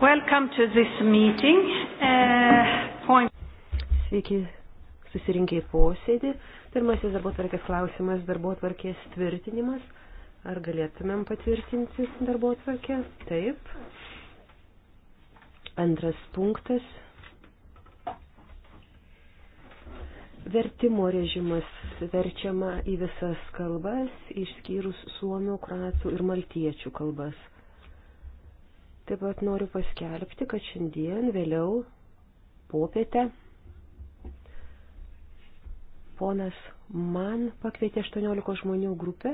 Welcome to this meeting. Uh, point. Sveiki susirinkę į posėdį. Pirmasis darbo tvarkės klausimas - darbo tvarkės tvirtinimas. Ar galėtumėm patvirtinti darbo tvarkę? Taip. Antras punktas. Vertimo režimas verčiama į visas kalbas, išskyrus suomių, kratų ir maltiečių kalbas. Taip pat noriu paskelbti, kad šiandien vėliau popietę ponas man pakvietė 18 žmonių grupę,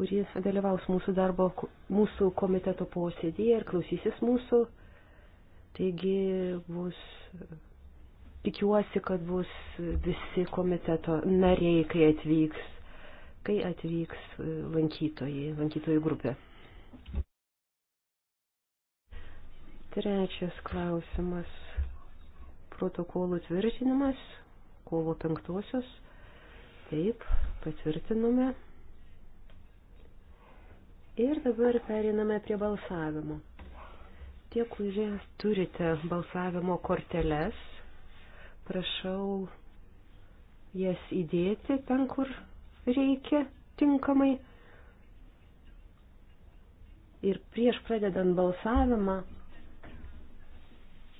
kuri dalyvaus mūsų darbo, mūsų komiteto posėdėje ir klausysis mūsų. Taigi bus, tikiuosi, kad bus visi komiteto nariai, kai atvyks, kai atvyks lankytojai, lankytojų grupė. Trečias klausimas. Protokolų tvirtinimas kovo penktosios. Taip, patvirtinome. Ir dabar periname prie balsavimo. Tie, kurie turite balsavimo korteles, prašau jas įdėti ten, kur reikia tinkamai. Ir prieš pradedant balsavimą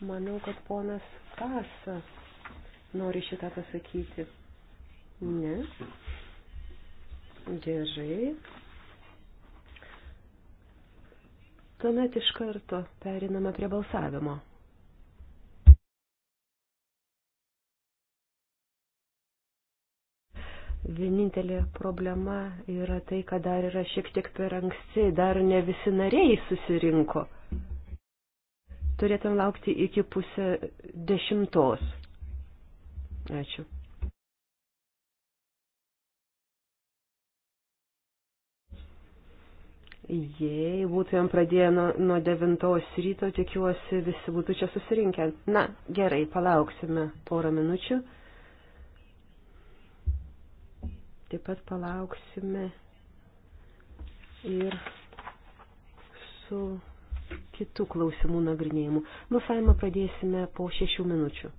Manau, kad ponas Kasa nori šitą pasakyti. Ne. Gerai. Tuomet iš karto periname prie balsavimo. Vienintelė problema yra tai, kad dar yra šiek tiek per anksti, dar ne visi nariai susirinko turėtum laukti iki pusę dešimtos. Ačiū. Jei būtumėm pradėję nuo, nuo 9 ryto, tikiuosi, visi būtų čia susirinkę. Na, gerai, palauksime porą minučių. Taip pat palauksime ir su kitų klausimų nagrinėjimų. Balsavimą pradėsime po šešių minučių.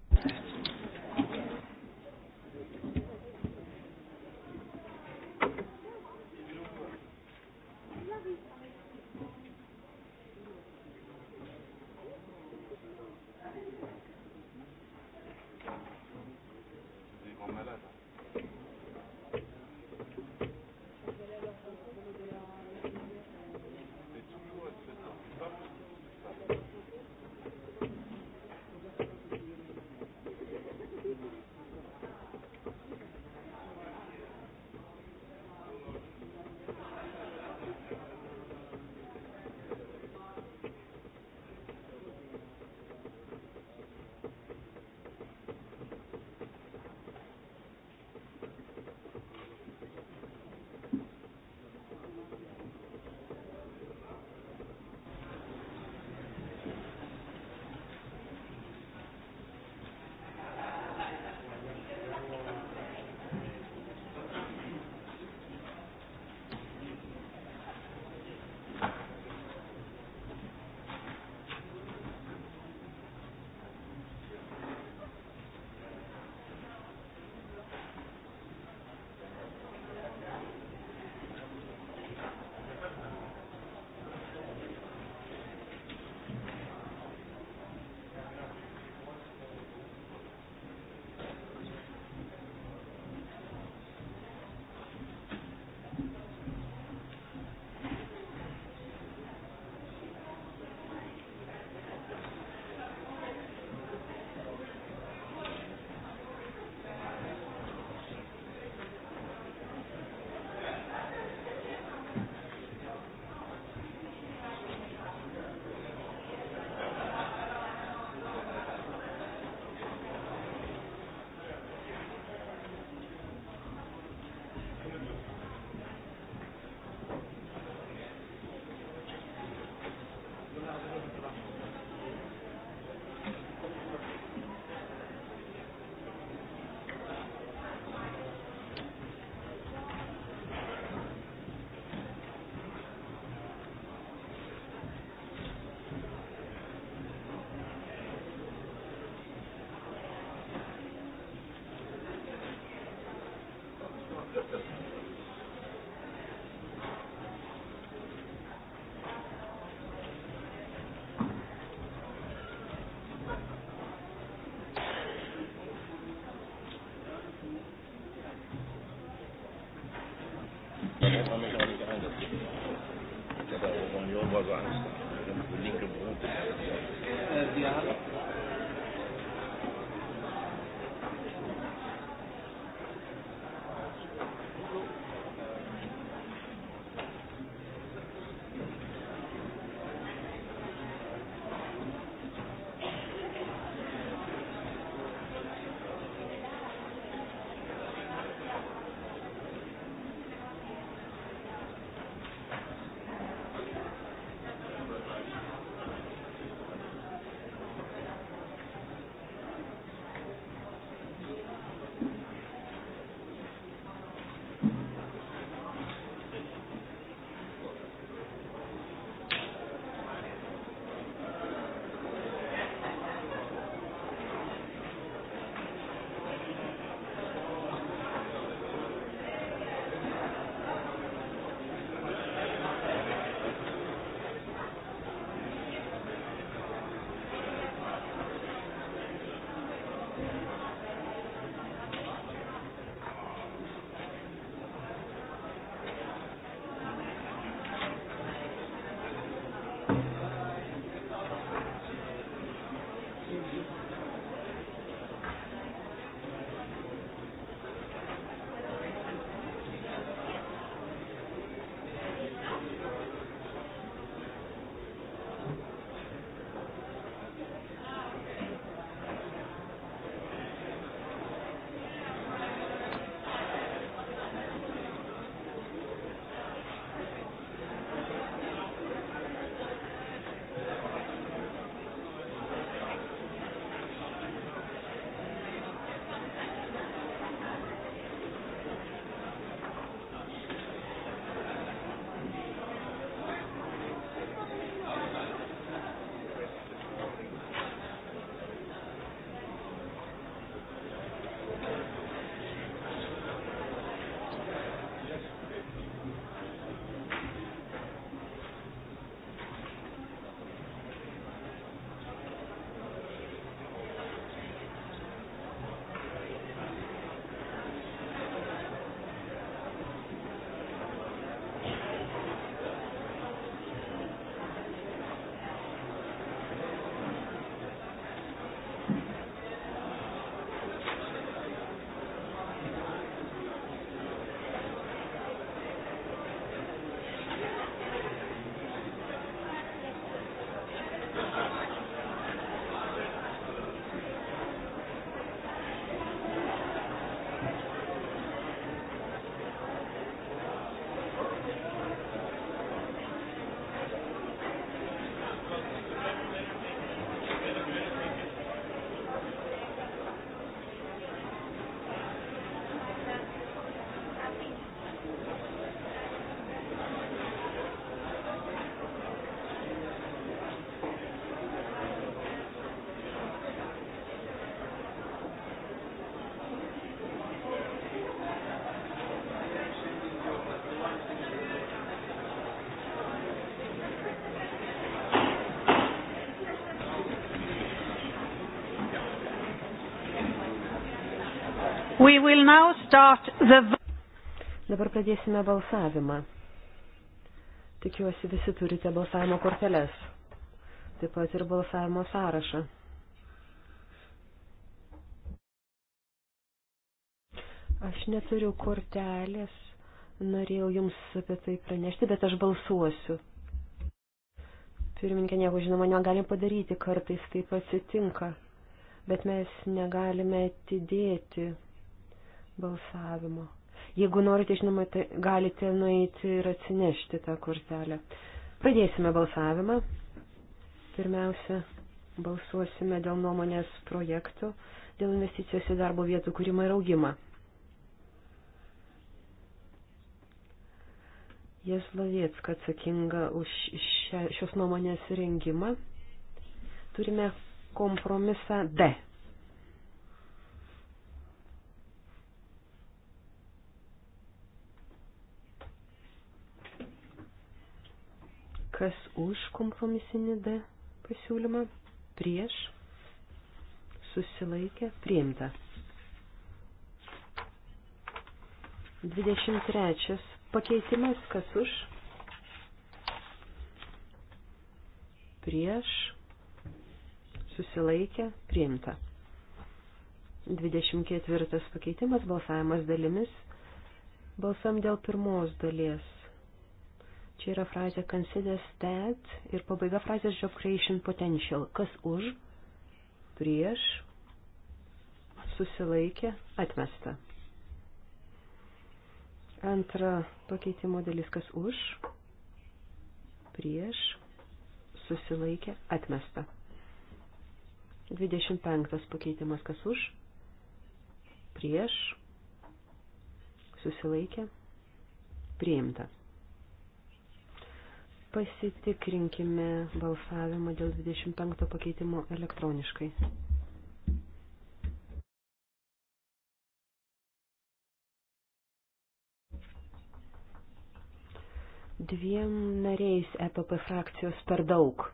was on. The... Dabar pradėsime balsavimą. Tikiuosi visi turite balsavimo korteles, taip pat ir balsavimo sąrašą. Aš neturiu kortelės, norėjau jums apie tai pranešti, bet aš balsuosiu. Pirminkė, nieko žinoma, negalim padaryti, kartais taip atsitinka, bet mes negalime atidėti balsavimo. Jeigu norite, žinoma, tai galite nueiti ir atsinešti tą kortelę. Pradėsime balsavimą. Pirmiausia, balsuosime dėl nuomonės projektų, dėl investicijos į darbo vietų kūrimą ir augimą. Jeslovietska atsakinga už šios nuomonės rengimą. Turime kompromisą D. Kas už kompromisinį D pasiūlymą? Prieš. Susilaikė. Priimta. 23. Pakeitimas kas už? Prieš. Susilaikė. Priimta. 24 pakeitimas, balsavimas dalimis. Balsam dėl pirmos dalies. Čia yra frazė considers that ir pabaiga frazės job creation potential. Kas už, prieš, susilaikė, atmesta. Antra pakeitimo dalis, kas už, prieš, susilaikė, atmesta. 25 pakeitimas, kas už, prieš, susilaikė, priimta. Pasitikrinkime balsavimą dėl 25 pakeitimo elektroniškai. Dviem nariais EPP frakcijos per daug.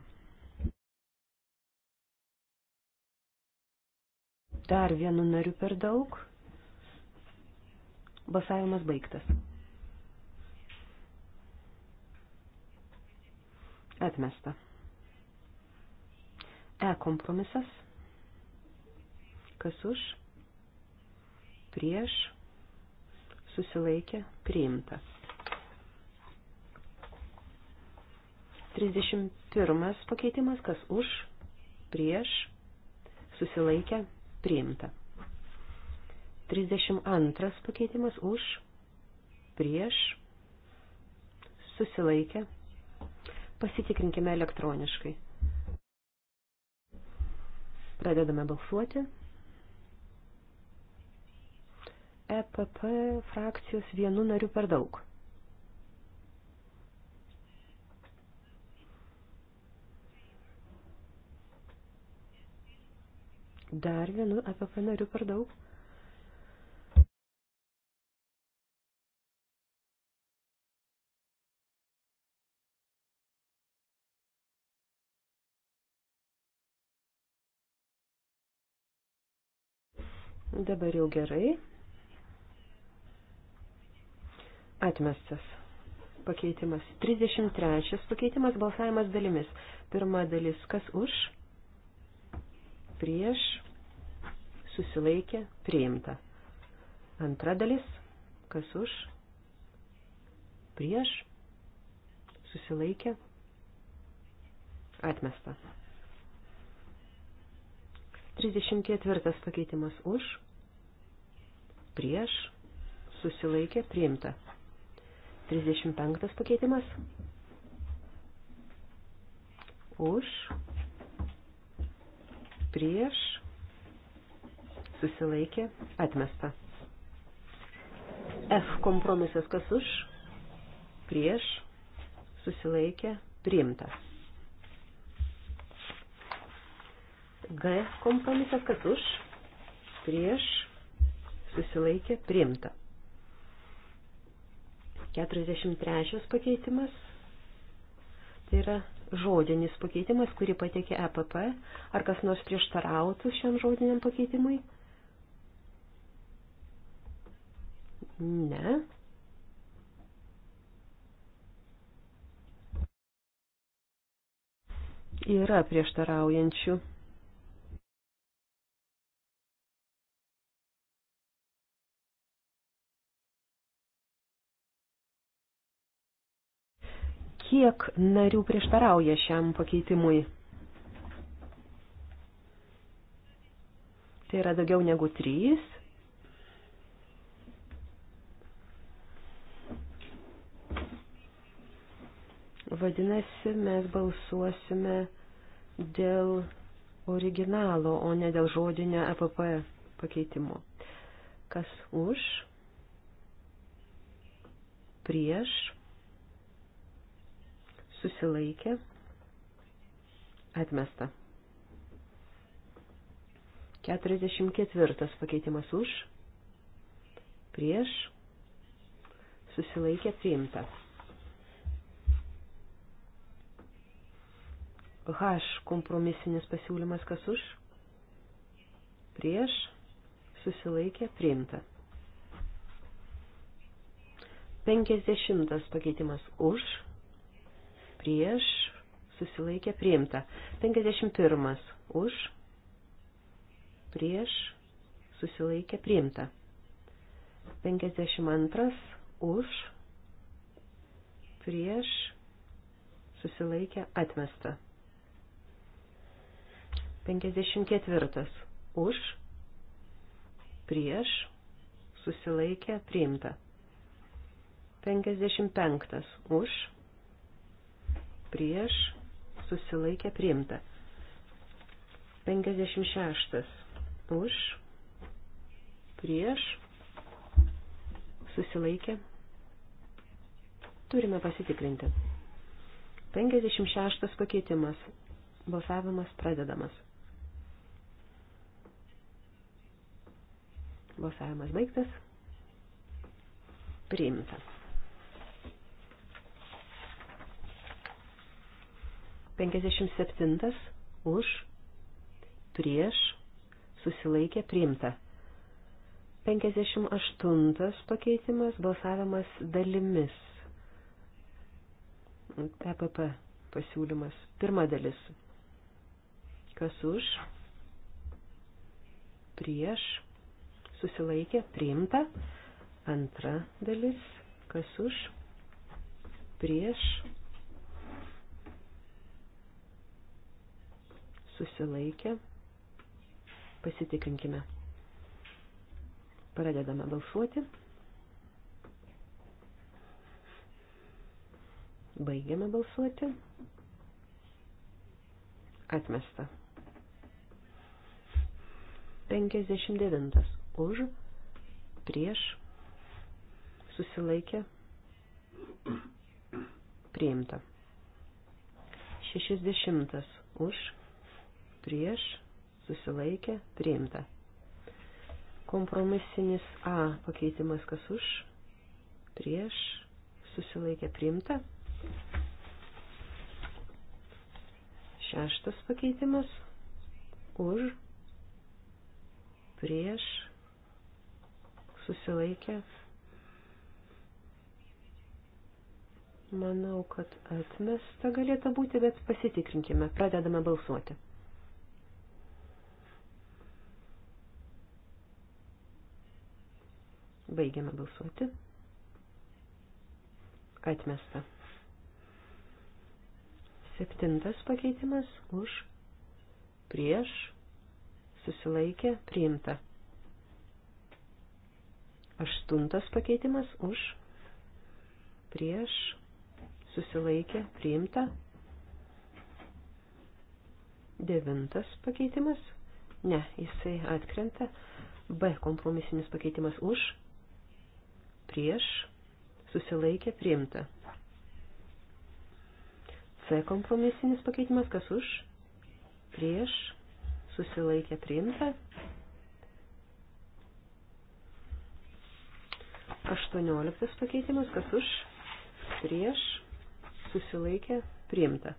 Dar vienu nariu per daug. Balsavimas baigtas. Atmesta. E kompromisas. Kas už? Prieš. Susilaikė. Priimta. 31 pakeitimas. Kas už? Prieš. Susilaikė. Priimta. 32 pakeitimas. Už. Prieš. Susilaikė. Priimta Pasitikrinkime elektroniškai. Pradedame balsuoti. EPP frakcijos vienu nariu per daug. Dar vienu EPP nariu per daug. Dabar jau gerai. Atmestas pakeitimas. 33 pakeitimas balsavimas dalimis. Pirma dalis, kas už, prieš, susilaikė, priimta. Antra dalis, kas už, prieš, susilaikė, atmesta. 34 pakeitimas už, prieš, susilaikė, priimta. 35 pakeitimas. Už, prieš, susilaikė, atmesta. F kompromisas kas už, prieš, susilaikė, priimta. G kompromisas kas už, prieš, susilaikė priimta. 43 pakeitimas. Tai yra žodinis pakeitimas, kurį pateikė EPP. Ar kas nors prieštarautų šiam žodiniam pakeitimui? Ne. Yra prieštaraujančių. Kiek narių prieštarauja šiam pakeitimui? Tai yra daugiau negu trys. Vadinasi, mes balsuosime dėl originalo, o ne dėl žodinio EPP pakeitimo. Kas už? Prieš? susilaikė, atmesta. 44 pakeitimas už, prieš, susilaikė, priimta. H kompromisinis pasiūlymas kas už, prieš, susilaikė, priimta. 50 pakeitimas už, prieš, susilaikė priimta. 51 už, prieš, susilaikė priimta. 52 už, prieš, susilaikė atmesta. 54 už, prieš, susilaikė priimta. 55 už, prieš, susilaikė priimta. 56 už, prieš, susilaikė. Turime pasitikrinti. 56 pakeitimas. Balsavimas pradedamas. Balsavimas baigtas. Priimtas. 57 už, prieš, susilaikė priimta. 58 pakeitimas balsavimas dalimis. EPP pasiūlymas. Pirma dalis. Kas už? Prieš. Susilaikė. Priimta. Antra dalis. Kas už? Prieš susilaikė, pasitikrinkime. Pradedame balsuoti. Baigiame balsuoti. Atmesta. 59. Už, prieš, susilaikė, priimta. 60. Už, prieš, susilaikė, priimta. Kompromisinis A pakeitimas kas už, prieš, susilaikė, priimta. Šeštas pakeitimas už, prieš, susilaikė. Manau, kad atmesta galėtų būti, bet pasitikrinkime. Pradedame balsuoti. Baigiame balsuoti. Atmesta. Septintas pakeitimas už, prieš, susilaikė, priimta. Aštuntas pakeitimas už, prieš, susilaikė, priimta. Devintas pakeitimas, ne, jisai atkrenta. B kompromisinis pakeitimas už, prieš, susilaikė priimta. C kompromisinis pakeitimas, kas už, prieš, susilaikė priimta. 18 pakeitimas, kas už, prieš, susilaikė priimta.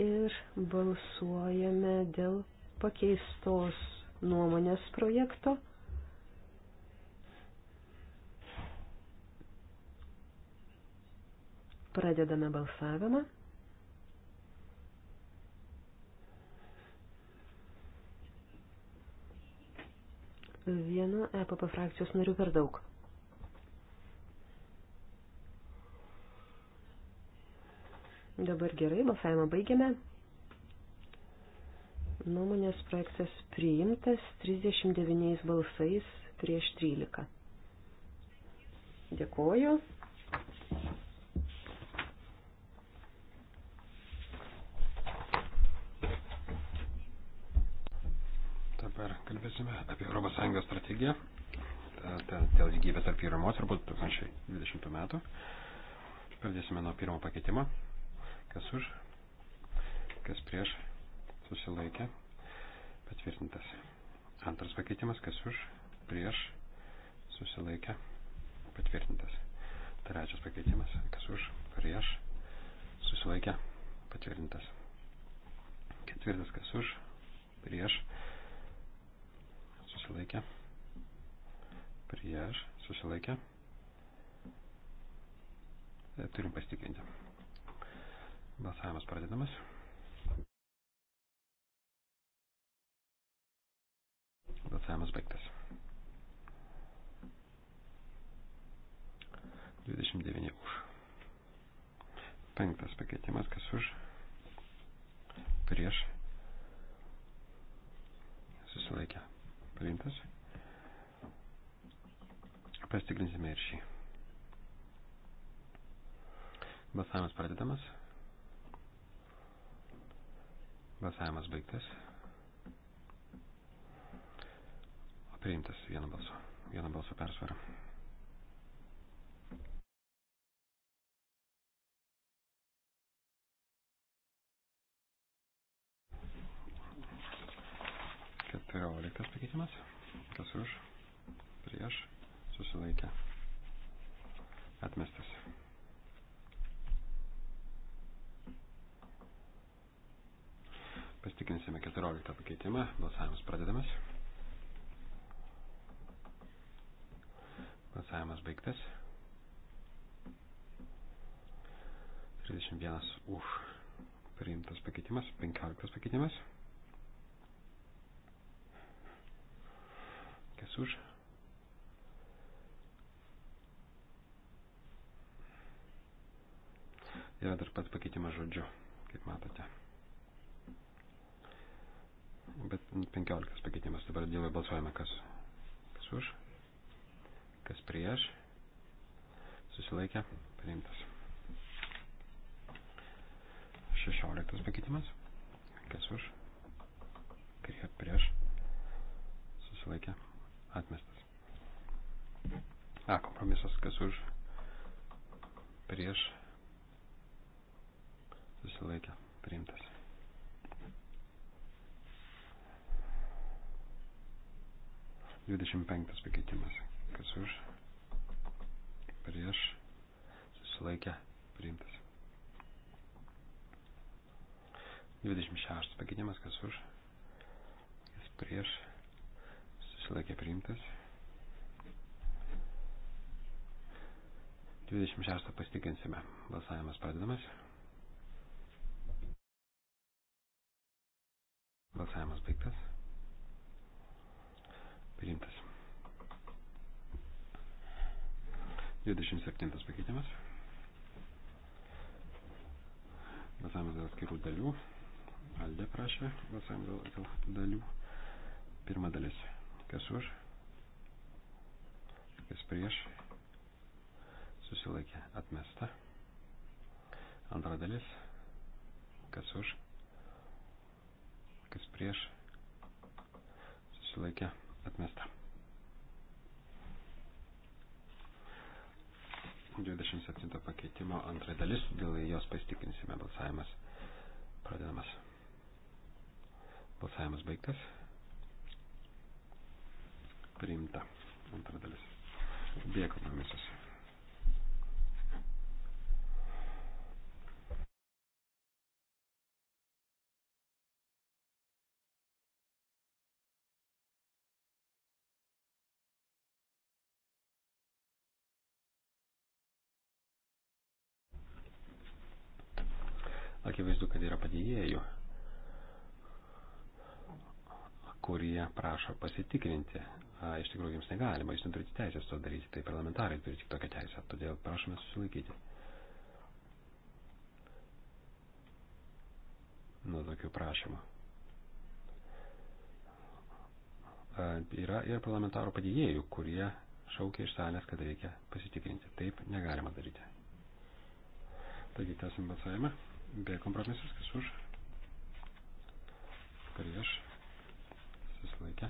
Ir balsuojame dėl pakeistos nuomonės projekto. Pradedame balsavimą. Vienu EPP frakcijos nariu per daug. Dabar gerai, balsavimą baigiame. Nuomonės projektas priimtas 39 balsais prieš 13. Dėkoju. Dabar kalbėsime apie ES strategiją dėl lygybės tarp vyru ir moterų po 2020 metų. Pradėsime nuo pirmo pakeitimo. Kas už, kas prieš, susilaikė, patvirtintas. Antras pakeitimas, kas už, prieš, susilaikė, patvirtintas. Trečias pakeitimas, kas už, prieš, susilaikė, patvirtintas. Ketvirtas, kas už, prieš, susilaikė, prieš, susilaikė. E, turim pasitikrinti. Balsavimas pradedamas. Balsavimas baigtas. 29 už. Penktas pakeitimas, kas už. Prieš. Susilaikė. Priimtas. Pastikrinsime ir šį. Balsavimas pradedamas. Balsavimas baigtas. Priimtas vieno balso, vieno balso persvara. Keturioliktas pakeitimas. Kas už? Prieš. Susilaikė. Atmestas. Pastikrinsime keturioliktą pakeitimą. Balsavimas pradedamas. Balsavimas baigtas. 31 už priimtas pakeitimas, 15 pakeitimas. Kas už? Yra dar pats pakeitimas žodžiu, kaip matote. Bet 15 pakeitimas dabar dėl balsuojame, kas, kas už kas prieš, susilaikė, priimtas. Šešioliktas pakeitimas, kas už, prieš, susilaikė, atmestas. A, kompromisas, kas už, prieš, susilaikė, priimtas. Dvidešimt penktas pakeitimas kas už, prieš, susilaikę, priimtas. 26 pakeitimas, kas už, kas prieš, susilaikė priimtas. 26 pasitikinsime. Balsavimas pradedamas. Balsavimas baigtas. Priimtas. 27 pakeitimas. Balsavimas dėl atskirų dalių. Aldė prašė balsavimas dėl dalių. Pirma dalis. Kas už? Kas prieš? Susilaikė atmesta. Antra dalis. Kas už? Kas prieš? Susilaikė atmesta. 27 pakeitimo antra dalis, dėl jos pasitikinsime balsavimas. Pradedamas. Balsavimas baigtas. Priimta antra dalis. B kompromisas. rinkėjų, kurie prašo pasitikrinti. A, iš tikrųjų, jums negalima, jūs neturite teisės to daryti, tai parlamentarai turi tik tokią teisę, todėl prašome susilaikyti. Nuo tokių prašymų. A, yra ir parlamentarų padėjėjų, kurie šaukia iš salės, kad reikia pasitikrinti. Taip negalima daryti. Taigi, tęsim balsavimą. Be kompromisus, kas už prieš, susilaikė,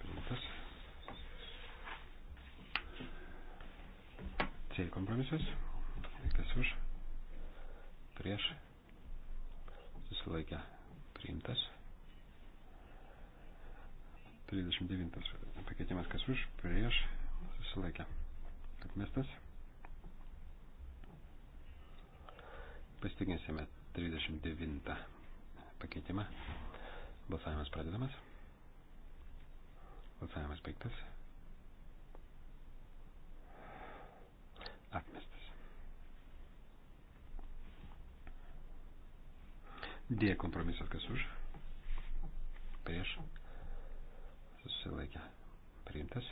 priimtas. C kompromisas, kas už, prieš, susilaikė, priimtas. 39 pakeitimas, kas už, prieš, susilaikė, atmestas. Pasitikinsime 39 pakeitimą. Balsavimas pradedamas. Balsavimas baigtas. Atmestas. D kompromisas kas už. Prieš. Susilaikė. Priimtas.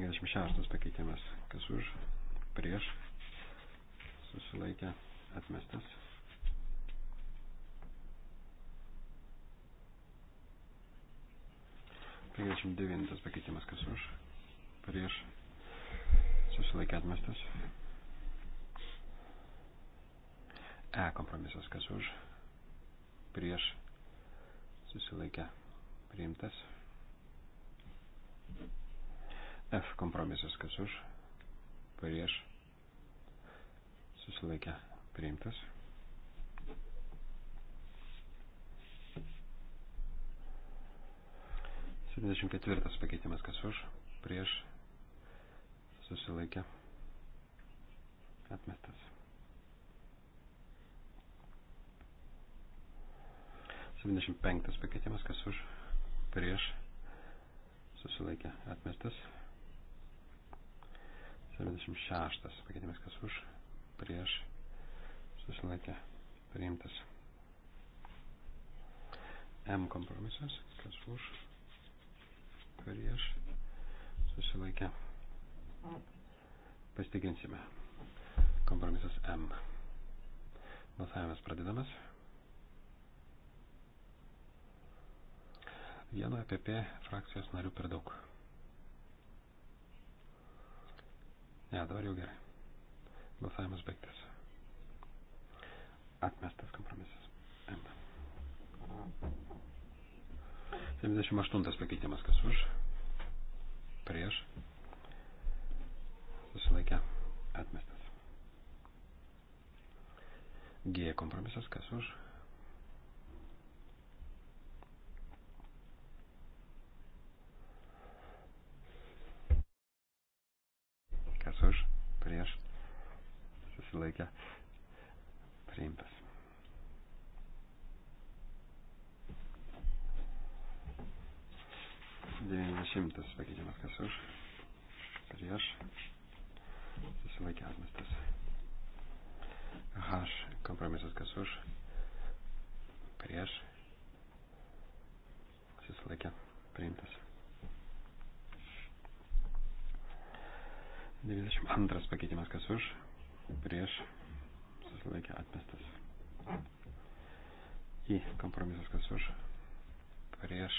56 pakeitimas. Kas už, prieš, susilaikė, atmestas. Penkiasdešimt devintas pakeitimas, kas už, prieš, susilaikė atmestas. E kompromisas, kas už, prieš, susilaikė, priimtas. F kompromisas, kas už, prieš, susilaikę, priimtas. Septyniasdešimt ketvirtas pakeitimas, kas už, prieš, susilaikę, atmestas. Septyniasdešimt penktas pakeitimas, kas už, prieš, susilaikę, atmestas. 76 pakeitimas kas už, prieš, susilaikė, priimtas. M kompromisas, kas už, prieš, susilaikė. Pasitikinsime. Kompromisas M. Balsavimas pradedamas. Vieno EPP frakcijos narių per daug. Ne, dabar jau gerai. Balsavimas baigtas. Atmestas kompromisas. 78 pakeitimas kas už. Prieš. Susilaikę. Atmestas. G kompromisas kas už. susilaikė priimtas. Devyniasdešimtas pakeitimas kas už, prieš, susilaikė atmestas. H kompromisas kas už, prieš, susilaikė priimtas. 92 pakeitimas kas už, prieš susilaikė atmestas. Į kompromisas kas už prieš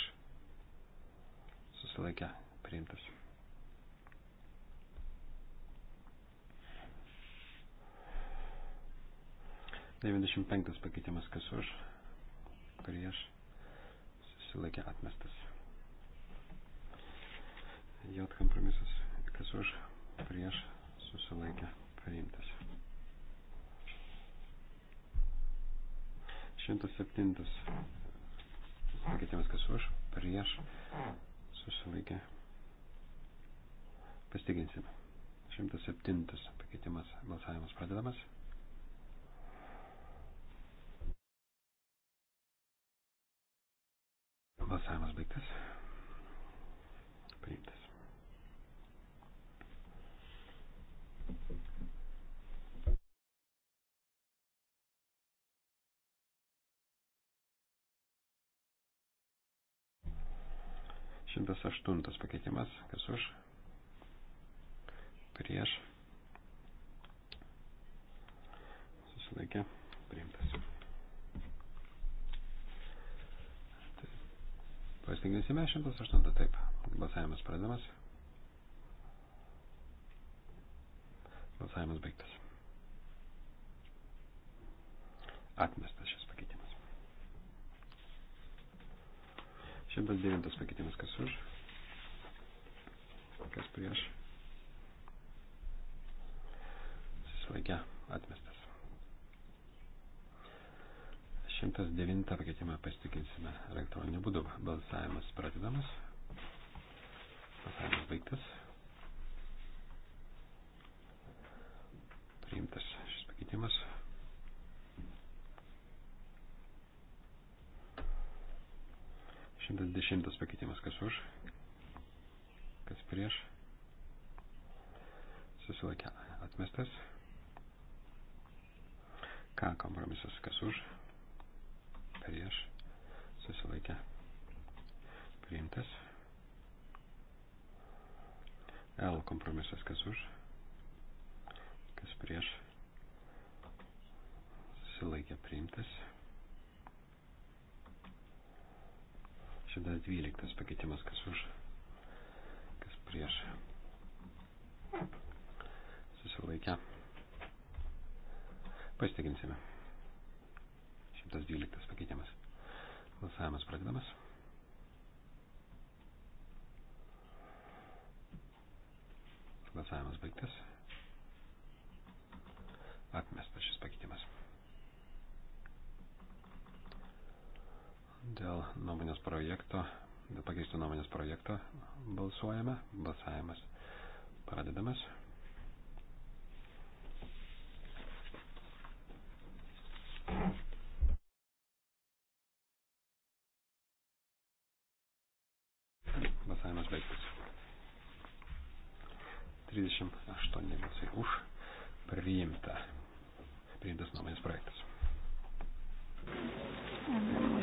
susilaikė priimtas. Devyniasdešimt penktas pakeitimas kas už prieš susilaikė atmestas. J kompromisas kas už prieš susilaikė priimtas. 107. Pakeitimas kas už, prieš, susilaikė. Pastiginsime. 107. Pakeitimas balsavimas pradedamas. Balsavimas baigtas. 108 pakeitimas, kas už, prieš, susilaikė, priimtas. Pasitikrinsime 108, taip, balsavimas pradamas. Balsavimas baigtas. Atmestas 109 pakeitimas kas už, kas prieš. Susilaikė atmestas. 109 pakeitimą pasitikinsime elektroniniu būdu. Balsavimas pradedamas. Balsavimas baigtas. Priimtas šis pakeitimas. 110 pakeitimas, kas už, kas prieš, susilaikė atmestas. Ką kompromisas, kas už, prieš, susilaikė priimtas. L kompromisas, kas už, kas prieš, susilaikė priimtas. 112 pakeitimas, kas už, kas prieš. Susilaikę. Pasitikinsime. 112 pakeitimas. Balsavimas pradedamas. Balsavimas baigtas. Atmestas šis pakeitimas. dėl nuomonės projekto, dėl pakeisto nuomonės projekto balsuojame. Balsavimas pradedamas. Balsavimas baigtas. 38 balsai už priimta. Priimtas nuomonės projektas. Amen.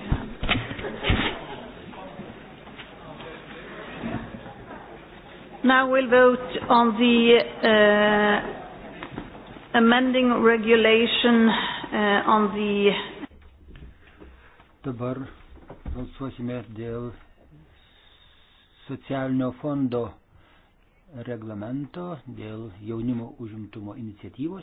Now we'll vote on the uh, amending regulation uh, on the. Dabar balsuosime dėl socialinio fondo reglamento dėl jaunimo užimtumo iniciatyvos.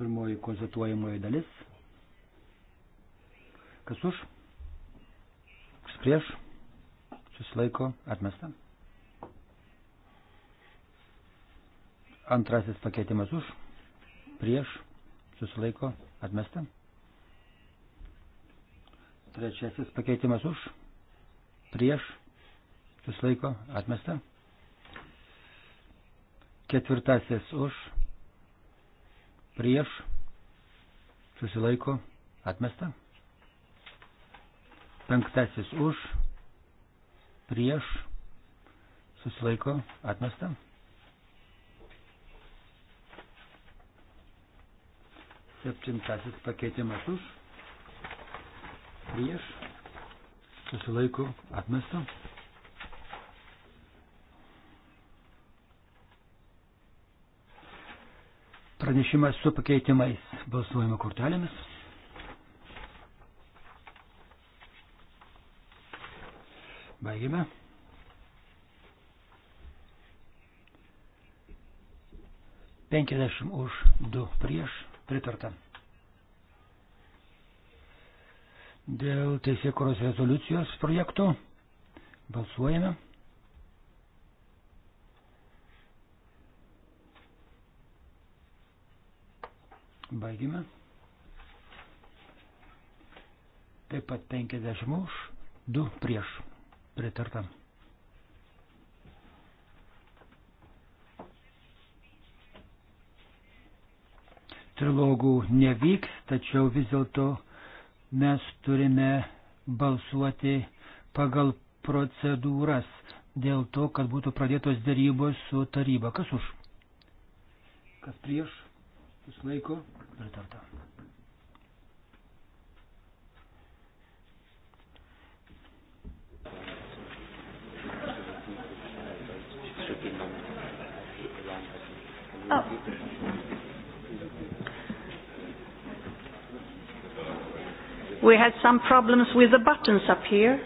Pirmoji konstatuojamoji dalis. Kas už? Kas prieš? Susilaiko atmesta. Antrasis pakeitimas už. Prieš. Susilaiko atmesta. Trečiasis pakeitimas už. Prieš. Susilaiko atmesta. Ketvirtasis už prieš, susilaiko, atmesta. Penktasis už, prieš, susilaiko, atmesta. Septintasis pakeitimas už, prieš, susilaiko, atmesta. Pranešimas su pakeitimais balsuojimo kortelėmis. Baigime. Penkiasdešimt už du prieš pritarta. Dėl teisėkuros rezoliucijos projektų balsuojame. Baigime. Taip pat 50 už, 2 prieš. Pritartam. Trilogų nevyks, tačiau vis dėlto mes turime balsuoti pagal procedūras dėl to, kad būtų pradėtos dėrybos su taryba. Kas už? Kas prieš? susilaiko pritarta. Oh. We had some problems with the buttons up here.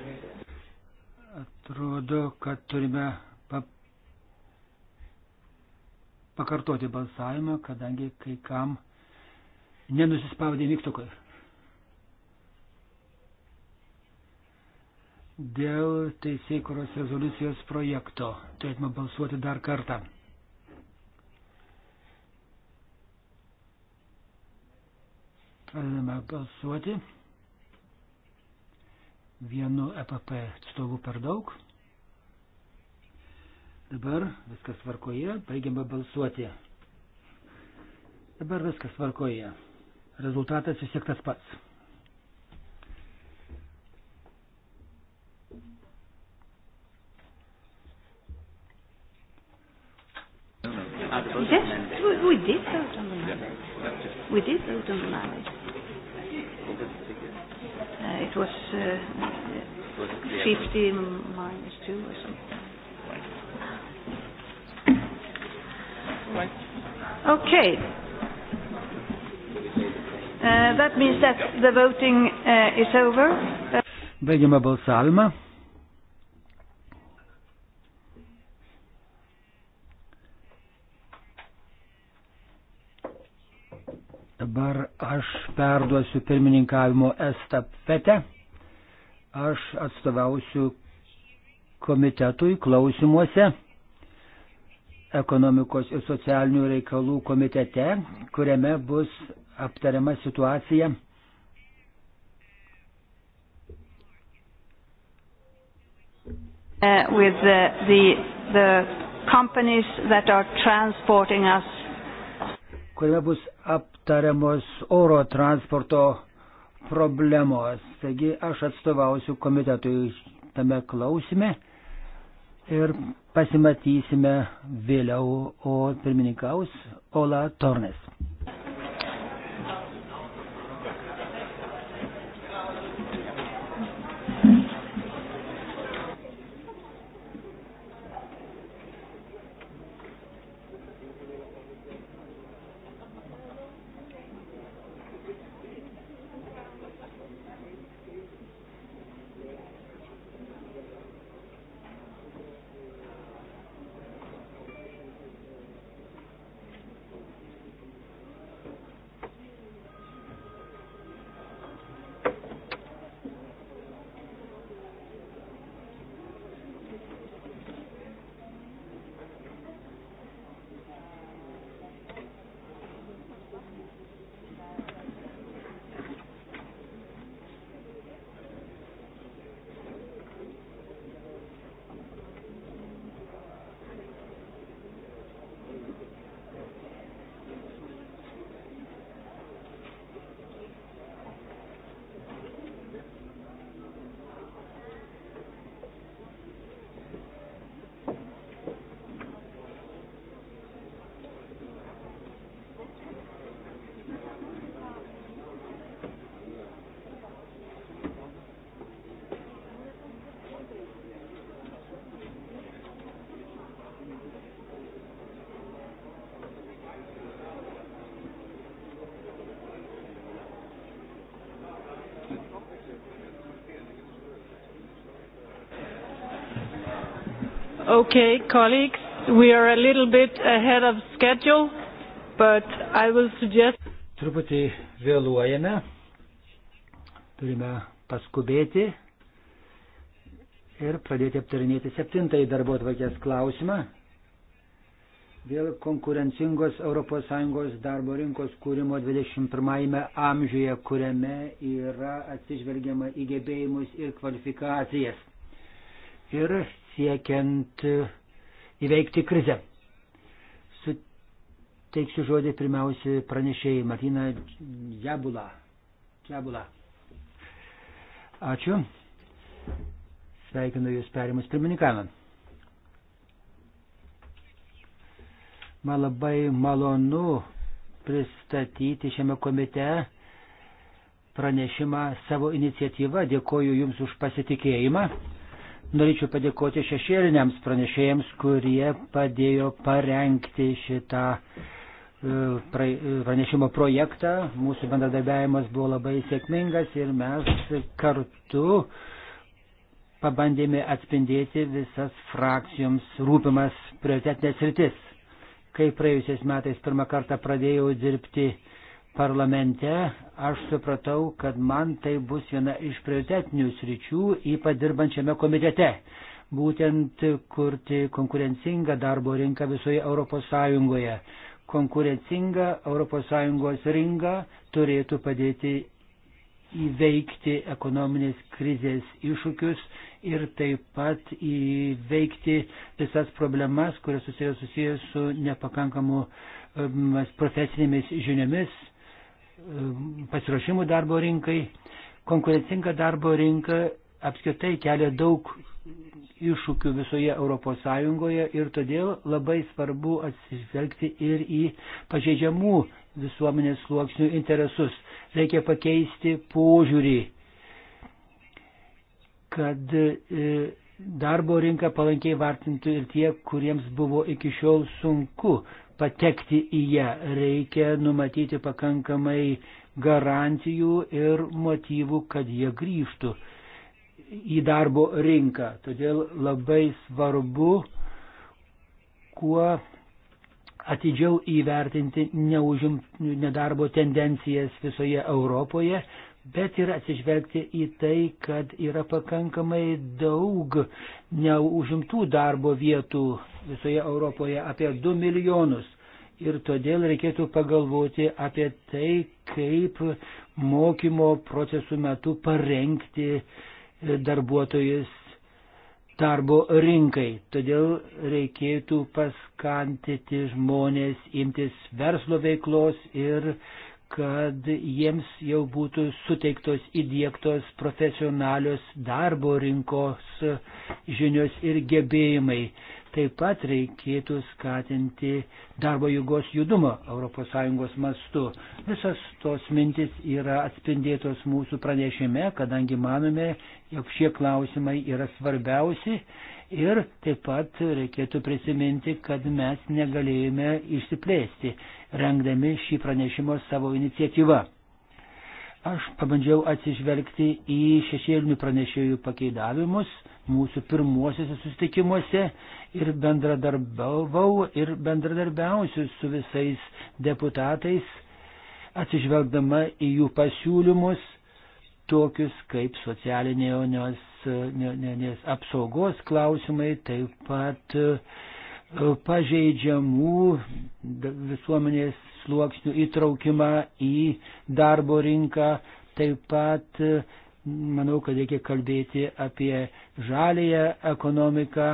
Atrodo, kad turime pakartoti balsavimą, kadangi kai kam nenusispaudė mygtukai. Dėl teisėkuros rezoliucijos projekto turėtume balsuoti dar kartą. Pradedame balsuoti. Vienu EPP atstovu per daug. Dabar viskas tvarkoje, baigiame balsuoti. Dabar viskas tvarkoje. Rezultatas vis tiek tas pats. Yes, we, we did vote on the marriage. We did vote on the marriage. Uh, it was uh, 50 minus 2 or something. Okay. Uh, that means that the voting uh, is over. Baigiame balsavimą. Dabar aš perduosiu pirmininkavimo estafetę. Aš atstovausiu komitetui klausimuose ekonomikos ir socialinių reikalų komitete, kuriame bus aptariama situacija. Uh, with the, the, the companies that are transporting us. Kuriame bus aptariamos oro transporto problemos. Taigi aš atstovausiu komitetui tame klausime ir pasimatysime vėliau, o pirmininkaus Ola Tornes. Okay, colleagues, we are a little bit ahead of schedule, but I will suggest. Truputį vėluojame, turime paskubėti ir pradėti aptarinėti septintąjį darbo atvarkės klausimą dėl konkurencingos ES darbo rinkos kūrimo 21 amžiuje, kuriame yra atsižvelgiama į gebėjimus ir kvalifikacijas. Ir siekiant e, įveikti krizę. Suteiksiu žodį pirmiausiai pranešėjai Martina Jabula. Jabula. Ačiū. Sveikinu Jūs perimus pirmininkavimą. Man labai malonu pristatyti šiame komite pranešimą savo iniciatyvą. Dėkoju Jums už pasitikėjimą. Norėčiau padėkoti šešėliniams pranešėjams, kurie padėjo parengti šitą e, e, pranešimo projektą. Mūsų bendradarbiavimas buvo labai sėkmingas ir mes kartu pabandėme atspindėti visas frakcijoms rūpimas prioritetinės rytis. Kai praėjusiais metais pirmą kartą pradėjau dirbti parlamente, aš supratau, kad man tai bus viena iš prioritetinių sričių, ypač dirbančiame komitete. Būtent kurti konkurencingą darbo rinką visoje ES. Konkurencinga ES rinka turėtų padėti įveikti ekonominės krizės iššūkius ir taip pat įveikti visas problemas, kurios susijęs su nepakankamu profesinėmis žiniomis, E, pasiruošimų darbo rinkai. Konkurencinga darbo rinka apskritai kelia daug iššūkių visoje ES ir todėl labai svarbu atsižvelgti ir į pažeidžiamų visuomenės sluoksnių interesus. Reikia pakeisti požiūrį, kad e, darbo rinką palankiai vertintų ir tie, kuriems buvo iki šiol sunku patekti į ją. Reikia numatyti pakankamai garantijų ir motyvų, kad jie grįžtų į darbo rinką. Todėl labai svarbu, kuo atidžiau įvertinti neužim, nedarbo tendencijas visoje Europoje, bet ir atsižvelgti į tai, kad yra pakankamai daug neužimtų darbo vietų visoje Europoje, apie 2 milijonus. Ir todėl reikėtų pagalvoti apie tai, kaip mokymo procesų metu parengti darbuotojus darbo rinkai. Todėl reikėtų paskantyti žmonės imtis verslo veiklos ir uh, kad jiems jau būtų suteiktos įdėktos profesionalios darbo rinkos žinios ir gebėjimai. Taip pat reikėtų skatinti darbo jėgos judumą ES mastu. Visas tos mintis yra atspindėtos mūsų pranešime, kadangi manome, jog šie klausimai yra svarbiausi ir taip pat reikėtų prisiminti, kad mes negalėjome išsiplėsti rengdami šį pranešimą savo iniciatyvą. Aš pabandžiau atsižvelgti į šešėlinių pranešėjų pakeidavimus mūsų pirmuosiuose susitikimuose ir bendradarbiavau ir bendradarbiausiu su visais deputatais, atsižvelgdama į jų pasiūlymus, tokius kaip socialinės apsaugos klausimai, taip pat uh, pažeidžiamų visuomenės sluoksnių įtraukimą į darbo rinką. Taip pat manau, kad reikia kalbėti apie žalėją ekonomiką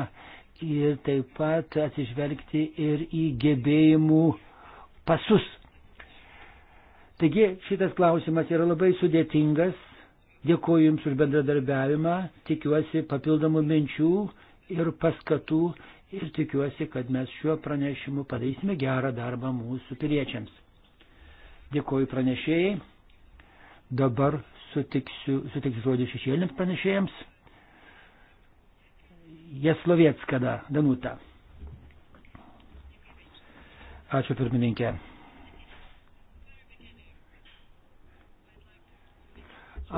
ir taip pat atsižvelgti ir į gebėjimų pasus. Taigi šitas klausimas yra labai sudėtingas. Dėkuoju Jums už bendradarbiavimą, tikiuosi papildomų minčių ir paskatų ir tikiuosi, kad mes šiuo pranešimu padarysime gerą darbą mūsų piliečiams. Dėkuoju pranešėjai. Dabar sutiksiu, sutiksiu žodį šešėlėms pranešėjams. Jeslovietskada, Danuta. Ačiū pirmininkė.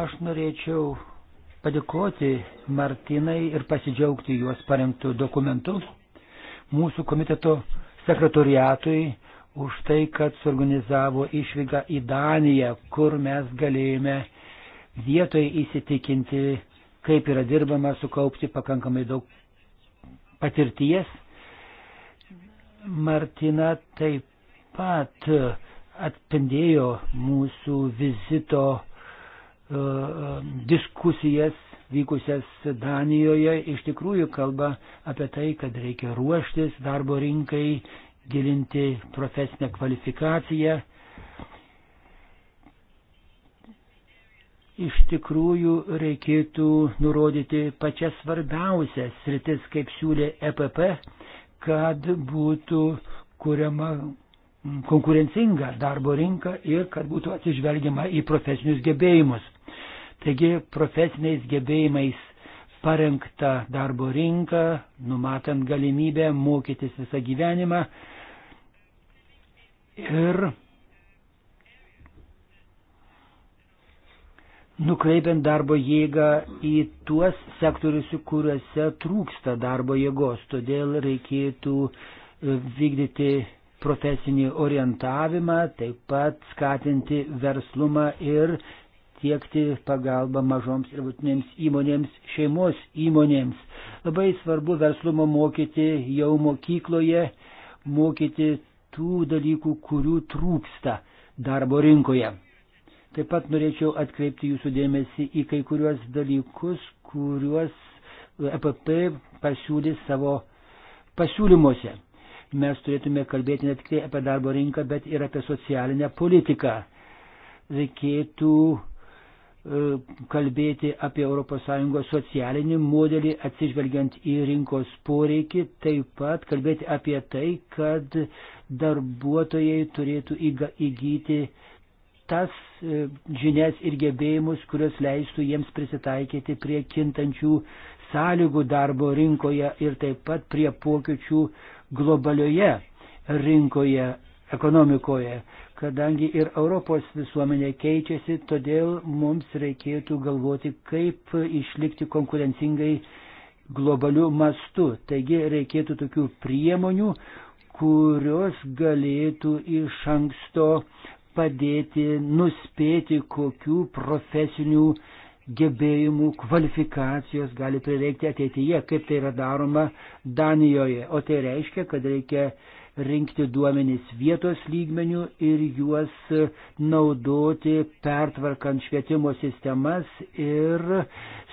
Aš norėčiau padėkoti Martinai ir pasidžiaugti juos parengtų dokumentus mūsų komiteto sekretoriatui už tai, kad suorganizavo išvyką į Daniją, kur mes galėjome vietoje įsitikinti, kaip yra dirbama, sukaupti pakankamai daug patirties. Martina taip pat atspindėjo mūsų vizito uh, diskusijas vykusias Danijoje, iš tikrųjų kalba apie tai, kad reikia ruoštis darbo rinkai, gilinti profesinę kvalifikaciją. Iš tikrųjų reikėtų nurodyti pačias svarbiausias sritis, kaip siūlė EPP, kad būtų kuriama konkurencinga darbo rinka ir kad būtų atsižvelgiama į profesinius gebėjimus. Taigi profesiniais gebėjimais parengta darbo rinka, numatant galimybę mokytis visą gyvenimą ir nukreipiant darbo jėgą į tuos sektorius, kuriuose trūksta darbo jėgos. Todėl reikėtų vykdyti profesinį orientavimą, taip pat skatinti verslumą ir tiekti pagalbą mažoms ir būtinėms įmonėms, šeimos įmonėms. Labai svarbu verslumo mokyti jau mokykloje, mokyti tų dalykų, kurių trūksta darbo rinkoje. Taip pat norėčiau atkreipti jūsų dėmesį į kai kuriuos dalykus, kuriuos EPP pasiūlys savo pasiūlymuose. Mes turėtume kalbėti ne tik tai apie darbo rinką, bet ir apie socialinę politiką. Reikėtų E, kalbėti apie ES socialinį modelį atsižvelgiant į rinkos poreikį, taip pat kalbėti apie tai, kad darbuotojai turėtų įgyti tas e, žinias ir gebėjimus, kurios leistų jiems prisitaikyti prie kintančių sąlygų darbo rinkoje ir taip pat prie pokyčių globalioje rinkoje, ekonomikoje kadangi ir Europos visuomenė keičiasi, todėl mums reikėtų galvoti, kaip išlikti konkurencingai globalių mastų. Taigi reikėtų tokių priemonių, kurios galėtų iš anksto padėti nuspėti, kokių profesinių gebėjimų, kvalifikacijos gali prireikti ateityje, kaip tai yra daroma Danijoje. O tai reiškia, kad reikia rinkti duomenys vietos lygmenių ir juos naudoti pertvarkant švietimo sistemas ir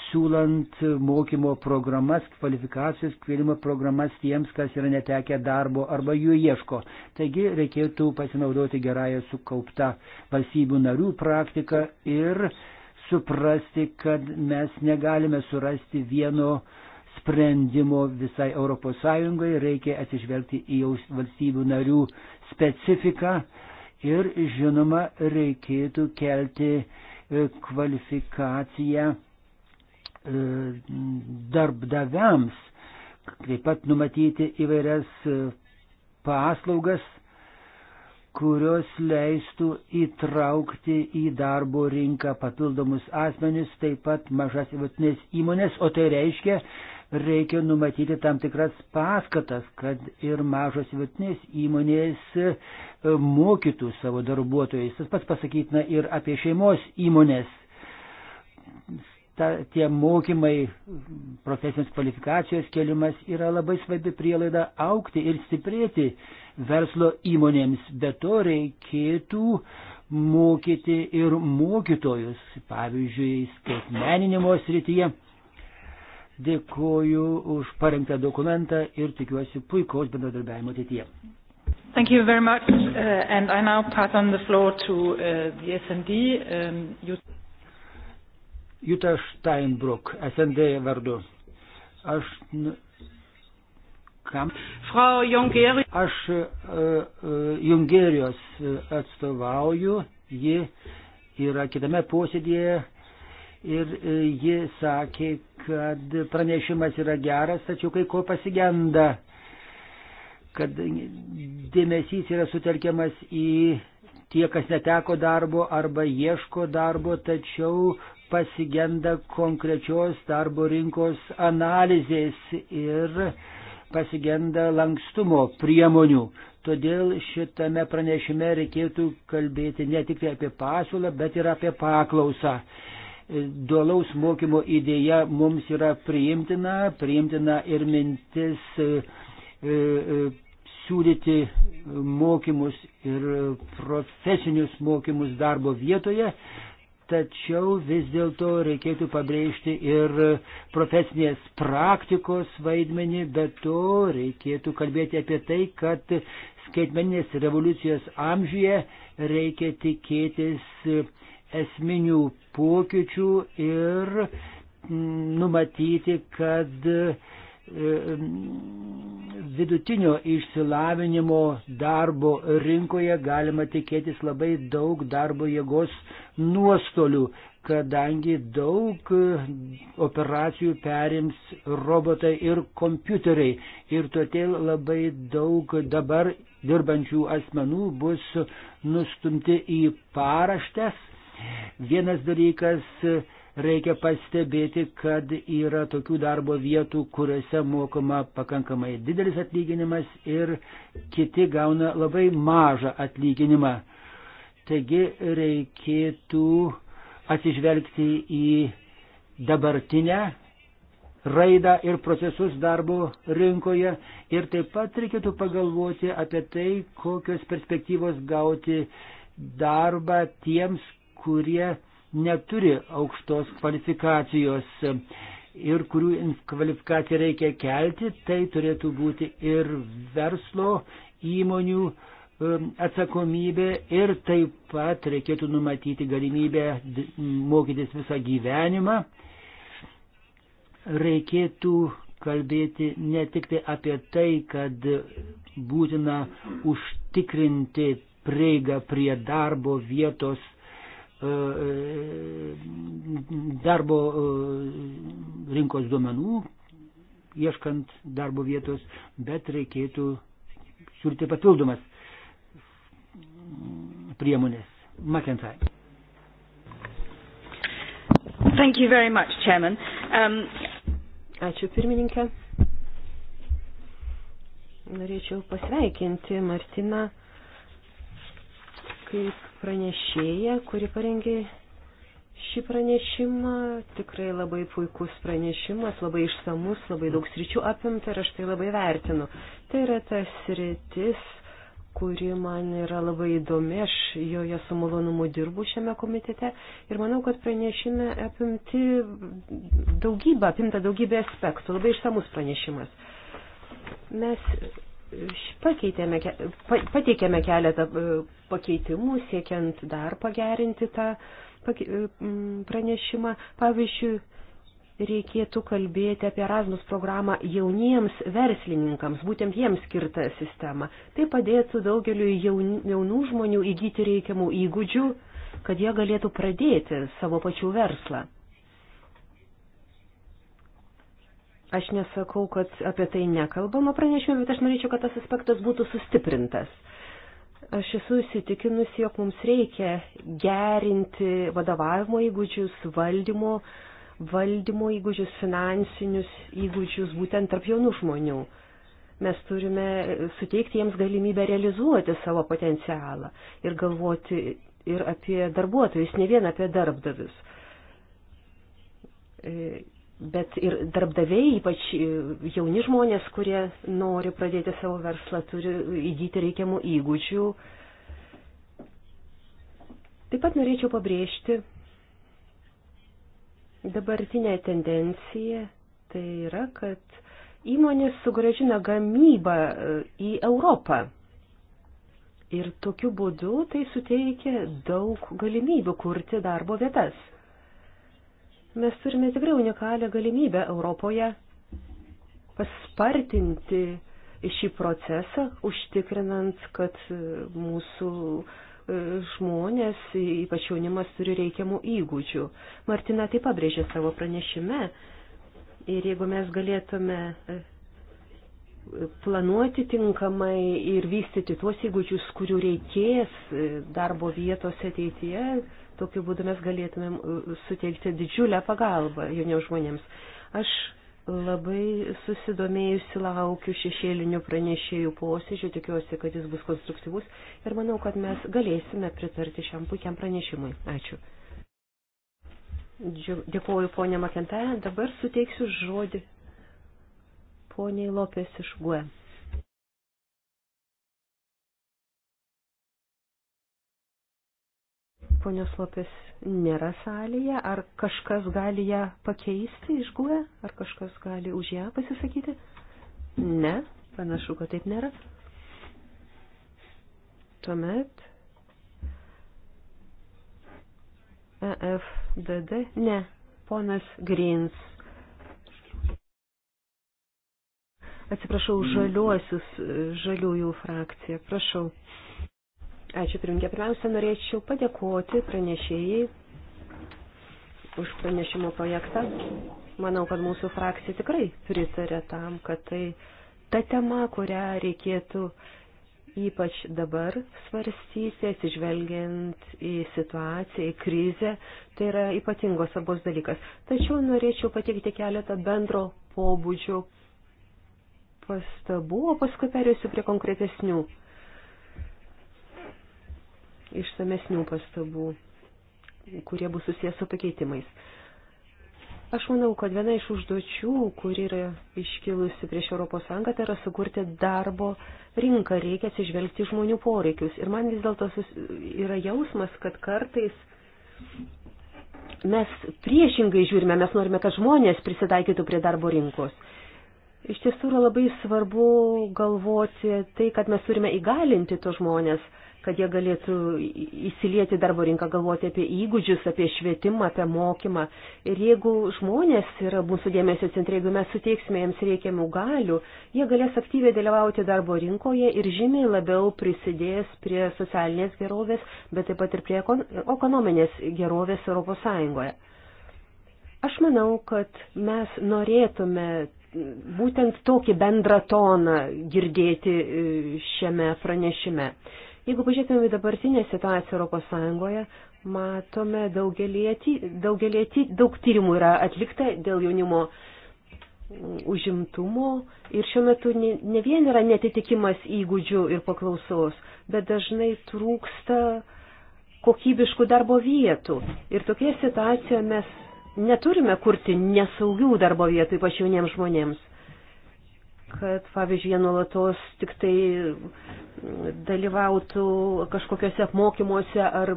siūlant mokymo programas, kvalifikacijos kvėlimo programas tiems, kas yra netekę darbo arba jų ieško. Taigi reikėtų pasinaudoti gerąją sukauptą valstybių narių praktiką ir suprasti, kad mes negalime surasti vieno uh, sprendimo visai ES, reikia atsižvelgti į valstybių narių specifiką ir žinoma reikėtų kelti e, kvalifikaciją e, darbdaviams, taip pat numatyti įvairias e, paslaugas, kurios leistų įtraukti į darbo rinką papildomus asmenis, taip pat mažas įvatinės įmonės, o tai reiškia, reikia numatyti tam tikras paskatas, kad ir mažos vietinės įmonės e, mokytų savo darbuotojais. Tas pats pasakytina ir apie šeimos įmonės. Ta, tie mokymai, profesinės kvalifikacijos kelimas yra labai svarbi prielaida aukti ir stiprėti verslo įmonėms. Be to reikėtų mokyti ir mokytojus, pavyzdžiui, skaitmeninimo srityje. Dėkuoju už parengtą dokumentą ir tikiuosi puikaus bendradarbiavimo ateityje. Thank you very much, uh, and I now pass on the floor to uh, the SND. Um, Jutta Steinbruck, SND vardu. Aš kam? Frau Jungeri. Aš uh, uh, Jungerijos uh, atstovauju, ji yra kitame posėdėje ir e, ji sakė, kad pranešimas yra geras, tačiau kai ko pasigenda, kad dėmesys yra sutelkiamas į tie, kas neteko darbo arba ieško darbo, tačiau pasigenda konkrečios darbo rinkos analizės ir pasigenda lankstumo priemonių. Todėl šitame pranešime reikėtų kalbėti ne tik apie pasiūlą, bet ir apie paklausą dualaus mokymo idėja mums yra priimtina, priimtina ir mintis e, e, siūlyti mokymus ir profesinius mokymus darbo vietoje, tačiau vis dėlto reikėtų pabrėžti ir profesinės praktikos vaidmenį, bet to reikėtų kalbėti apie tai, kad skaitmeninės revoliucijos amžiuje reikia tikėtis esminių pokyčių ir mm, numatyti, kad vidutinio išsilavinimo darbo rinkoje galima tikėtis labai daug darbo jėgos nuostolių, kadangi daug operacijų perims robotai ir kompiuteriai. Ir todėl labai daug dabar dirbančių asmenų bus nustumti į paraštes Vienas dalykas, reikia pastebėti, kad yra tokių darbo vietų, kuriuose mokama pakankamai didelis atlyginimas ir kiti gauna labai mažą atlyginimą. Taigi reikėtų atsižvelgti į dabartinę raidą ir procesus darbo rinkoje ir taip pat reikėtų pagalvoti apie tai, kokios perspektyvos gauti darbą tiems, kurie neturi aukštos kvalifikacijos ir kurių kvalifikaciją reikia kelti, tai turėtų būti ir verslo įmonių um, atsakomybė ir taip pat reikėtų numatyti galimybę mokytis visą gyvenimą. Reikėtų kalbėti ne tik tai apie tai, kad būtina užtikrinti prieigą prie darbo vietos E, darbo e, rinkos duomenų, ieškant darbo vietos, bet reikėtų siūlyti papildomas priemonės. McIntyre. Thank you very much, Chairman. Um, Ačiū pirmininkė. Norėčiau pasveikinti Martiną kaip pranešėja, kuri parengė šį pranešimą. Tikrai labai puikus pranešimas, labai išsamus, labai daug sričių apimta ir aš tai labai vertinu. Tai yra tas sritis, kuri man yra labai įdomi, aš joje su malonumu dirbu šiame komitete ir manau, kad pranešime apimti daugybę, apimta daugybė aspektų, labai išsamus pranešimas. Mes pakeitėme, pateikėme keletą e, pakeitimų, siekiant dar pagerinti tą e, pranešimą. Pavyzdžiui, reikėtų kalbėti apie Erasmus programą jauniems verslininkams, būtent jiems skirtą sistemą. Tai padėtų daugeliu jaunų žmonių įgyti reikiamų įgūdžių, kad jie galėtų pradėti savo pačių verslą. Aš nesakau, kad apie tai nekalbama pranešime, bet aš norėčiau, kad tas aspektas būtų sustiprintas. Aš esu įsitikinusi, jog mums reikia gerinti vadovavimo įgūdžius, valdymo, valdymo įgūdžius, finansinius įgūdžius būtent tarp jaunų žmonių. Mes turime suteikti jiems galimybę realizuoti savo potencialą ir galvoti ir apie darbuotojus, ne vien apie darbdavius e, Bet ir darbdaviai, ypač e, jauni žmonės, kurie nori pradėti savo verslą, turi įgyti reikiamų įgūdžių. Taip pat norėčiau pabrėžti dabartinę tendenciją, tai yra, kad įmonės sugražina gamybą e, į Europą. Ir tokiu būdu tai suteikia daug galimybių kurti darbo vietas. Mes turime tikrai unikalią galimybę Europoje paspartinti šį procesą, užtikrinant, kad mūsų e, žmonės, ypač jaunimas, turi reikiamų įgūdžių. Martina tai pabrėžė savo pranešime ir jeigu mes galėtume e, planuoti tinkamai ir vystyti tuos įgūdžius, kurių reikės e, darbo vietos ateityje, Tokiu būdu mes galėtumėm suteikti didžiulę pagalbą jauniems žmonėms. Aš labai susidomėjusi laukiu šešėlinių pranešėjų posėdžių, tikiuosi, kad jis bus konstruktyvus ir manau, kad mes galėsime pritarti šiam puikiam pranešimui. Ačiū. Dėkuoju ponė Makentė, dabar suteiksiu žodį poniai Lopės iš Guem. Ponios Lopės nėra salėje. Ar kažkas gali ją pakeisti iš guę? E? Ar kažkas gali už ją pasisakyti? Ne, panašu, kad taip nėra. Tuomet EFDD, ne, ponas Grins. Atsiprašau, žaliuosius, žaliųjų frakciją, prašau. Ačiū pirmininkė. Pirmiausia, norėčiau padėkoti pranešėjai už pranešimo projektą. Manau, kad mūsų frakcija tikrai pritarė tam, kad tai ta tema, kurią reikėtų ypač dabar svarstyti, atsižvelgiant į situaciją, į krizę, tai yra ypatingos svarbos dalykas. Tačiau norėčiau pateikti keletą bendro pobūdžių pastabų, o paskui perėsiu prie konkretesnių išsamesnių pastabų, kurie bus susijęs su pakeitimais. Aš manau, kad viena iš užduočių, kur yra iškilusi prieš Europos Sąjungą, tai yra sukurti darbo rinką, reikia atsižvelgti žmonių poreikius. Ir man vis dėlto yra jausmas, kad kartais mes priešingai žiūrime, mes norime, kad žmonės prisitaikytų prie darbo rinkos. Iš tiesų yra labai svarbu galvoti tai, kad mes turime įgalinti tos žmonės kad jie galėtų įsilieti darbo rinką, galvoti apie įgūdžius, apie švietimą, apie mokymą. Ir jeigu žmonės yra mūsų dėmesio centre, jeigu mes suteiksime jiems reikiamų galių, jie galės aktyviai dalyvauti darbo rinkoje ir žymiai labiau prisidės prie socialinės gerovės, bet taip pat ir prie ekonominės gerovės Europos Sąjungoje. Aš manau, kad mes norėtume būtent tokį bendrą toną girdėti e, šiame pranešime. Jeigu pažiūrėtume į dabartinę situaciją ES, matome daugelie, daugelie, daug tyrimų yra atlikta dėl jaunimo mm, užimtumo ir šiuo metu ne, ne vien yra netitikimas įgūdžių ir paklausos, bet dažnai trūksta kokybiškų darbo vietų. Ir tokie situacijoje mes neturime kurti nesaugių darbo vietų, ypač jauniems žmonėms kad, pavyzdžiui, jie nuolatos tik tai dalyvautų kažkokiuose apmokymuose ar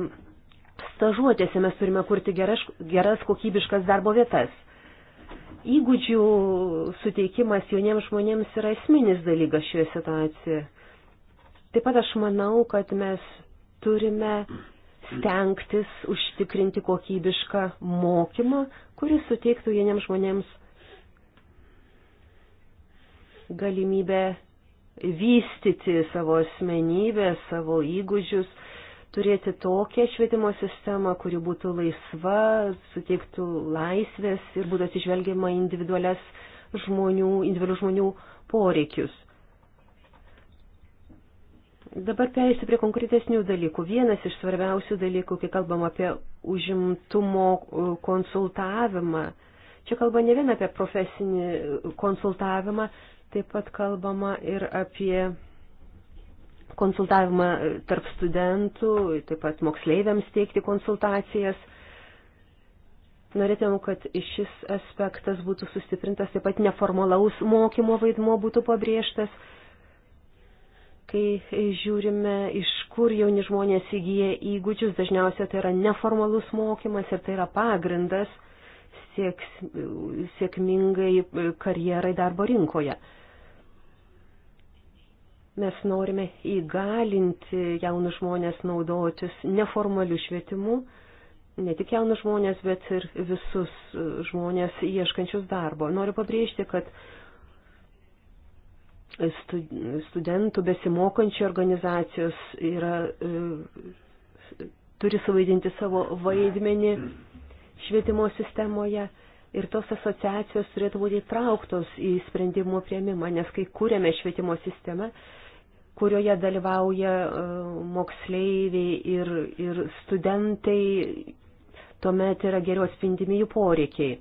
stažuotėse. Mes turime kurti geras, geras kokybiškas darbo vietas. Įgūdžių suteikimas jauniems žmonėms yra esminis dalykas šioje situacijoje. Taip pat aš manau, kad mes turime stengtis užtikrinti kokybišką mokymą, kuris suteiktų jauniems žmonėms galimybę vystyti savo asmenybę, savo įgūdžius, turėti tokią švietimo sistemą, kuri būtų laisva, suteiktų laisvės ir būtų atsižvelgiama individualias žmonių, individualių žmonių poreikius. Dabar perėsiu prie konkretesnių dalykų. Vienas iš svarbiausių dalykų, kai kalbam apie užimtumo e, konsultavimą, čia kalba ne vien apie profesinį konsultavimą, Taip pat kalbama ir apie konsultavimą tarp studentų, taip pat moksleiviams teikti konsultacijas. Norėtume, kad šis aspektas būtų sustiprintas, taip pat neformalaus mokymo vaidmo būtų pabrėžtas kai žiūrime, iš kur jauni žmonės įgyja įgūdžius, dažniausiai tai yra neformalus mokymas ir tai yra pagrindas sieks, sėkmingai karjerai darbo rinkoje. Mes norime įgalinti jaunus žmonės naudotis neformaliu švietimu, ne tik jaunus žmonės, bet ir visus žmonės ieškančius darbo. Noriu pabrėžti, kad studentų besimokančių organizacijos yra, e, turi suvaidinti savo vaidmenį švietimo sistemoje ir tos asociacijos turėtų būti įtrauktos į sprendimų prieimimą, nes kai kūrėme švietimo sistemą, kurioje dalyvauja e, moksleiviai ir, ir studentai, tuomet yra geriau atspindimi jų poreikiai.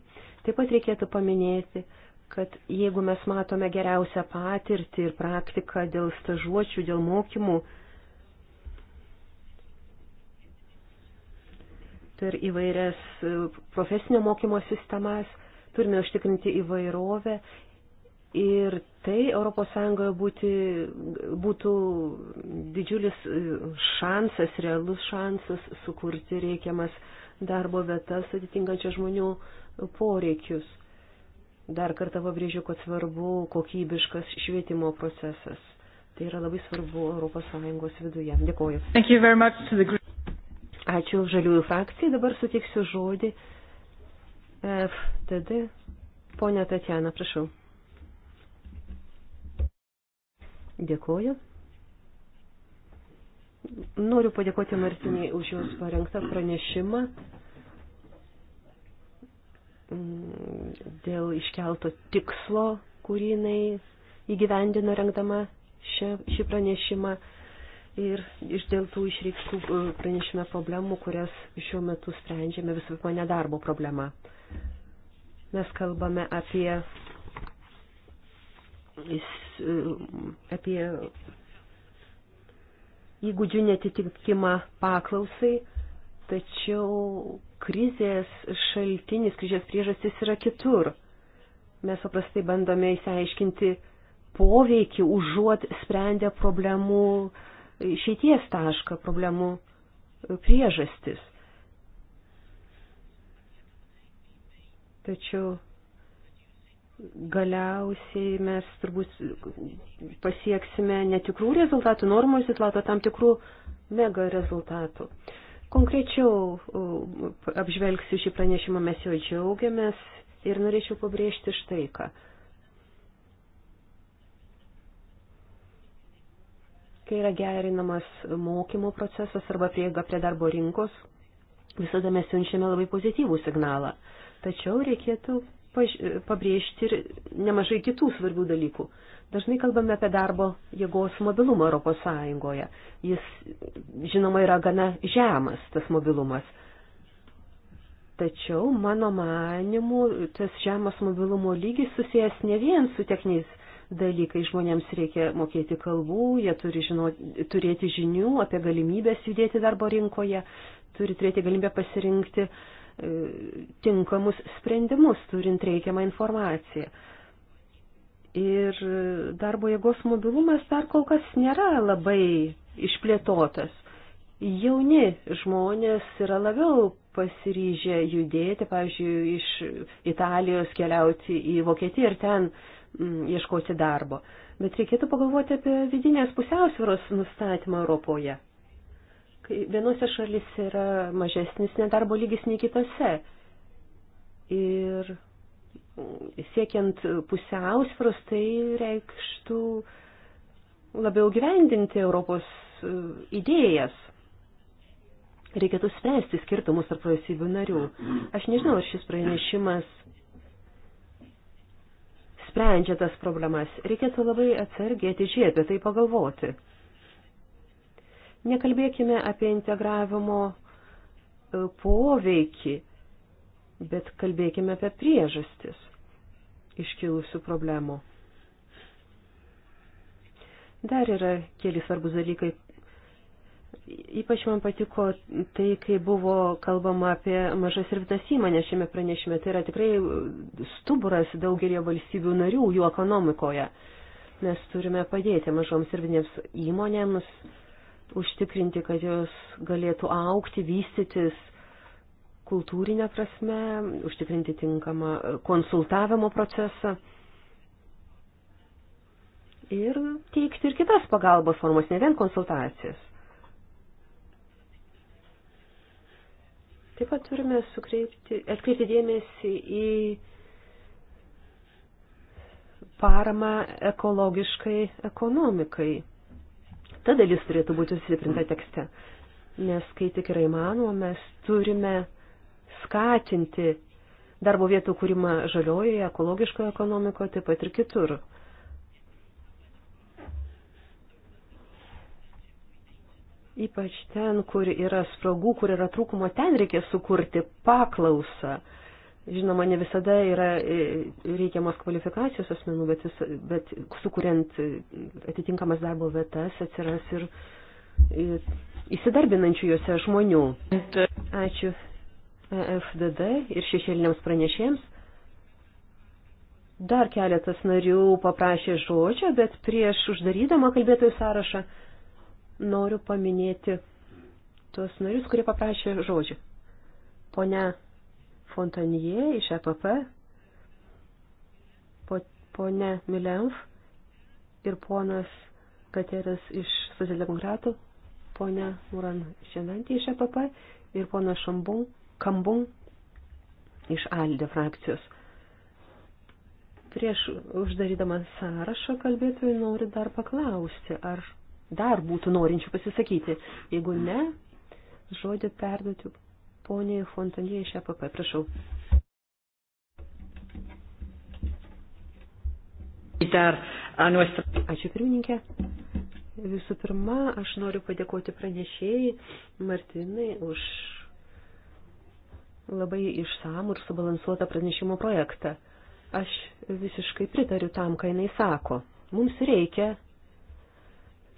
Taip pat reikėtų paminėti, kad jeigu mes matome geriausią patirtį ir praktiką dėl stažuočių, dėl mokymų, per įvairias e, profesinio mokymo sistemas, turime užtikrinti įvairovę Ir tai ES būti, būtų didžiulis e, šansas, realus šansas sukurti reikiamas darbo vietas atitinkančias žmonių poreikius. Dar kartą pabrėžiu, kad svarbu kokybiškas švietimo procesas. Tai yra labai svarbu ES viduje. Dėkuoju. The... Ačiū žaliųjų frakcijai. Dabar sutiksiu žodį FTD. Ponia Tatjana, prašau. Dėkuoju. Noriu padėkoti Martiniai už jos parengtą pranešimą mm, dėl iškelto tikslo, kurį jinai įgyvendino rengdama šią, šį pranešimą ir iš dėl tų išreikštų e, pranešime problemų, kurias šiuo metu sprendžiame visų pirma nedarbo problema. Mes kalbame apie E, apie įgūdžių netitikimą paklausai, tačiau krizės šaltinis, krizės priežastis yra kitur. Mes paprastai bandome įsiaiškinti poveikį, užuot sprendę problemų išeities tašką, problemų e, priežastis. Tačiau galiausiai mes turbūt pasieksime netikrų rezultatų, normų rezultatų, tam tikrų mega rezultatų. Konkrečiau uh, apžvelgsiu šį pranešimą, mes jo džiaugiamės ir norėčiau pabrėžti štai ką. Kai yra gerinamas mokymo procesas arba prieiga prie darbo rinkos, visada mes siunčiame labai pozityvų signalą. Tačiau reikėtų pabrėžti ir nemažai kitų svarbių dalykų. Dažnai kalbame apie darbo jėgos mobilumą Europos Sąjungoje. Jis, žinoma, yra gana žemas, tas mobilumas. Tačiau, mano manimu, tas žemas mobilumo lygis susijęs ne vien su techniniais dalykai. Žmonėms reikia mokėti kalbų, jie turi žino, turėti žinių apie galimybės judėti darbo rinkoje, turi turėti galimybę pasirinkti uh, tinkamus sprendimus, turint reikiamą informaciją. Ir darbo jėgos mobilumas dar kol kas nėra labai išplėtotas. Jauni žmonės yra labiau pasiryžę judėti, pavyzdžiui, iš Italijos keliauti į Vokietiją ir ten mm, ieškoti darbo. Bet reikėtų pagalvoti apie vidinės pusiausvėros nustatymą Europoje kai vienose šalyse yra mažesnis nedarbo lygis nei kitose. Ir siekiant pusiausvros, tai reikštų labiau gyvendinti Europos e, idėjas. Reikėtų spręsti skirtumus tarp valstybių narių. Aš nežinau, ar šis pranešimas sprendžia tas problemas. Reikėtų labai atsargiai atidžiai apie tai pagalvoti. Nekalbėkime apie integravimo e, poveikį, bet kalbėkime apie priežastis iškilusių problemų. Dar yra keli svarbus dalykai. Ypač man patiko tai, kai buvo kalbama apie mažas ir vidas įmonės šiame pranešime. Tai yra tikrai stuburas daugelio valstybių narių jų ekonomikoje. Mes turime padėti mažoms ir vidinėms įmonėms užtikrinti, kad jos galėtų aukti, vystytis kultūrinę prasme, užtikrinti tinkamą konsultavimo procesą ir teikti ir kitas pagalbos formas, ne vien konsultacijas. Taip pat turime sukreipti, atkreipti dėmesį į paramą ekologiškai ekonomikai ta dalis turėtų būti sustiprinta tekste. Nes kai tik yra įmanoma, mes turime skatinti darbo vietų kūrimą žaliojoje, ekologiškoje ekonomikoje, taip pat ir kitur. Ypač ten, kur yra spragų, kur yra trūkumo, ten reikia sukurti paklausą Žinoma, ne visada yra e, reikiamos kvalifikacijos asmenų, bet, vis, bet sukuriant e, atitinkamas darbo vietas atsiras ir, ir e, įsidarbinančių juose žmonių. Ačiū FDD ir šešėliniams pranešėjams. Dar keletas narių paprašė žodžio, bet prieš uždarydama kalbėtojų sąrašą noriu paminėti tuos narius, kurie paprašė žodžio. Pone Fontanie iš EPP, ponė Milenf ir ponas Kateris iš Socialdemokratų, ponė Muran Šienantį iš EPP ir ponas Šambung, Kambung iš Alde frakcijos. Prieš uždarydamą sąrašą kalbėtojų noriu dar paklausti, ar dar būtų norinčių pasisakyti. Jeigu ne, žodį perduotiu Pone Fontanie iš EPP, prašau. Ačiū pirmininkė. Visų pirma, aš noriu padėkoti pranešėjai Martinai už labai išsamų ir subalansuotą pranešimo projektą. Aš visiškai pritariu tam, ką jinai sako. Mums reikia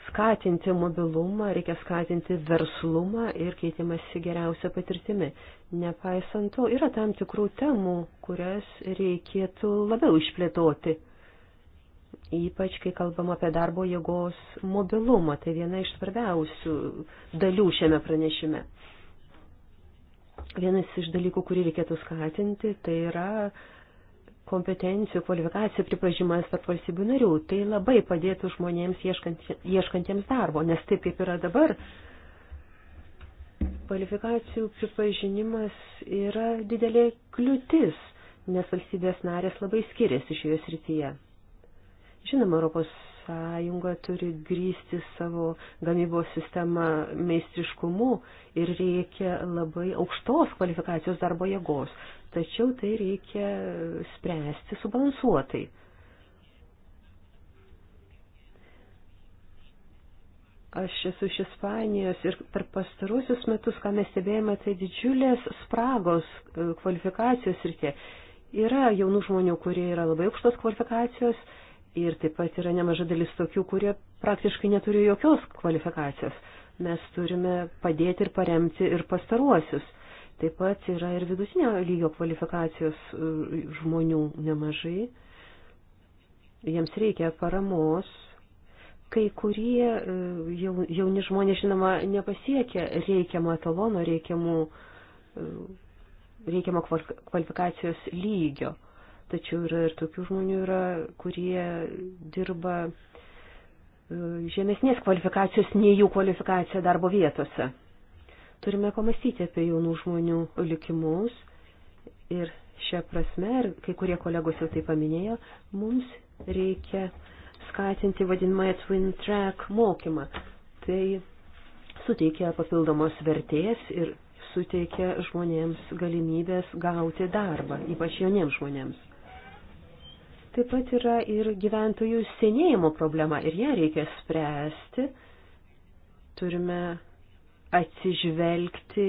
skatinti mobilumą, reikia skatinti verslumą ir keitimąsi geriausią patirtimi. Nepaisant to, yra tam tikrų temų, kurias reikėtų labiau išplėtoti. Ypač, kai kalbam apie darbo jėgos mobilumą, tai viena iš svarbiausių dalių šiame pranešime. Vienas iš dalykų, kurį reikėtų skatinti, tai yra uh, kompetencijų kvalifikacijų pripažimas tarp valstybių narių. Tai labai padėtų žmonėms ieškant, ieškantiems darbo, nes taip kaip yra dabar, kvalifikacijų pripažinimas yra didelė kliūtis, nes valstybės narės labai skiriasi šioje srityje. Žinoma, Europos Sąjunga turi grįsti savo gamybos sistemą meistriškumu ir reikia labai aukštos kvalifikacijos darbo jėgos. Tačiau tai reikia spręsti subalansuotai. Aš esu iš Ispanijos ir per pastarusius metus, ką mes stebėjome, tai didžiulės spragos e, kvalifikacijos rytė. Yra jaunų žmonių, kurie yra labai aukštos kvalifikacijos Ir taip pat yra nemaža dalis tokių, kurie praktiškai neturi jokios kvalifikacijos. Mes turime padėti ir paremti ir pastaruosius. Taip pat yra ir vidutinio lygio kvalifikacijos e, žmonių nemažai. Jiems reikia paramos. Kai kurie e, jauni žmonės, žinoma, nepasiekia reikiamo etalono, reikiamų, e, reikiamo kvalifikacijos lygio tačiau yra ir tokių žmonių, yra, kurie dirba e, žemesnės kvalifikacijos nei jų kvalifikacija darbo vietose. Turime pamastyti apie jaunų žmonių likimus ir šią prasme, ir kai kurie kolegos jau tai paminėjo, mums reikia skatinti vadinamąją Twin Track mokymą. Tai suteikia papildomos vertės ir suteikia žmonėms galimybės gauti darbą, ypač jauniems žmonėms. Taip pat yra ir gyventojų senėjimo problema ir ją reikia spręsti. Turime atsižvelgti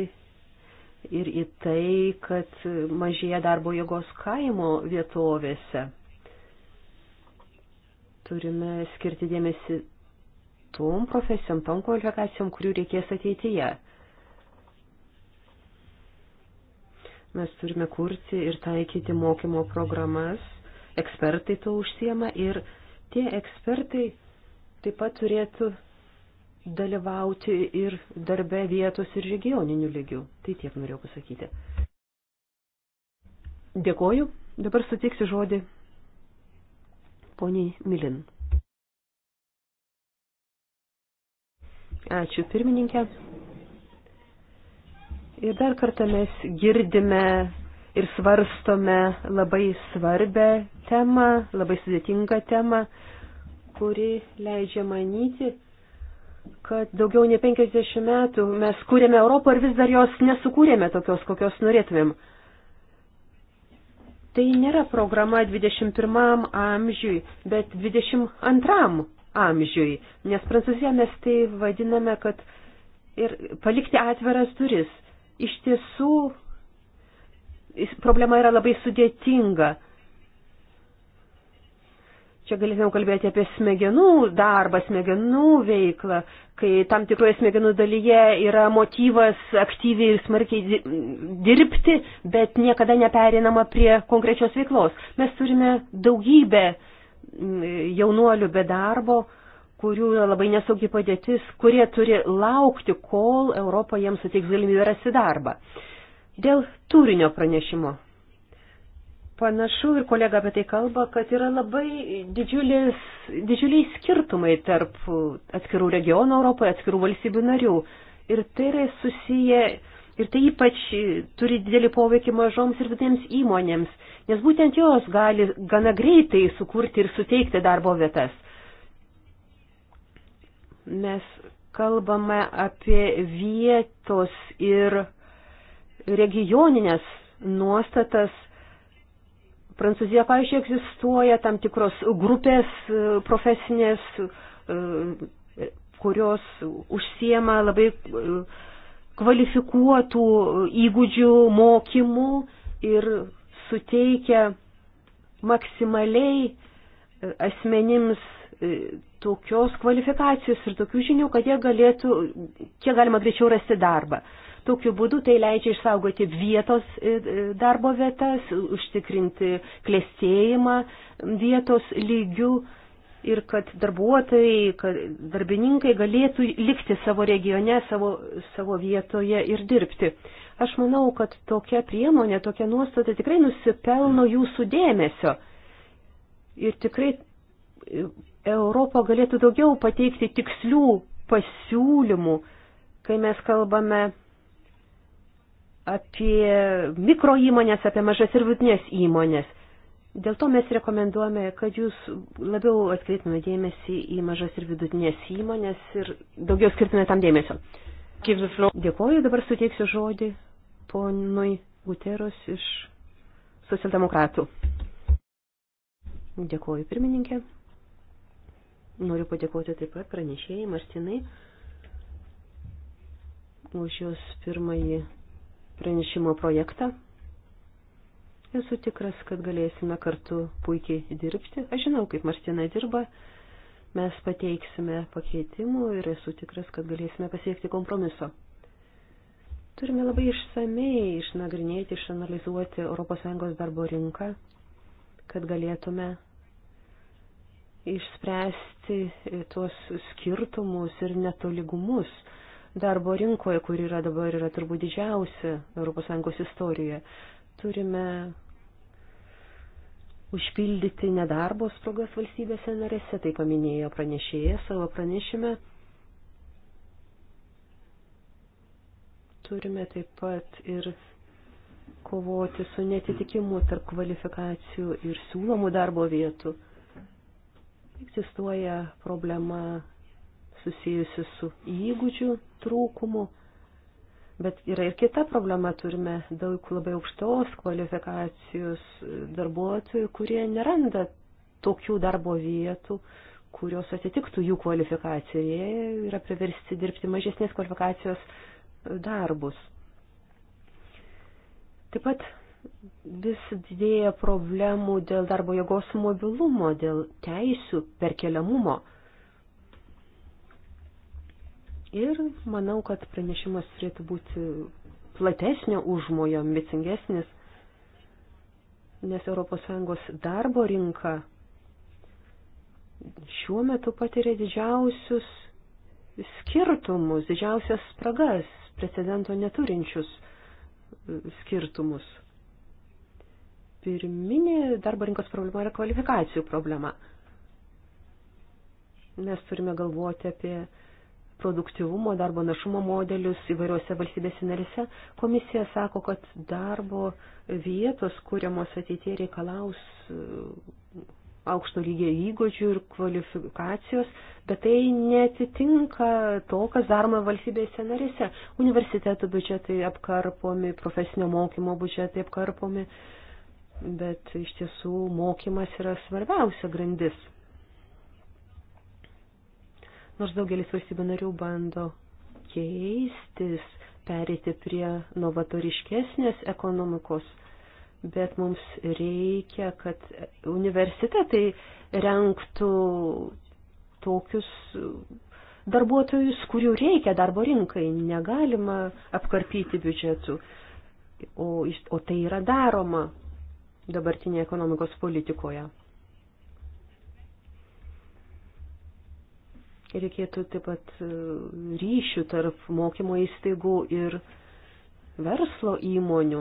ir į tai, kad mažėja darbo jėgos kaimo vietovėse. Turime skirti dėmesį tom profesijom, tom kvalifikacijom, kurių reikės ateityje. Mes turime kurti ir taikyti mokymo programas ekspertai to užsiema ir tie ekspertai taip pat turėtų dalyvauti ir darbe vietos ir regioninių lygių. Tai tiek norėjau pasakyti. Dėkoju. Dabar sutiksiu žodį poniai Milin. Ačiū pirmininkė. Ir dar kartą mes girdime ir svarstome labai svarbę temą, labai sudėtingą temą, kuri leidžia manyti, kad daugiau nei 50 metų mes kūrėme Europą ir vis dar jos nesukūrėme tokios, kokios norėtumėm. Tai nėra programa 21 amžiui, bet 22 amžiui, nes Prancūzija mes tai vadiname, kad ir palikti atviras duris. Iš tiesų problema yra labai sudėtinga. Čia galėtume kalbėti apie smegenų darbą, smegenų veiklą, kai tam tikroje smegenų dalyje yra motyvas aktyviai ir smarkiai dirbti, bet niekada neperinama prie konkrečios veiklos. Mes turime daugybę jaunuolių be darbo, kurių yra labai nesaugi padėtis, kurie turi laukti, kol Europą jiems suteiks galimybę rasti darbą. Dėl turinio pranešimo. Panašu ir kolega apie tai kalba, kad yra labai didžiulis, didžiuliai skirtumai tarp atskirų regionų Europoje, atskirų valstybių narių. Ir tai yra susiję, ir tai ypač turi didelį poveikį mažoms ir vidinėms įmonėms, nes būtent jos gali gana greitai sukurti ir suteikti darbo vietas. Mes kalbame apie vietos ir regioninės nuostatas. Prancūzija, pavyzdžiui, egzistuoja tam tikros grupės e, profesinės, e, kurios užsiema labai e, kvalifikuotų įgūdžių mokymų ir suteikia maksimaliai asmenims tokios kvalifikacijos ir tokių žinių, kad jie galėtų, kiek galima greičiau rasti darbą. Tokiu būdu tai leidžia išsaugoti vietos e, e, darbo vietas, užtikrinti klėstėjimą vietos lygių ir kad darbuotojai, kad darbininkai galėtų likti savo regione, savo, savo vietoje ir dirbti. Aš manau, kad tokia priemonė, tokia nuostata tikrai nusipelno jūsų dėmesio. Ir tikrai e, Europą galėtų daugiau pateikti tikslių pasiūlymų, kai mes kalbame apie mikro įmonės, apie mažas ir vidutinės įmonės. Dėl to mes rekomenduojame, kad jūs labiau atkreiptume dėmesį į mažas ir vidutinės įmonės ir daugiau skirtume tam dėmesio. Dėkoju, dabar suteiksiu žodį ponui Guteros iš socialdemokratų. Dėkoju, pirmininkė. Noriu padėkoti taip pat pranešėjai Martinai už jos pirmąjį pranešimo projektą. Esu tikras, kad galėsime kartu puikiai dirbti. Aš žinau, kaip Martina dirba. Mes pateiksime pakeitimų ir esu tikras, kad galėsime pasiekti kompromiso. Turime labai išsamei išnagrinėti, išanalizuoti ES darbo rinką, kad galėtume išspręsti tuos skirtumus ir netoligumus darbo rinkoje, kur yra dabar yra turbūt didžiausia ES istorijoje. Turime užpildyti nedarbo sprogas valstybėse narėse, tai paminėjo pranešėjas savo pranešime. Turime taip pat ir kovoti su netitikimu tarp kvalifikacijų ir siūlomų darbo vietų. Egzistuoja problema susijusi su įgūdžių trūkumu, bet yra ir kita problema, turime daug labai aukštos kvalifikacijos darbuotojų, kurie neranda tokių darbo vietų, kurios atitiktų jų kvalifikaciją, jie yra priversti dirbti mažesnės kvalifikacijos darbus. Taip pat vis didėja problemų dėl darbo jėgos mobilumo, dėl teisių perkeliamumo. Ir manau, kad pranešimas turėtų būti platesnio užmojo, ambicingesnis, nes ES darbo rinka šiuo metu patiria didžiausius skirtumus, didžiausias spragas, precedento neturinčius skirtumus. Pirminė darbo rinkos problema yra kvalifikacijų problema. Mes turime galvoti apie produktivumo, darbo našumo modelius įvairiose valstybėse narėse, komisija sako, kad darbo vietos, kuriamos ateitie reikalaus e, aukšto lygio įgūdžių ir kvalifikacijos, bet tai netitinka to, kas daroma valstybėse narėse. Universitetų biudžetai apkarpomi, profesinio mokymo biudžetai apkarpomi, bet iš tiesų mokymas yra svarbiausia grandis. Nors daugelis valstybių narių bando keistis, perėti prie novatoriškesnės ekonomikos, bet mums reikia, kad universitetai renktų tokius darbuotojus, kurių reikia darbo rinkai, negalima apkarpyti biudžetų, o, o tai yra daroma dabartinėje ekonomikos politikoje. Reikėtų taip pat e, ryšių tarp mokymo įstaigų ir verslo įmonių.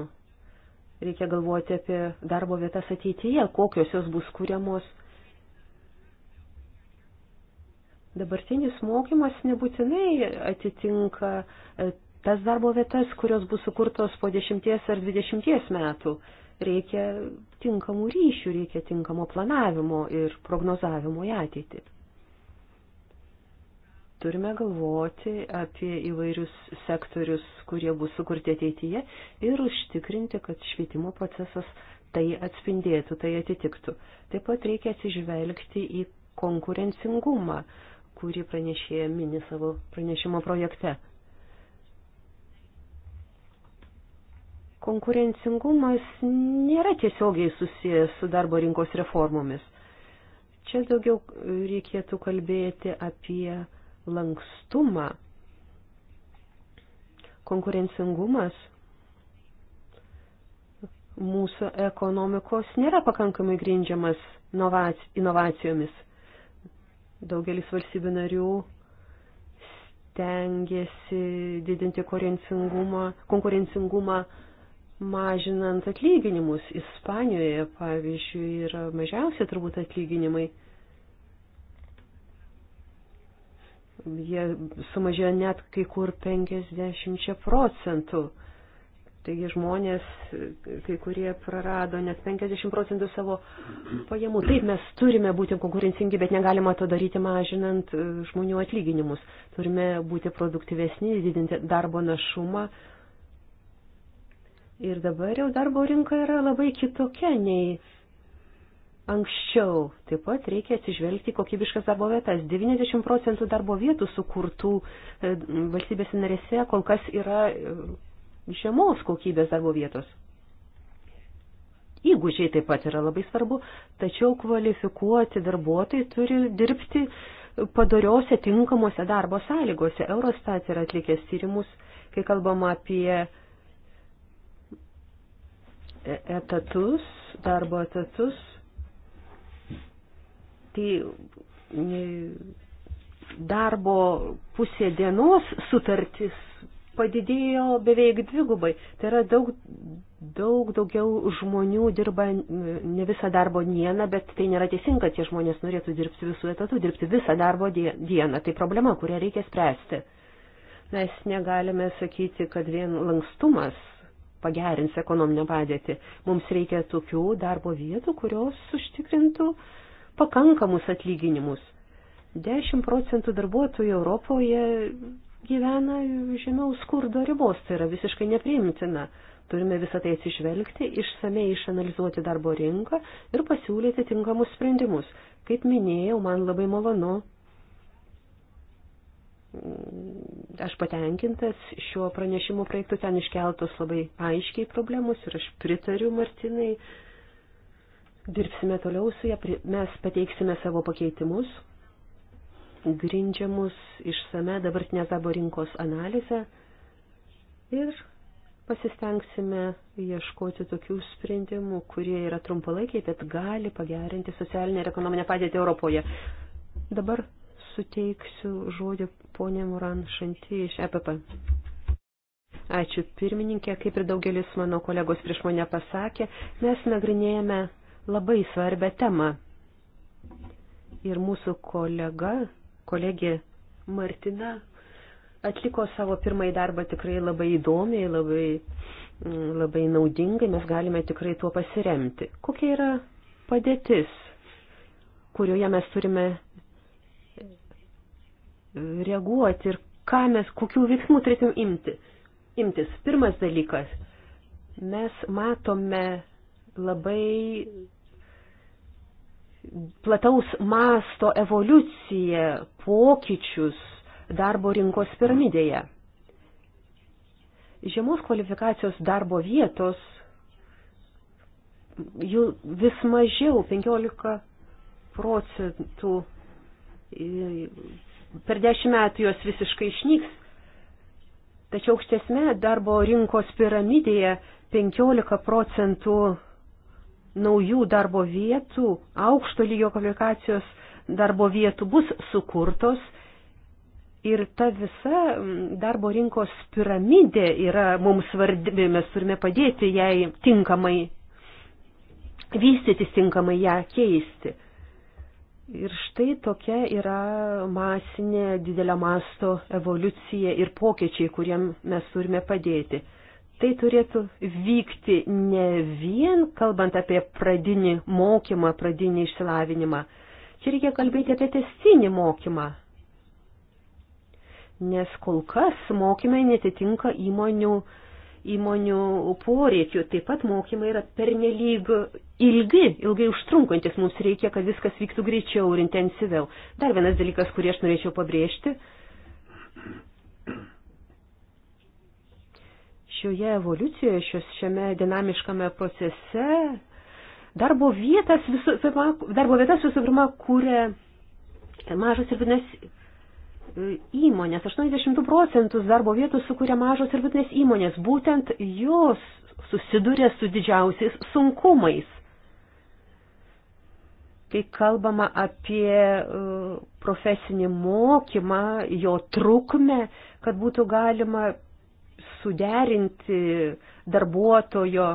Reikia galvoti apie darbo vietas ateityje, kokios jos bus kūriamos. Dabartinis mokymas nebūtinai atitinka e, tas darbo vietas, kurios bus sukurtos po dešimties ar dvidešimties metų. Reikia tinkamų ryšių, reikia tinkamo planavimo ir prognozavimo į ateitį. Turime galvoti apie įvairius sektorius, kurie bus sukurti ateityje ir užtikrinti, kad švietimo procesas tai atspindėtų, tai atitiktų. Taip pat reikia atsižvelgti į konkurencingumą, kurį pranešėja mini savo pranešimo projekte. Konkurencingumas nėra tiesiogiai susijęs su darbo rinkos reformomis. Čia daugiau reikėtų kalbėti apie lankstumą. Konkurencingumas mūsų ekonomikos nėra pakankamai grindžiamas inovacijomis. Daugelis valstybių narių stengiasi didinti konkurencingumą, konkurencingumą mažinant atlyginimus. Ispanijoje, pavyzdžiui, yra mažiausia turbūt atlyginimai. jie sumažėjo net kai kur 50 procentų. Taigi žmonės, kai kurie prarado net 50 procentų savo pajamų. Taip, mes turime būti konkurencingi, bet negalima to daryti mažinant e, žmonių atlyginimus. Turime būti produktyvesni, didinti darbo našumą. Ir dabar jau darbo rinka yra labai kitokia nei anksčiau. Taip pat reikia atsižvelgti kokybiškas darbo vietas. 90 procentų darbo vietų sukurtų e, valstybės narėse kol kas yra e, žemos kokybės darbo vietos. Įgūdžiai taip pat yra labai svarbu, tačiau kvalifikuoti darbuotojai turi dirbti padoriose, tinkamuose darbo sąlygose. Eurostat yra atlikęs tyrimus, kai kalbama apie e, etatus, darbo etatus, tai e, darbo pusė dienos sutartis padidėjo beveik dvigubai. Tai yra daug, daug daugiau žmonių dirba ne visą darbo dieną, bet tai nėra teisinga, kad tie žmonės norėtų dirbti visų etatų, dirbti visą darbo dieną. Tai problema, kurią reikia spręsti. Mes negalime sakyti, kad vien lankstumas pagerins ekonominę padėtį. Mums reikia tokių darbo vietų, kurios užtikrintų uh, pakankamus atlyginimus. 10 procentų darbuotojų Europoje gyvena žemiau skurdo ribos, tai yra visiškai nepriimtina. Turime visą tai atsižvelgti, išsamei išanalizuoti darbo rinką ir pasiūlyti tinkamus sprendimus. Kaip minėjau, man labai malonu. Aš patenkintas šiuo pranešimo projektu, ten iškeltos labai aiškiai problemos ir aš pritariu Martinai Dirbsime toliau su ją, mes pateiksime savo pakeitimus, grindžiamus išsame dabartinės darbo rinkos analizę ir pasistengsime ieškoti tokių sprendimų, kurie yra trumpalaikiai, bet gali pagerinti socialinę ir ekonominę padėtį Europoje. Dabar suteiksiu žodį ponė Muran Šantį iš EPP. Ačiū pirmininkė, kaip ir daugelis mano kolegos prieš mane pasakė, mes nagrinėjame labai svarbę temą. Ir mūsų kolega, kolegė Martina, atliko savo pirmąjį darbą tikrai labai įdomiai, labai, mm, labai naudingai, mes galime tikrai tuo pasiremti. Kokia yra padėtis, kurioje mes turime reaguoti ir ką mes, kokių veiksmų turėtum imti. imtis. Pirmas dalykas, mes matome labai plataus masto evoliuciją, pokyčius darbo rinkos piramidėje. Žiemos kvalifikacijos darbo vietos jų vis mažiau, 15 procentų e, per dešimt metų jos visiškai išnyks. Tačiau aukštesnė darbo rinkos piramidėje 15 procentų naujų darbo vietų, aukšto lygio kvalifikacijos darbo vietų bus sukurtos ir ta visa darbo rinkos piramidė yra mums svarbi, mes turime padėti jai tinkamai vystytis, tinkamai ją keisti. Ir štai tokia yra masinė, didelio masto evoliucija ir pokyčiai, kuriem mes turime padėti tai turėtų vykti ne vien kalbant apie pradinį mokymą, pradinį išsilavinimą. Čia reikia kalbėti apie testinį mokymą. Nes kol kas mokymai netitinka įmonių, įmonių poreikių. Taip pat mokymai yra pernelyg ilgi, ilgai užtrunkantis. Mums reikia, kad viskas vyktų greičiau ir intensyviau. Dar vienas dalykas, kurį aš norėčiau pabrėžti šioje evoliucijoje, šios, šiame dinamiškame procese darbo, vietas visų, pirma, darbo vietas visų pirma kūrė mažos ir vidinės e, įmonės. 80 procentus darbo vietų sukūrė mažos ir vidinės įmonės. Būtent jos susidūrė su didžiausiais sunkumais. Kai kalbama apie e, profesinį mokymą, jo trukmę, kad būtų galima suderinti darbuotojo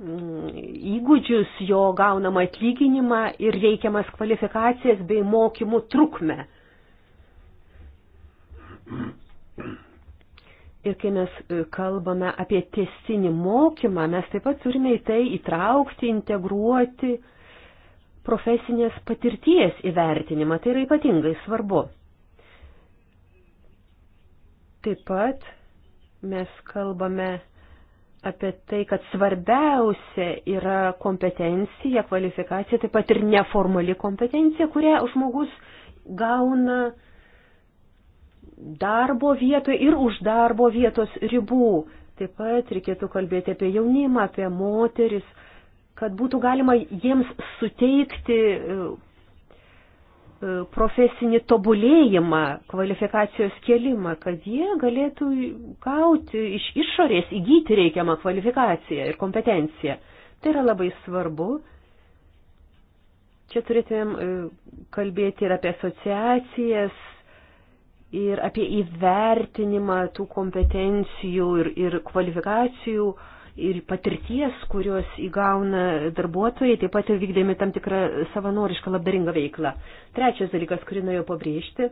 mm, įgūdžius, jo gaunamą atlyginimą ir reikiamas kvalifikacijas bei mokymų trukmę. Ir kai mes e, kalbame apie tiesinį mokymą, mes taip pat turime į tai įtraukti, integruoti profesinės patirties įvertinimą. Tai yra ypatingai svarbu. Taip pat mes kalbame apie tai, kad svarbiausia yra kompetencija, kvalifikacija, taip pat ir neformali kompetencija, kurią žmogus gauna darbo vietoje ir už darbo vietos ribų. Taip pat reikėtų kalbėti apie jaunimą, apie moteris, kad būtų galima jiems suteikti E, profesinį tobulėjimą, kvalifikacijos kelimą, kad jie galėtų gauti iš išorės, įgyti reikiamą kvalifikaciją ir kompetenciją. Tai yra labai svarbu. Čia turėtumėm e, kalbėti ir apie asociacijas, ir apie įvertinimą tų kompetencijų ir, ir kvalifikacijų uh, ir patirties, kurios įgauna darbuotojai, taip pat ir vykdami tam tikrą savanorišką labdaringą veiklą. Trečias dalykas, kurį norėjau pabrėžti,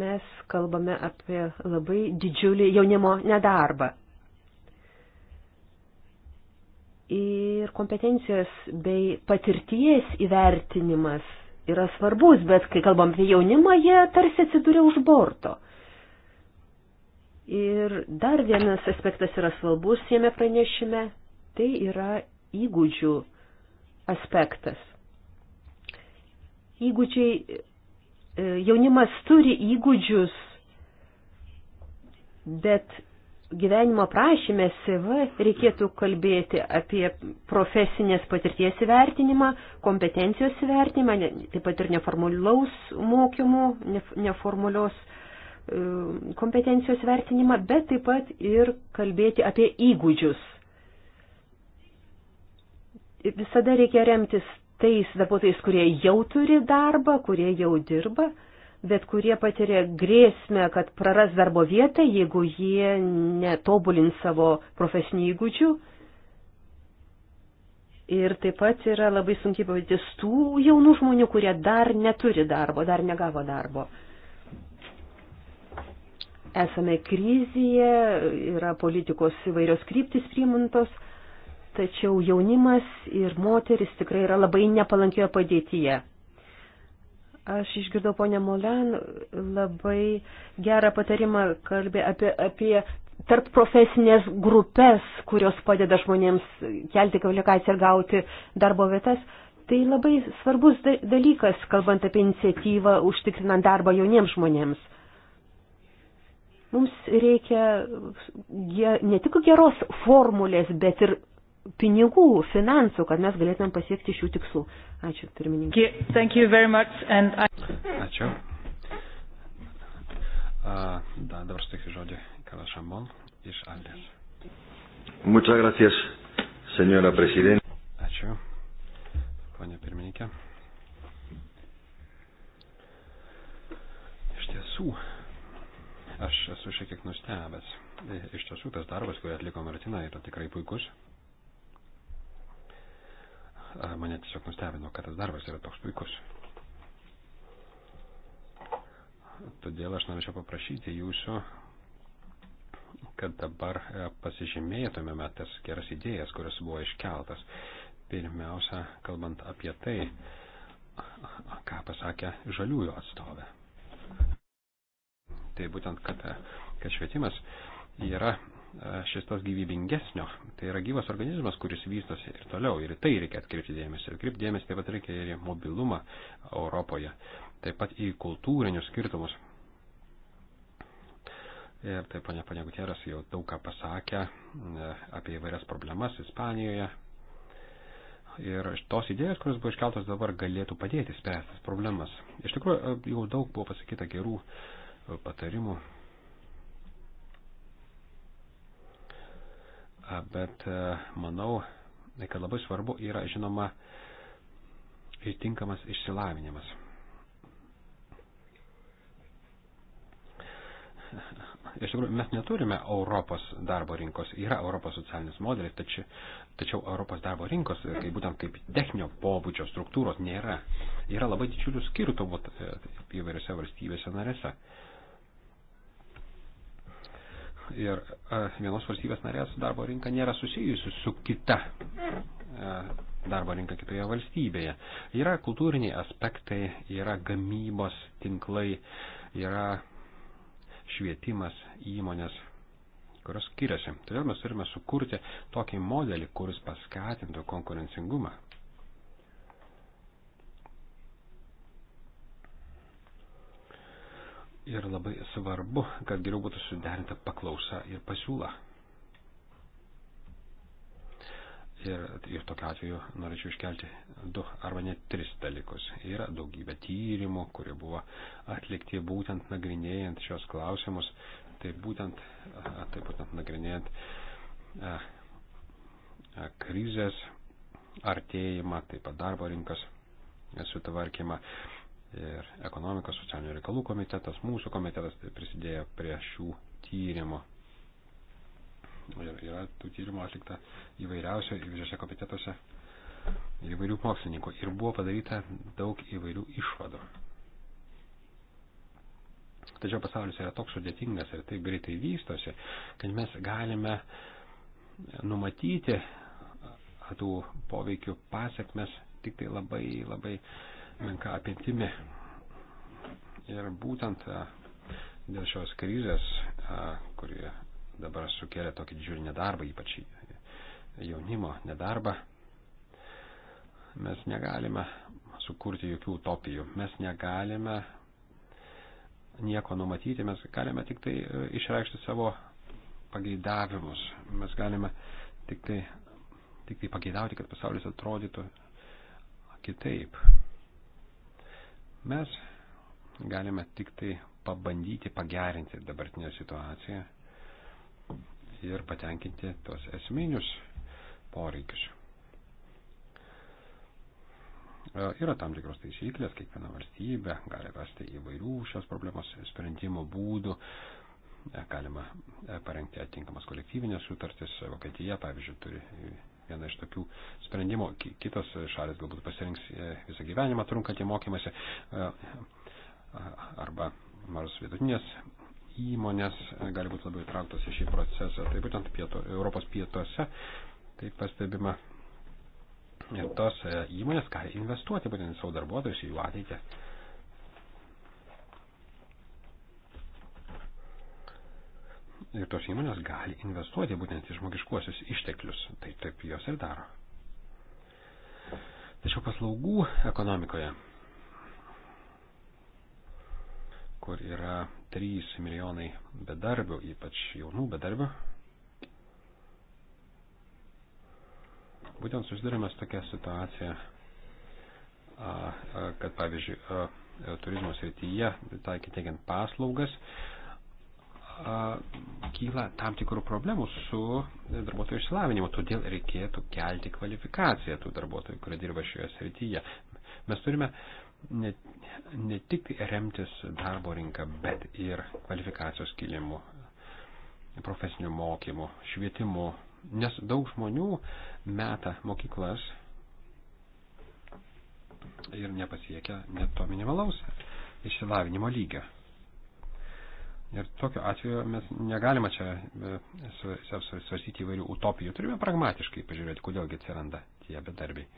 mes kalbame apie labai didžiulį jaunimo nedarbą. Ir kompetencijos bei patirties įvertinimas yra svarbus, bet kai kalbam apie jaunimą, jie tarsi atsiduria už borto. Ir dar vienas aspektas yra svarbus jame pranešime, tai yra įgūdžių aspektas. Įgūdžiai, e, jaunimas turi įgūdžius, bet gyvenimo prašymė CV reikėtų kalbėti apie profesinės patirties įvertinimą, kompetencijos įvertinimą, taip pat ir neformaliaus mokymų, neformalios E, kompetencijos vertinimą, bet taip pat ir kalbėti apie įgūdžius. Visada reikia remtis tais darbuotojais, kurie jau turi darbą, kurie jau dirba, bet kurie patiria grėsmę, kad praras darbo vietą, jeigu jie netobulins savo profesinių įgūdžių. Ir taip pat yra labai sunkiai pavyzdys tų jaunų žmonių, kurie dar neturi darbo, dar negavo darbo esame krizėje, yra politikos įvairios kryptis priimantos, tačiau jaunimas ir moteris tikrai yra labai nepalankioje padėtyje. Aš išgirdau ponę Molen labai gerą patarimą kalbė apie, apie tarp profesinės grupės, kurios padeda žmonėms kelti kvalifikaciją ir gauti darbo vietas. Tai labai svarbus dalykas, kalbant apie iniciatyvą užtikrinant darbą jauniems žmonėms. Mums reikia ne tik geros formulės, bet ir pinigų, finansų, kad mes galėtumėm pasiekti šių tikslų. Ačiū, pirmininkė. Thank you very much. And I... Ačiū. Uh, da, dabar sutiksiu žodį Kalašambon iš Aldės. Muchas gracias, señora presidente. Ačiū, ponė pirmininkė. Iš tiesų, Aš esu šiek tiek nustebęs. Iš tiesų, tas darbas, kurį atliko Martina, yra tikrai puikus. Mane tiesiog nustebino, kad tas darbas yra toks puikus. Todėl aš norėčiau paprašyti jūsų, kad dabar e, pasižymėtumėme tas geras idėjas, kurios buvo iškeltas. Pirmiausia, kalbant apie tai, ką pasakė žaliųjų atstovė tai būtent, kad, kad švietimas yra e, šis tas gyvybingesnio, tai yra gyvas organizmas, kuris vystosi ir toliau, ir tai reikia atkreipti dėmesį. Ir kreipti dėmesį taip pat reikia ir į mobilumą Europoje, taip pat į kultūrinius skirtumus. Ir taip, ponia, ponia Guteras jau daug ką pasakė e, apie įvairias problemas Ispanijoje. Ir tos idėjos, kurios buvo iškeltos dabar, galėtų padėti spręstas problemas. Iš tikrųjų, e, jau daug buvo pasakyta gerų uh, patarimų. Bet e, manau, kad labai svarbu yra, žinoma, ir tinkamas išsilavinimas. Iš tikrųjų, mes neturime Europos darbo rinkos, yra Europos socialinis modelis, tačiau, tačiau Europos darbo rinkos, e, kaip būtent kaip techninio pobūdžio struktūros, nėra. Yra labai didžiulių skirtumų e, įvairiose valstybėse narėse. Uh, ir e, vienos valstybės narės darbo rinka nėra susijusi su kita e, darbo rinka kitoje valstybėje. Yra kultūriniai aspektai, yra gamybos tinklai, yra švietimas įmonės, kurios skiriasi. Todėl mes turime sukurti tokį modelį, kuris paskatintų konkurencingumą ir labai svarbu, kad geriau būtų suderinta paklausa ir pasiūla. Ir, ir tokiu atveju norėčiau iškelti du arba net tris dalykus. Yra daugybė tyrimų, kurie buvo atlikti būtent nagrinėjant šios klausimus, tai būtent, tai būtent nagrinėjant a, a, krizės artėjimą, taip pat darbo rinkos sutvarkymą. A, ir ekonomikos socialinių reikalų komitetas, mūsų komitetas prisidėjo prie šių tyrimų. Ir yra tų tyrimų atlikta įvairiausio įvairiose komitetuose įvairių mokslininkų ir buvo padaryta daug įvairių išvadų. Tačiau pasaulis yra toks sudėtingas ir taip greitai vystosi, kad mes galime numatyti tų poveikių pasiekmes tik tai labai labai uh, menka apimtimi. Ir būtent e, dėl šios krizės, e, kuri dabar sukelia tokį didžiulį nedarbą, ypač jaunimo nedarbą, mes negalime sukurti jokių utopijų, mes negalime nieko numatyti, mes galime tik tai e, išreikšti savo pageidavimus, mes galime tik tai, tik tai pageidauti, kad pasaulis atrodytų kitaip. Mes galime tik tai pabandyti pagerinti dabartinę situaciją ir patenkinti tos esminius poreikius. E, yra tam tikros taisyklės, kiekviena valstybė gali rasti įvairių šios problemos sprendimo būdų, e, galima e, parengti atitinkamas kolektyvinės sutartis, Vokietija, pavyzdžiui, turi viena iš tokių sprendimų. Kitos šalis galbūt pasirinks e, visą gyvenimą trunkantį mokymasi e, arba mažos vidutinės įmonės e, gali būti labai įtrauktos į šį procesą. Tai būtent pieto, Europos pietuose tai pastebima. Ir tos įmonės gali investuoti būtent į savo darbuotojus, į jų ateitį. ir tos įmonės gali investuoti būtent į žmogiškuosius išteklius. Tai taip jos ir daro. Tačiau paslaugų ekonomikoje, kur yra 3 milijonai bedarbių, ypač jaunų bedarbių, būtent susidurime su tokia situacija, kad pavyzdžiui, turizmo srityje, taikiant paslaugas, kyla tam tikrų problemų su darbuotojų išsilavinimu, todėl reikėtų kelti kvalifikaciją tų darbuotojų, kurie dirba šioje srityje. Mes turime ne, ne tik remtis darbo rinką, bet ir kvalifikacijos kilimu, profesiniu mokymu, švietimu, nes daug žmonių meta mokyklas ir nepasiekia net to minimalaus išsilavinimo lygio. Ir tokiu atveju mes negalime čia e, svarstyti įvairių utopijų. Turime pragmatiškai pažiūrėti, kodėlgi atsiranda tie bedarbiai.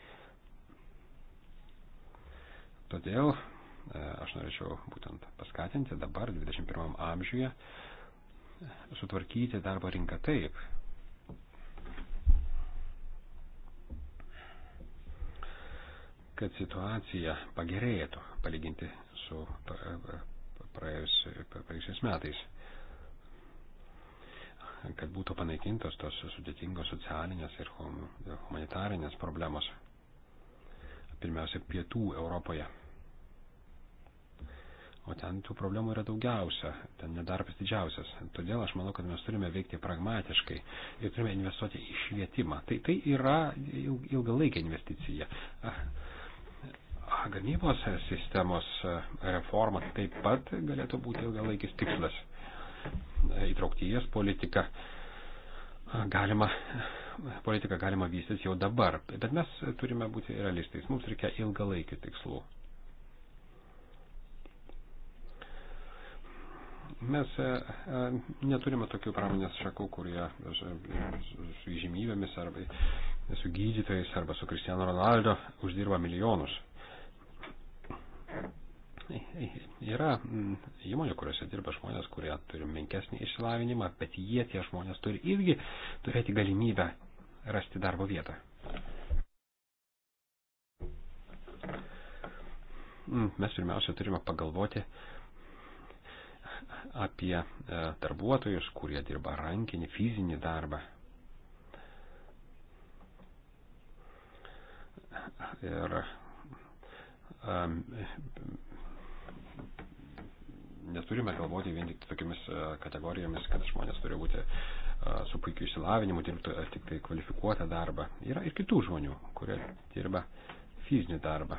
Todėl e, aš norėčiau būtent paskatinti dabar, 21 amžiuje, sutvarkyti darbo rinką taip, kad situacija pagerėtų palyginti su e, praėjusiais metais, kad būtų panaikintos tos sudėtingos socialinės ir humanitarinės problemos, pirmiausia, pietų Europoje. O ten tų problemų yra daugiausia, ten nedarbas didžiausias. Todėl aš manau, kad mes turime veikti pragmatiškai ir turime investuoti į švietimą. Tai, tai yra ilgalaikė investicija gamybos sistemos reforma taip pat galėtų būti ilgalaikis tikslas. Įtraukties politika galima, politika galima vystytis jau dabar, bet mes turime būti realistais, mums reikia ilgalaikių tikslų. Mes e, neturime tokių pramonės šakų, kurie su žymybėmis arba su gydytojais arba su Kristiano Ronaldo uždirba milijonus. Yra mm, įmonių, kuriuose dirba žmonės, kurie turi menkesnį išsilavinimą, bet jie tie žmonės turi irgi turėti galimybę rasti darbo vietą. Mm, mes pirmiausia turime pagalvoti apie e, darbuotojus, kurie dirba rankinį, fizinį darbą, ir neturime galvoti vien tik tokiamis kategorijomis, kad žmonės turi būti su puikiu išsilavinimu, dirbti tik tai kvalifikuotą darbą. Yra ir kitų žmonių, kurie dirba fizinį darbą.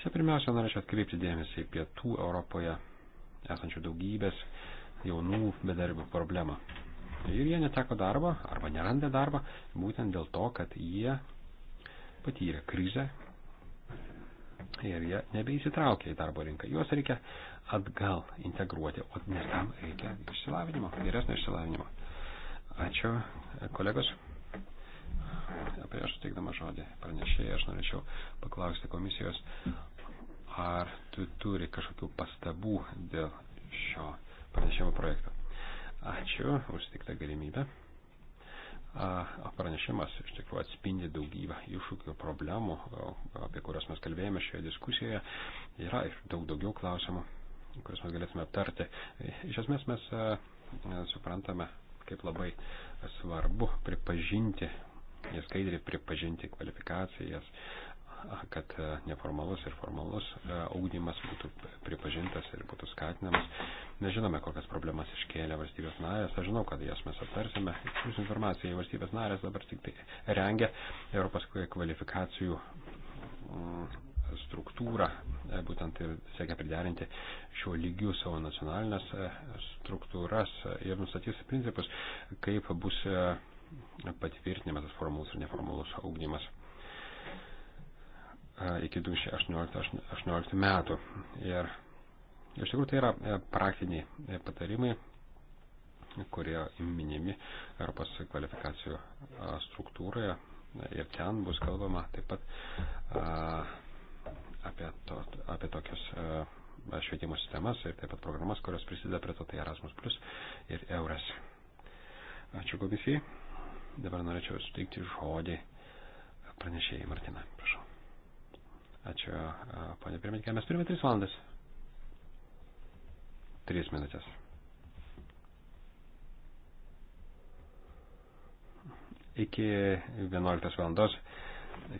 Čia pirmiausia norėčiau atkreipti dėmesį į pietų Europoje esančių daugybės jaunų bedarbių problemą. Ir jie neteko darbo arba neranda darbo būtent dėl to, kad jie patyrė krizę ir jie nebeįsitraukia į darbo rinką. Juos reikia atgal integruoti, o nes tam reikia išsilavinimo, geresnio išsilavinimo. Ačiū, kolegos. Prieš suteikdama žodį pranešėjai, aš norėčiau paklausti komisijos, ar tu turi kažkokių pastabų dėl šio pranešimo projekto. Ačiū už sutiktą galimybę pranešimas iš tikrųjų atspindi daugybę iššūkių ir problemų, apie kurias mes kalbėjome šioje diskusijoje. Yra daug daugiau klausimų, kuriuos mes galėtume aptarti. Iš esmės mes suprantame, kaip labai svarbu pripažinti, neskaidriai pripažinti kvalifikacijas, kad e, neformalus ir formalus audimas e, būtų pripažintas ir būtų skatinamas. Nežinome, kokias problemas iškėlė valstybės narės. Aš žinau, kad jas mes aptarsime. Jūsų informacija, valstybės narės dabar tik tai rengia Europos kvalifikacijų mm, struktūrą, e, būtent ir siekia priderinti šiuo lygiu savo nacionalinės struktūras ir nustatys principus, kaip bus patvirtinimas tas formalus ir neformalus augdymas iki 2018 metų. Ir iš tikrųjų tai yra e, praktiniai e, patarimai, kurie minimi Europos kvalifikacijų struktūroje. Ir ten bus kalbama taip pat apie, to, apie tokius e, švietimo sistemas ir taip pat programas, kurios prisideda prie to, tai Erasmus Plus ir Eures. Ačiū komisijai. Dabar norėčiau suteikti žodį pranešėjai Martina. Prašau. Ačiū, ponė pirmininkė. Mes turime 3 valandas. 3 minutės. Iki 11 valandos.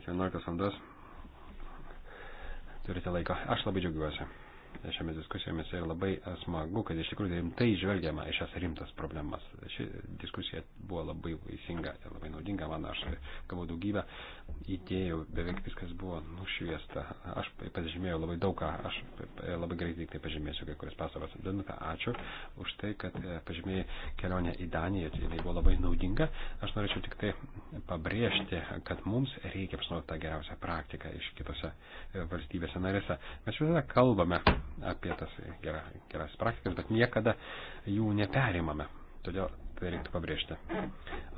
Iki 11 valandos turite laiko. Aš labai džiaugiuosi šiomis diskusijomis ir labai smagu, kad iš tikrųjų rimtai žvelgiama į šias rimtas problemas. Ši diskusija buvo labai vaisinga ir labai naudinga man, aš gavau daugybę idėjų, beveik viskas buvo nušviesta. Aš pasižymėjau labai daug ką, aš labai greitai tik tai pažymėsiu kai kurias pastabas. Danuta, ačiū už tai, kad e, pažymėjai kelionę į Daniją, tai jinai buvo labai naudinga. Aš norėčiau tik tai pabrėžti, kad mums reikia apsinaudoti tą geriausią praktiką iš kitose e, valstybėse narėse. Mes visada kalbame apie tas geras praktikas, bet niekada jų neperimame. Todėl tai reiktų pabrėžti.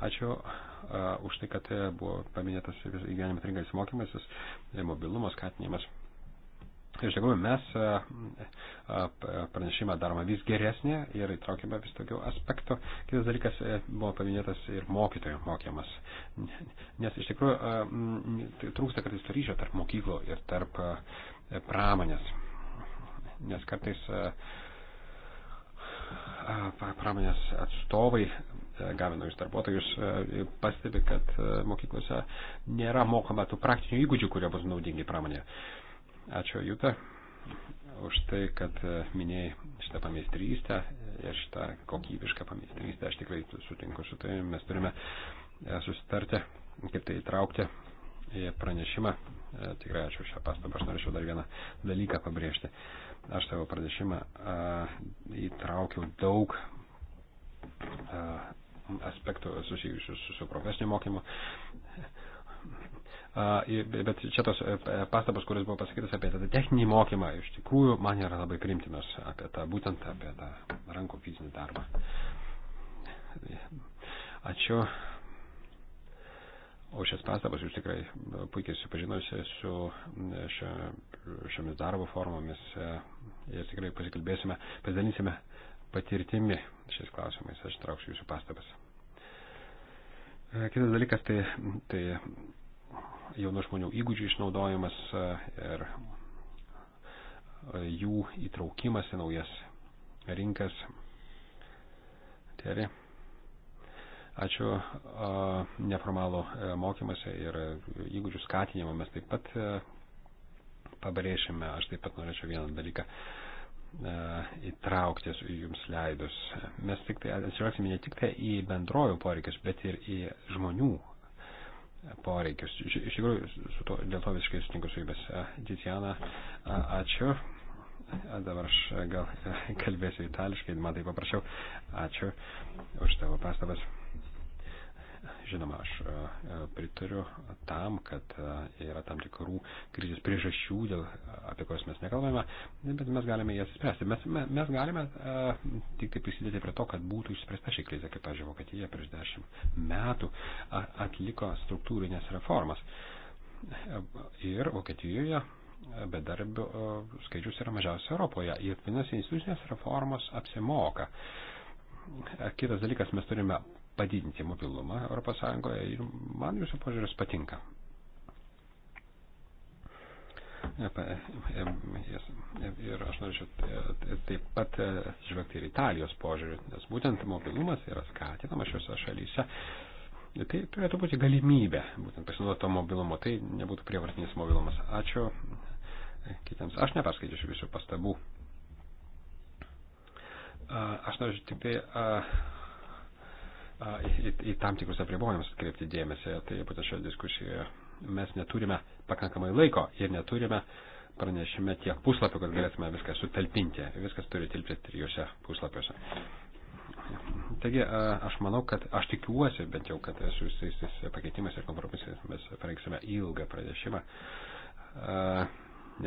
Ačiū uh, už tai, kad buvo paminėtas gyvenime trinkalis mokymasis, mobilumo skatinimas. Iš tikrųjų, mes pranešimą darome vis geresnį ir įtraukime vis daugiau aspektų. Kitas dalykas e, buvo paminėtas ir mokytojų mokymas. Nes iš tikrųjų tai trūksta kartais ryšio tarp mokyklų ir tarp pramonės nes kartais e, pramonės atstovai, e, gaminojus darbuotojus, e, pastebi, kad mokyklose nėra mokama tų praktinių įgūdžių, kurie bus naudingi pramonėje. Ačiū, Jūta, už tai, kad minėjai šitą pameistrystę ir šitą kokybišką pameistrystę. Aš tikrai sutinku su tai, mes turime susitarti, kaip tai įtraukti į pranešimą. Tikrai ačiū šią pastabą, aš norėčiau dar vieną dalyką pabrėžti. Aš savo pradėšimą įtraukiau daug a, aspektų susijusių su, su profesiniu mokymu. A, bet čia tos e, e, pastabos, kuris buvo pasakytas apie tą techninį mokymą, iš tikrųjų man yra labai primtinos apie tą, būtent apie tą rankų fizinį darbą. Ačiū. O šias pastabas jūs tikrai puikiai susipažinosi su šia, šiomis darbo formomis e, ir tikrai pasikalbėsime, pasidalinsime patirtimi šiais klausimais. Aš trauksiu jūsų pastabas. E, kitas dalykas tai, tai jaunų žmonių įgūdžių išnaudojimas e, ir jų įtraukimas į naujas rinkas. Terė. Ačiū neformalų e, mokymasi ir įgūdžių skatinimą mes taip pat e, pabrėšime. Aš taip pat norėčiau vieną dalyką e, įtraukti jums leidus. Mes tik tai atsižvelgsime ne tik tai į bendrovių poreikius, bet ir į žmonių poreikius. Iš tikrųjų, su to, dėl to visiškai sutinku su jumis. Didžiana, ačiū. Dabar aš gal kalbėsiu itališkai, man tai paprašiau. Ačiū už tavo pastabas. Žinoma, aš e, e, pritariu tam, kad e, yra tam tikrų krizės priežasčių, dėl, apie kurias mes nekalbame, bet mes galime jas spręsti. Mes, mes galime tik tai prisidėti prie to, kad būtų išspręsta ši krizė, kaip, pavyzdžiui, Vokietija prieš dešimt metų atliko struktūrinės reformas. Ir Vokietijoje bedarbių skaičius yra mažiausias Europoje. Ir finansinės institucinės reformos apsimoka. Kitas dalykas, mes turime padidinti mobilumą ES ir man jūsų požiūris patinka. Ir aš norėčiau taip pat žvelgti ir Italijos požiūrį, nes būtent mobilumas yra skatinamas šiuose šalyse. Tai turėtų būti galimybė būtent pasinaudoti to mobilumo, tai nebūtų prievartinis mobilumas. Ačiū kitiems. Aš neperskaitysiu visų pastabų. Aš norėčiau tik tai į, į tam tikrus apribojimus atkreipti dėmesį, tai būtent šioje diskusijoje mes neturime pakankamai laiko ir neturime pranešime tiek puslapių, kad galėtume viską sutalpinti. Viskas turi tilpti trijose puslapiuose. Taigi, aš manau, kad aš tikiuosi, bent jau, kad su visais pakeitimais ir kompromisais mes pareiksime ilgą pranešimą,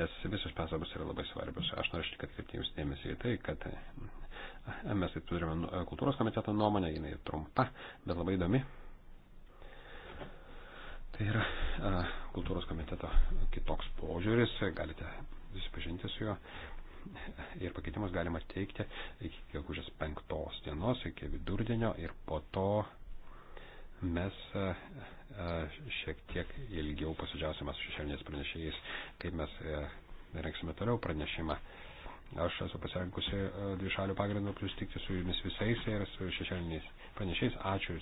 nes visos pasabos yra labai svarbios. Aš noriu tik atkreipti jums dėmesį į tai, kad Mes taip turime nu, kultūros komiteto nuomonę, jinai trumpa, bet labai įdomi. Tai yra kultūros komiteto kitoks požiūris, galite susipažinti su juo. Ir pakeitimus galima teikti iki gegužės penktos dienos, iki vidurdienio ir po to mes šiek tiek ilgiau pasidžiausime su šešėlinės pranešėjais, kaip mes renksime toliau pranešimą. Aš esu pasirengusi e, dvišalių pagrindų susitikti su jumis visais ir su šešėliniais panešiais. Ačiū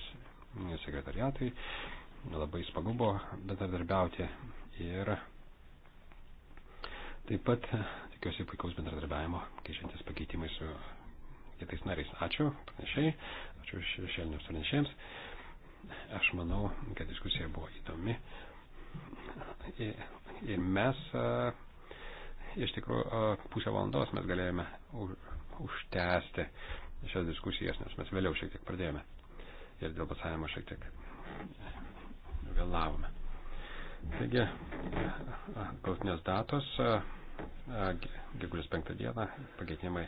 sekretariatui. Labai smagu buvo bendradarbiauti. Ir taip pat e, tikiuosi puikaus bendradarbiavimo, keičiantis pakeitimai su kitais nariais. Ačiū panešiai. Ačiū šešėliniams panešėjams. Aš manau, kad diskusija buvo įdomi. Ir mes. Uh, Iš tikrųjų, pusę valandos mes galėjome užtęsti šias diskusijas, nes mes vėliau šiek tiek pradėjome ir dėl balsavimo šiek tiek vėlavome. Taigi, galtinės datos, gegužės penktą dieną, pakeitimai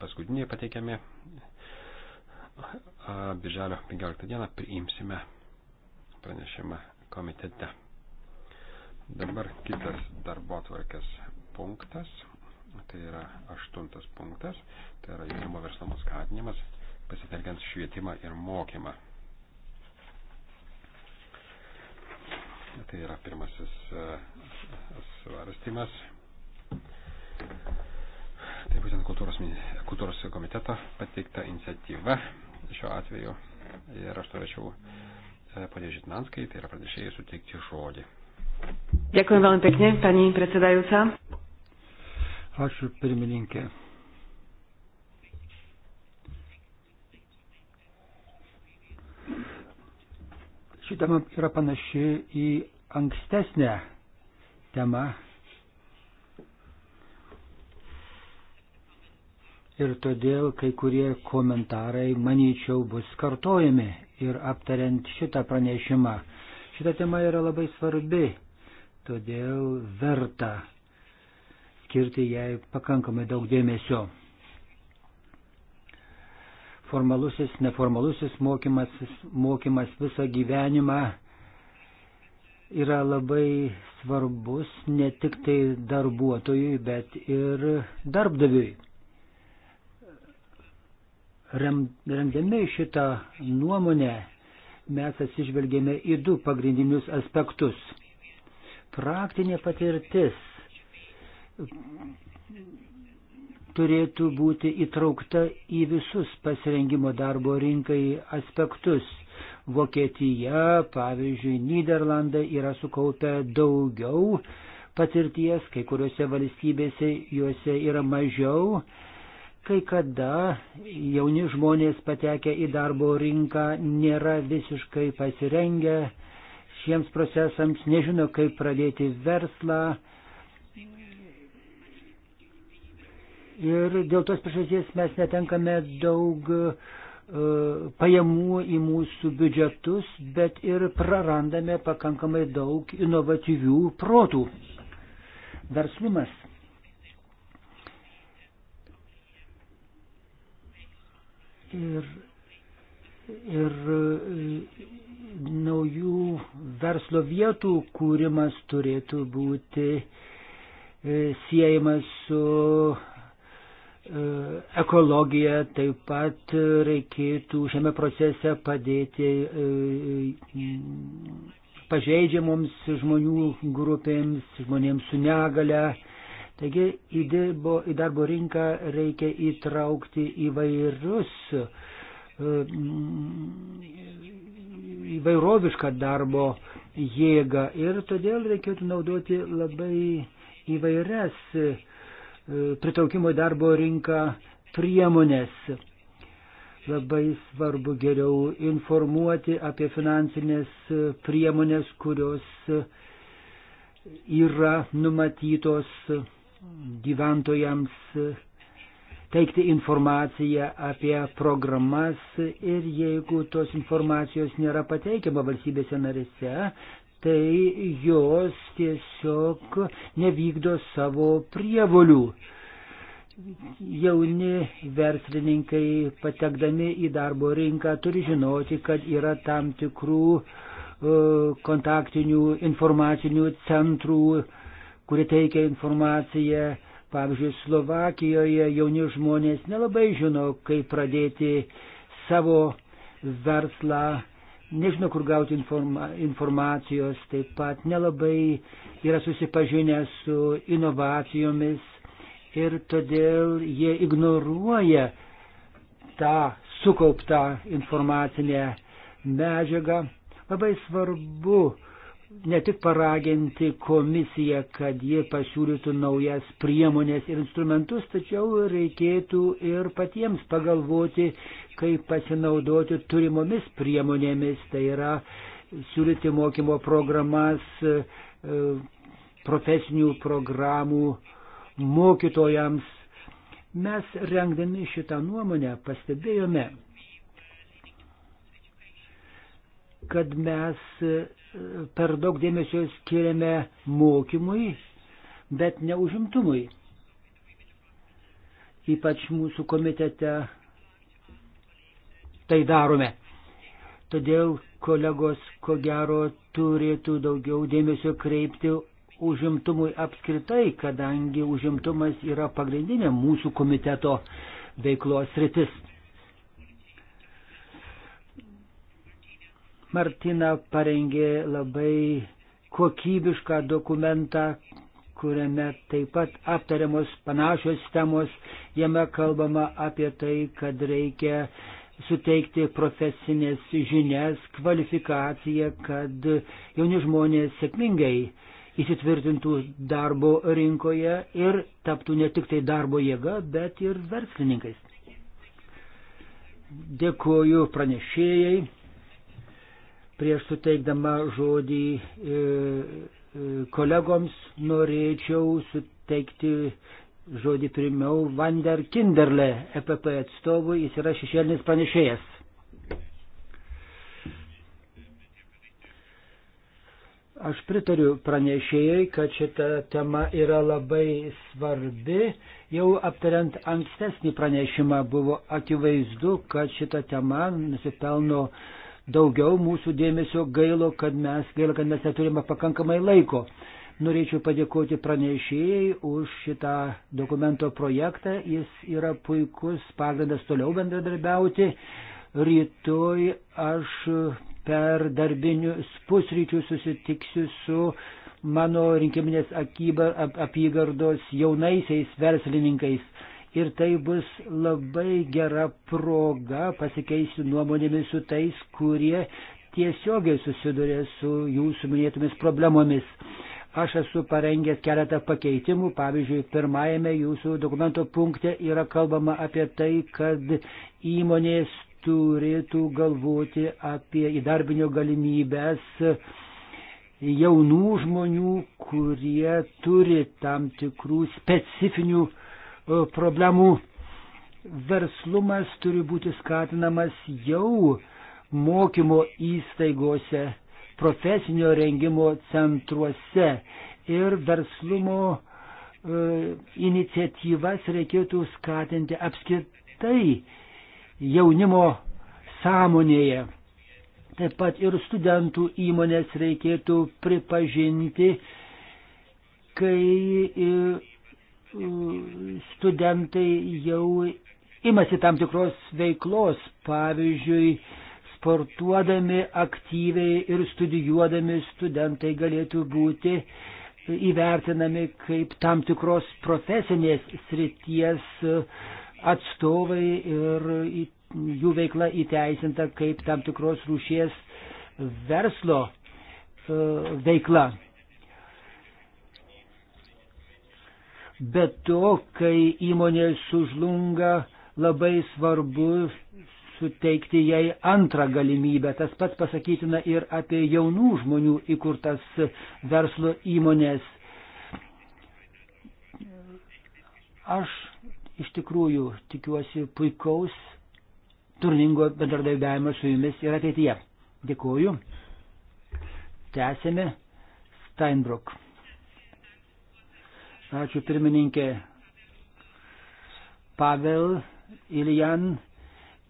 paskutiniai pateikiami, birželio 15 dieną priimsime pranešimą komitete. Dabar kitas darbo atvarkės punktas, tai yra aštuntas punktas, tai yra jaunimo verslumo skatinimas, pasitelkiant švietimą ir mokymą. Tai yra pirmasis e, svarstymas. Tai būtent kultūros, kultūros komiteto pateikta iniciatyva šiuo atveju. Ir aš norėčiau e, ponė Žitnanskai, tai yra pranešėjai, suteikti žodį. Ďakujem veľmi pekne, pani predsedajúca. Ačiū pirmininkė. Ši tema yra panaši į ankstesnę temą. Ir todėl kai kurie komentarai, manyčiau, bus kartojami ir aptariant šitą pranešimą. Šita tema yra labai svarbi Todėl verta skirti jai pakankamai daug dėmesio. Formalusis, neformalusis mokymas, mokymas visą gyvenimą yra labai svarbus ne tik tai darbuotojui, bet ir darbdaviui. Remdami šitą nuomonę mes atsižvelgėme į du pagrindinius aspektus praktinė patirtis turėtų būti įtraukta į visus pasirengimo darbo rinkai aspektus. Vokietija, pavyzdžiui, Niderlandai yra sukaupę daugiau patirties, kai kuriuose valstybėse juose yra mažiau. Kai kada jauni žmonės patekę į darbo rinką nėra visiškai pasirengę, šiems procesams, nežino, kaip pradėti verslą. Ir dėl tos priežasties mes netenkame daug uh, pajamų į mūsų biudžetus, bet ir prarandame pakankamai daug inovatyvių protų. Verslumas. Ir, ir naujų verslo vietų kūrimas turėtų būti e, siejamas su e, ekologija, taip pat e, reikėtų šiame procese padėti pažeidžiamoms žmonių grupėms, žmonėms su negale, Taigi į darbo, į darbo rinką reikia įtraukti įvairius Mm, įvairovišką darbo jėgą ir todėl reikėtų naudoti labai įvairias e, pritaukimo darbo rinką priemonės. Labai svarbu geriau informuoti apie finansinės e, priemonės, kurios e, yra numatytos gyventojams teikti informaciją apie programas ir jeigu tos informacijos nėra pateikiama valstybėse narėse, tai jos tiesiog nevykdo savo prievolių jauni verslininkai patekdami į darbo rinką turi žinoti, kad yra tam tikrų e, kontaktinių informacinių centrų, kurie teikia informaciją Pavyzdžiui, Slovakijoje jauni žmonės nelabai žino, kaip pradėti savo verslą, nežino, kur gauti informa informacijos, taip pat nelabai yra susipažinę su inovacijomis ir todėl jie ignoruoja tą sukauptą informacinę medžiagą. Labai svarbu ne tik paraginti komisiją, kad ji pasiūlytų naujas priemonės ir instrumentus, tačiau reikėtų ir patiems pagalvoti, kaip pasinaudoti turimomis priemonėmis, tai yra siūlyti mokymo programas, e, profesinių programų mokytojams. Mes rengdami šitą nuomonę pastebėjome, kad mes per daug dėmesio skiriame mokymui, bet ne užimtumui. Ypač mūsų komitete tai darome. Todėl kolegos, ko gero, turėtų daugiau dėmesio kreipti užimtumui apskritai, kadangi užimtumas yra pagrindinė mūsų komiteto veiklos rytis. Martina parengė labai kokybišką dokumentą, kuriame taip pat aptariamos panašios temos. Jame kalbama apie tai, kad reikia suteikti profesinės žinias, kvalifikaciją, kad jauni žmonės sėkmingai įsitvirtintų darbo rinkoje ir taptų ne tik tai darbo jėga, bet ir verslininkais. Dėkuoju pranešėjai Prieš suteikdama žodį e, e, kolegoms norėčiau suteikti žodį pirmiau Vander Kinderle, EPP atstovui, jis yra šešėlinis panešėjas. Aš pritariu pranešėjai, kad šita tema yra labai svarbi. Jau aptariant ankstesnį pranešimą buvo akivaizdu, kad šita tema nusipelno uh, daugiau mūsų dėmesio gailo, kad mes, gaila, kad mes neturime pakankamai laiko. Norėčiau padėkoti pranešėjai už šitą dokumento projektą. Jis yra puikus pagrindas toliau bendradarbiauti. Rytoj aš per darbinius pusryčius susitiksiu su mano rinkiminės apygardos jaunaisiais verslininkais ir tai bus labai gera proga pasikeisti nuomonėmis su tais, kurie tiesiogiai susiduria su jūsų minėtomis problemomis. Aš esu parengęs keletą pakeitimų, pavyzdžiui, pirmajame jūsų dokumento punkte yra kalbama apie tai, kad įmonės turėtų galvoti apie įdarbinio galimybės jaunų žmonių, kurie turi tam tikrų specifinių E, problemų. Verslumas turi būti skatinamas jau mokymo įstaigose, profesinio rengimo centruose ir verslumo e, iniciatyvas reikėtų skatinti apskritai jaunimo sąmonėje. Taip pat ir studentų įmonės reikėtų pripažinti, kai e, studentai jau imasi tam tikros veiklos, pavyzdžiui, sportuodami aktyviai ir studijuodami studentai galėtų būti įvertinami kaip tam tikros profesinės srities atstovai ir jų veikla įteisinta kaip tam tikros rūšies verslo e, veikla. Bet to, kai įmonė sužlunga, labai svarbu suteikti jai antrą galimybę. Tas pats pasakytina ir apie jaunų žmonių įkurtas verslo įmonės. Aš iš tikrųjų tikiuosi puikaus turningo bendradarbiavimo su jumis ir ateityje. Dėkuoju. Tęsėme Steinbrook. Ačiū pirmininkė. Pavel Ilijan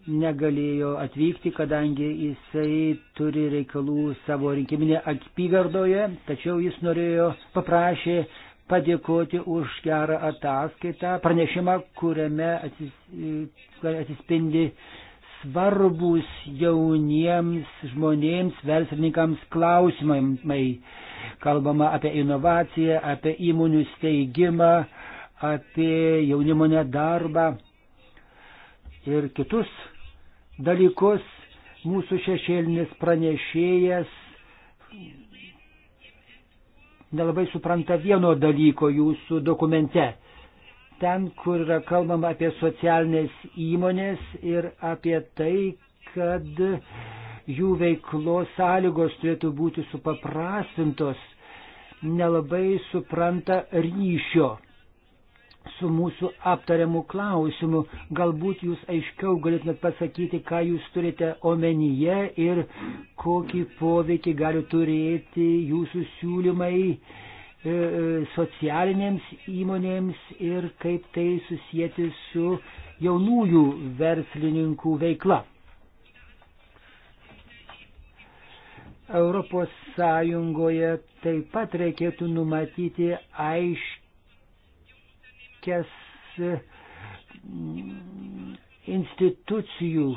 negalėjo atvykti, kadangi jisai turi reikalų savo rinkiminėje apygardoje, tačiau jis norėjo paprašė padėkoti už gerą ataskaitą, pranešimą, kuriame atsis, atsispindi svarbus jauniems žmonėms, verslininkams klausimai. Kalbama apie inovaciją, apie įmonių steigimą, apie jaunimo nedarbą ir kitus dalykus. Mūsų šešėlinis pranešėjas nelabai supranta vieno dalyko jūsų dokumente ten, kur yra kalbama apie socialinės įmonės ir apie tai, kad jų veiklos sąlygos turėtų būti supaprastintos, nelabai supranta ryšio su mūsų aptariamu klausimu. Galbūt jūs aiškiau galėtumėt pasakyti, ką jūs turite omenyje ir kokį poveikį gali turėti jūsų siūlymai e, e, socialinėms įmonėms ir kaip tai susijęti su jaunųjų verslininkų veikla. Europos Sąjungoje taip pat reikėtų numatyti aiškias mm, institucijų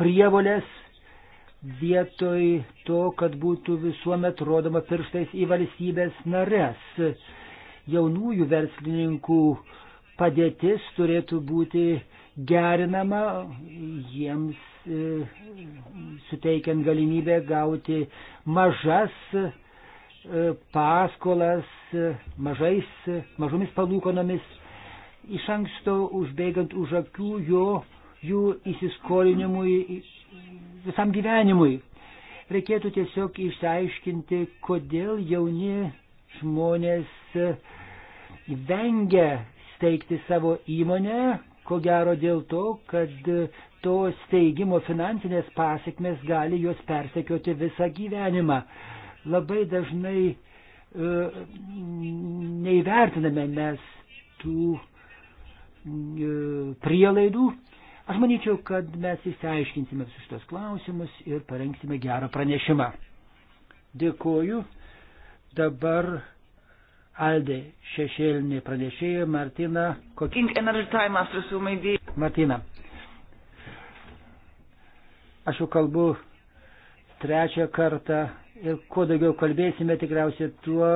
prievolės vietoj to, kad būtų visuomet rodoma pirštais į valstybės nares. Jaunųjų verslininkų padėtis turėtų būti uh, gerinama, jiems e, suteikiant galimybę gauti mažas e, paskolas e, mažais, mažomis palūkonomis, iš anksto užbėgant už akių jo, jų įsiskolinimui visam gyvenimui. Reikėtų tiesiog išsiaiškinti, kodėl jauni žmonės vengia steigti savo įmonę, ko gero dėl to, kad to steigimo finansinės pasiekmes gali juos persekioti visą gyvenimą. Labai dažnai e, neįvertiname mes tų e, prielaidų. Aš manyčiau, kad mes įsiaiškinsime visus šitos klausimus ir parengsime gerą pranešimą. Dėkoju. Dabar Aldė šešėlinė pranešėja Martina Kokinė. Martina. Aš jau kalbu trečią kartą ir kuo daugiau kalbėsime, tikriausiai tuo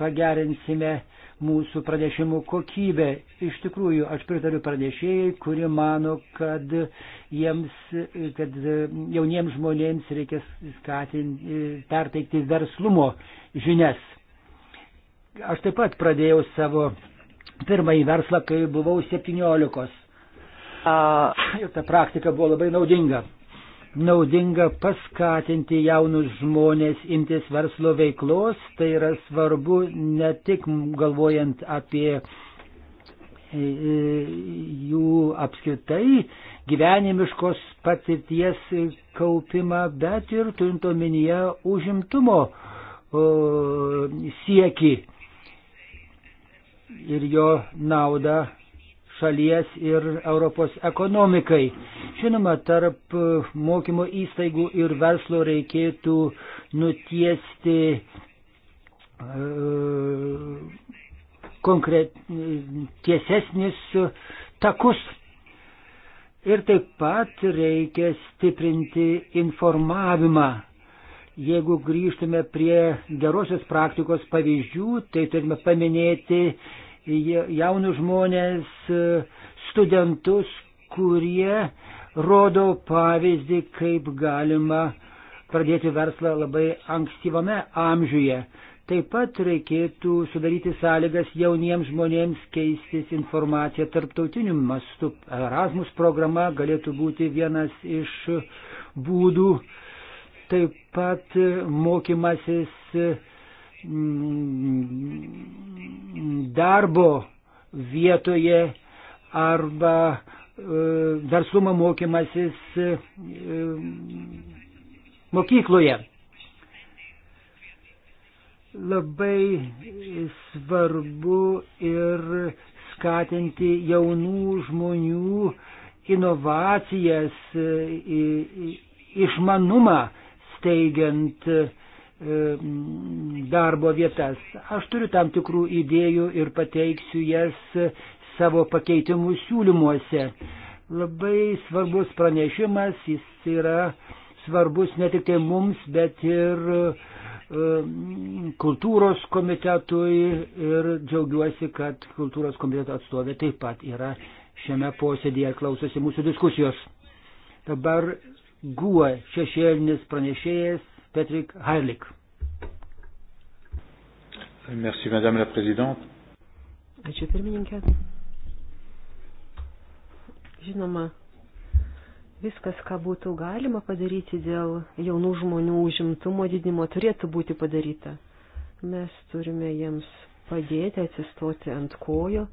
pagerinsime mūsų pranešimų kokybę. Iš tikrųjų, aš pritariu pranešėjai, kuri mano, kad, jiems, kad jauniems žmonėms reikia skatinti, perteikti verslumo žinias Aš taip pat pradėjau savo pirmąjį verslą, kai buvau 17. A, ir ta praktika buvo labai naudinga. Naudinga paskatinti jaunus žmonės imtis verslo veiklos, tai yra svarbu ne tik galvojant apie e, e, jų apskritai gyvenimiškos patirties kaupimą, bet ir turint omenyje užimtumo sieki ir jo naudą šalies ir Europos ekonomikai. Žinoma, tarp mokymo įstaigų ir verslo reikėtų nutiesti uh, konkret, tiesesnis takus. Ir taip pat reikia stiprinti informavimą Jeigu grįžtume prie gerosios praktikos pavyzdžių, tai turime paminėti jaunus žmonės, studentus, kurie rodo pavyzdį, kaip galima pradėti verslą labai ankstyvame amžiuje. Taip pat reikėtų sudaryti sąlygas jauniems žmonėms keistis informaciją tarptautiniu mastu. Erasmus programa galėtų būti vienas iš būdų taip pat mokymasis mm, darbo vietoje arba e, verslumo mokymasis e, mokykloje. Labai svarbu ir skatinti jaunų žmonių inovacijas, e, išmanumą steigiant e, darbo vietas. Aš turiu tam tikrų idėjų ir pateiksiu jas savo pakeitimų siūlymuose. Labai svarbus pranešimas, jis yra svarbus ne tik tai mums, bet ir e, kultūros komitetui ir džiaugiuosi, kad kultūros komiteto atstovė taip pat yra šiame posėdėje klausosi mūsų diskusijos. Dabar GUE šešėlinis pranešėjas Petrik Harlik. Merci, Madame la Présidente. Ačiū, pirmininkė. Žinoma, viskas, ką būtų galima padaryti dėl jaunų žmonių užimtumo didinimo, turėtų būti padaryta. Mes turime jiems padėti atsistoti ant kojo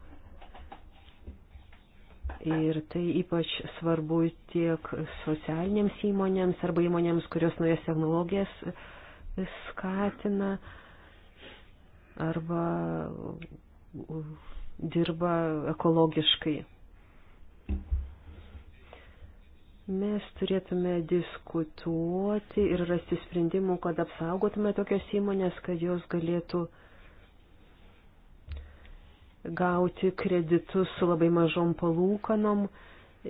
Ir tai ypač svarbu tiek socialinėms įmonėms arba įmonėms, kurios naujas technologijas skatina arba dirba ekologiškai. Mes turėtume diskutuoti ir rasti sprendimų, kad apsaugotume tokias įmonės, kad jos galėtų uh, gauti kreditus su labai mažom palūkanom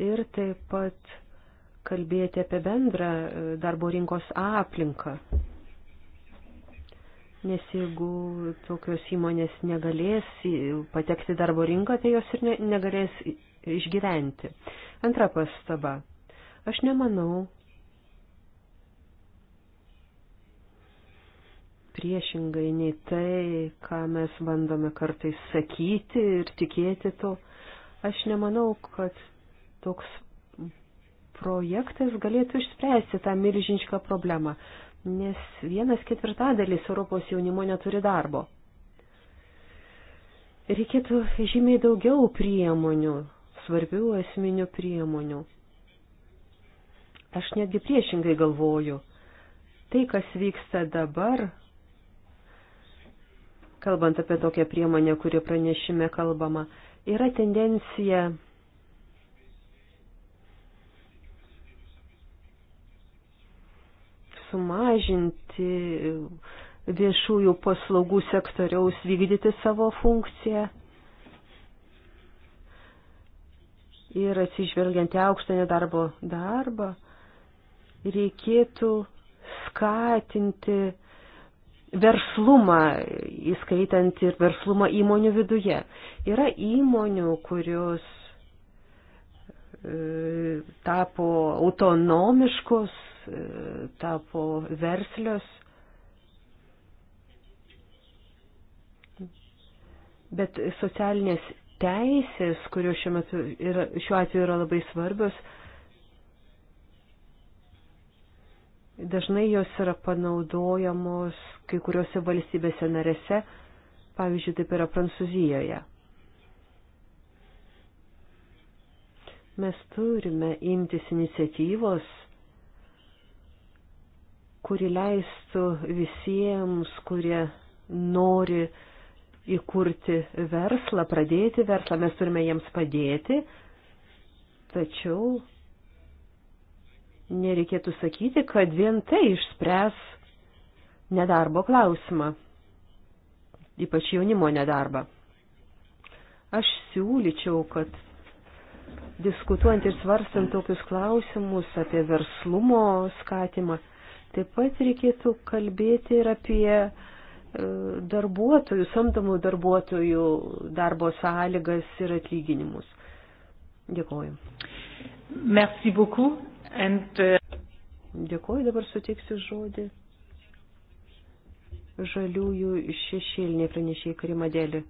ir taip pat kalbėti apie bendrą e, darbo rinkos aplinką. Nes jeigu tokios įmonės negalės patekti darbo rinką, tai jos ir negalės išgyventi. Antra pastaba. Aš nemanau, priešingai nei tai, ką mes bandome kartais sakyti ir tikėti to. Aš nemanau, kad toks projektas galėtų išspręsti tą milžinišką problemą, nes vienas ketvirtadalis Europos jaunimo neturi darbo. Reikėtų žymiai daugiau priemonių, svarbių esminių priemonių. Aš netgi priešingai galvoju, tai, kas vyksta dabar, kalbant apie tokią priemonę, kuri pranešime kalbama, yra tendencija sumažinti viešųjų paslaugų sektoriaus vykdyti savo funkciją. Ir atsižvelgiant į aukštą nedarbo darbą, reikėtų skatinti verslumą, įskaitant ir verslumą įmonių viduje. Yra įmonių, kurios e, tapo autonomiškos, e, tapo verslios. Bet socialinės teisės, kurios šiuo, metu yra, šiuo atveju yra labai svarbios, Dažnai jos yra panaudojamos kai kuriuose valstybėse narėse, pavyzdžiui, taip yra Prancūzijoje. Mes turime imtis iniciatyvos, kuri leistų visiems, kurie nori įkurti verslą, pradėti verslą, mes turime jiems padėti, tačiau nereikėtų sakyti, kad vien tai išspręs nedarbo klausimą, ypač jaunimo nedarbą. Aš siūlyčiau, kad diskutuojant ir svarstant tokius klausimus apie verslumo skatimą, taip pat reikėtų kalbėti ir apie e, darbuotojų, samdomų darbuotojų darbo sąlygas ir atlyginimus. Dėkoju. Merci beaucoup. And, uh... Dėkuoju, dabar suteiksiu žodį žaliųjų šešėlinė pranešė į Karimadėlį.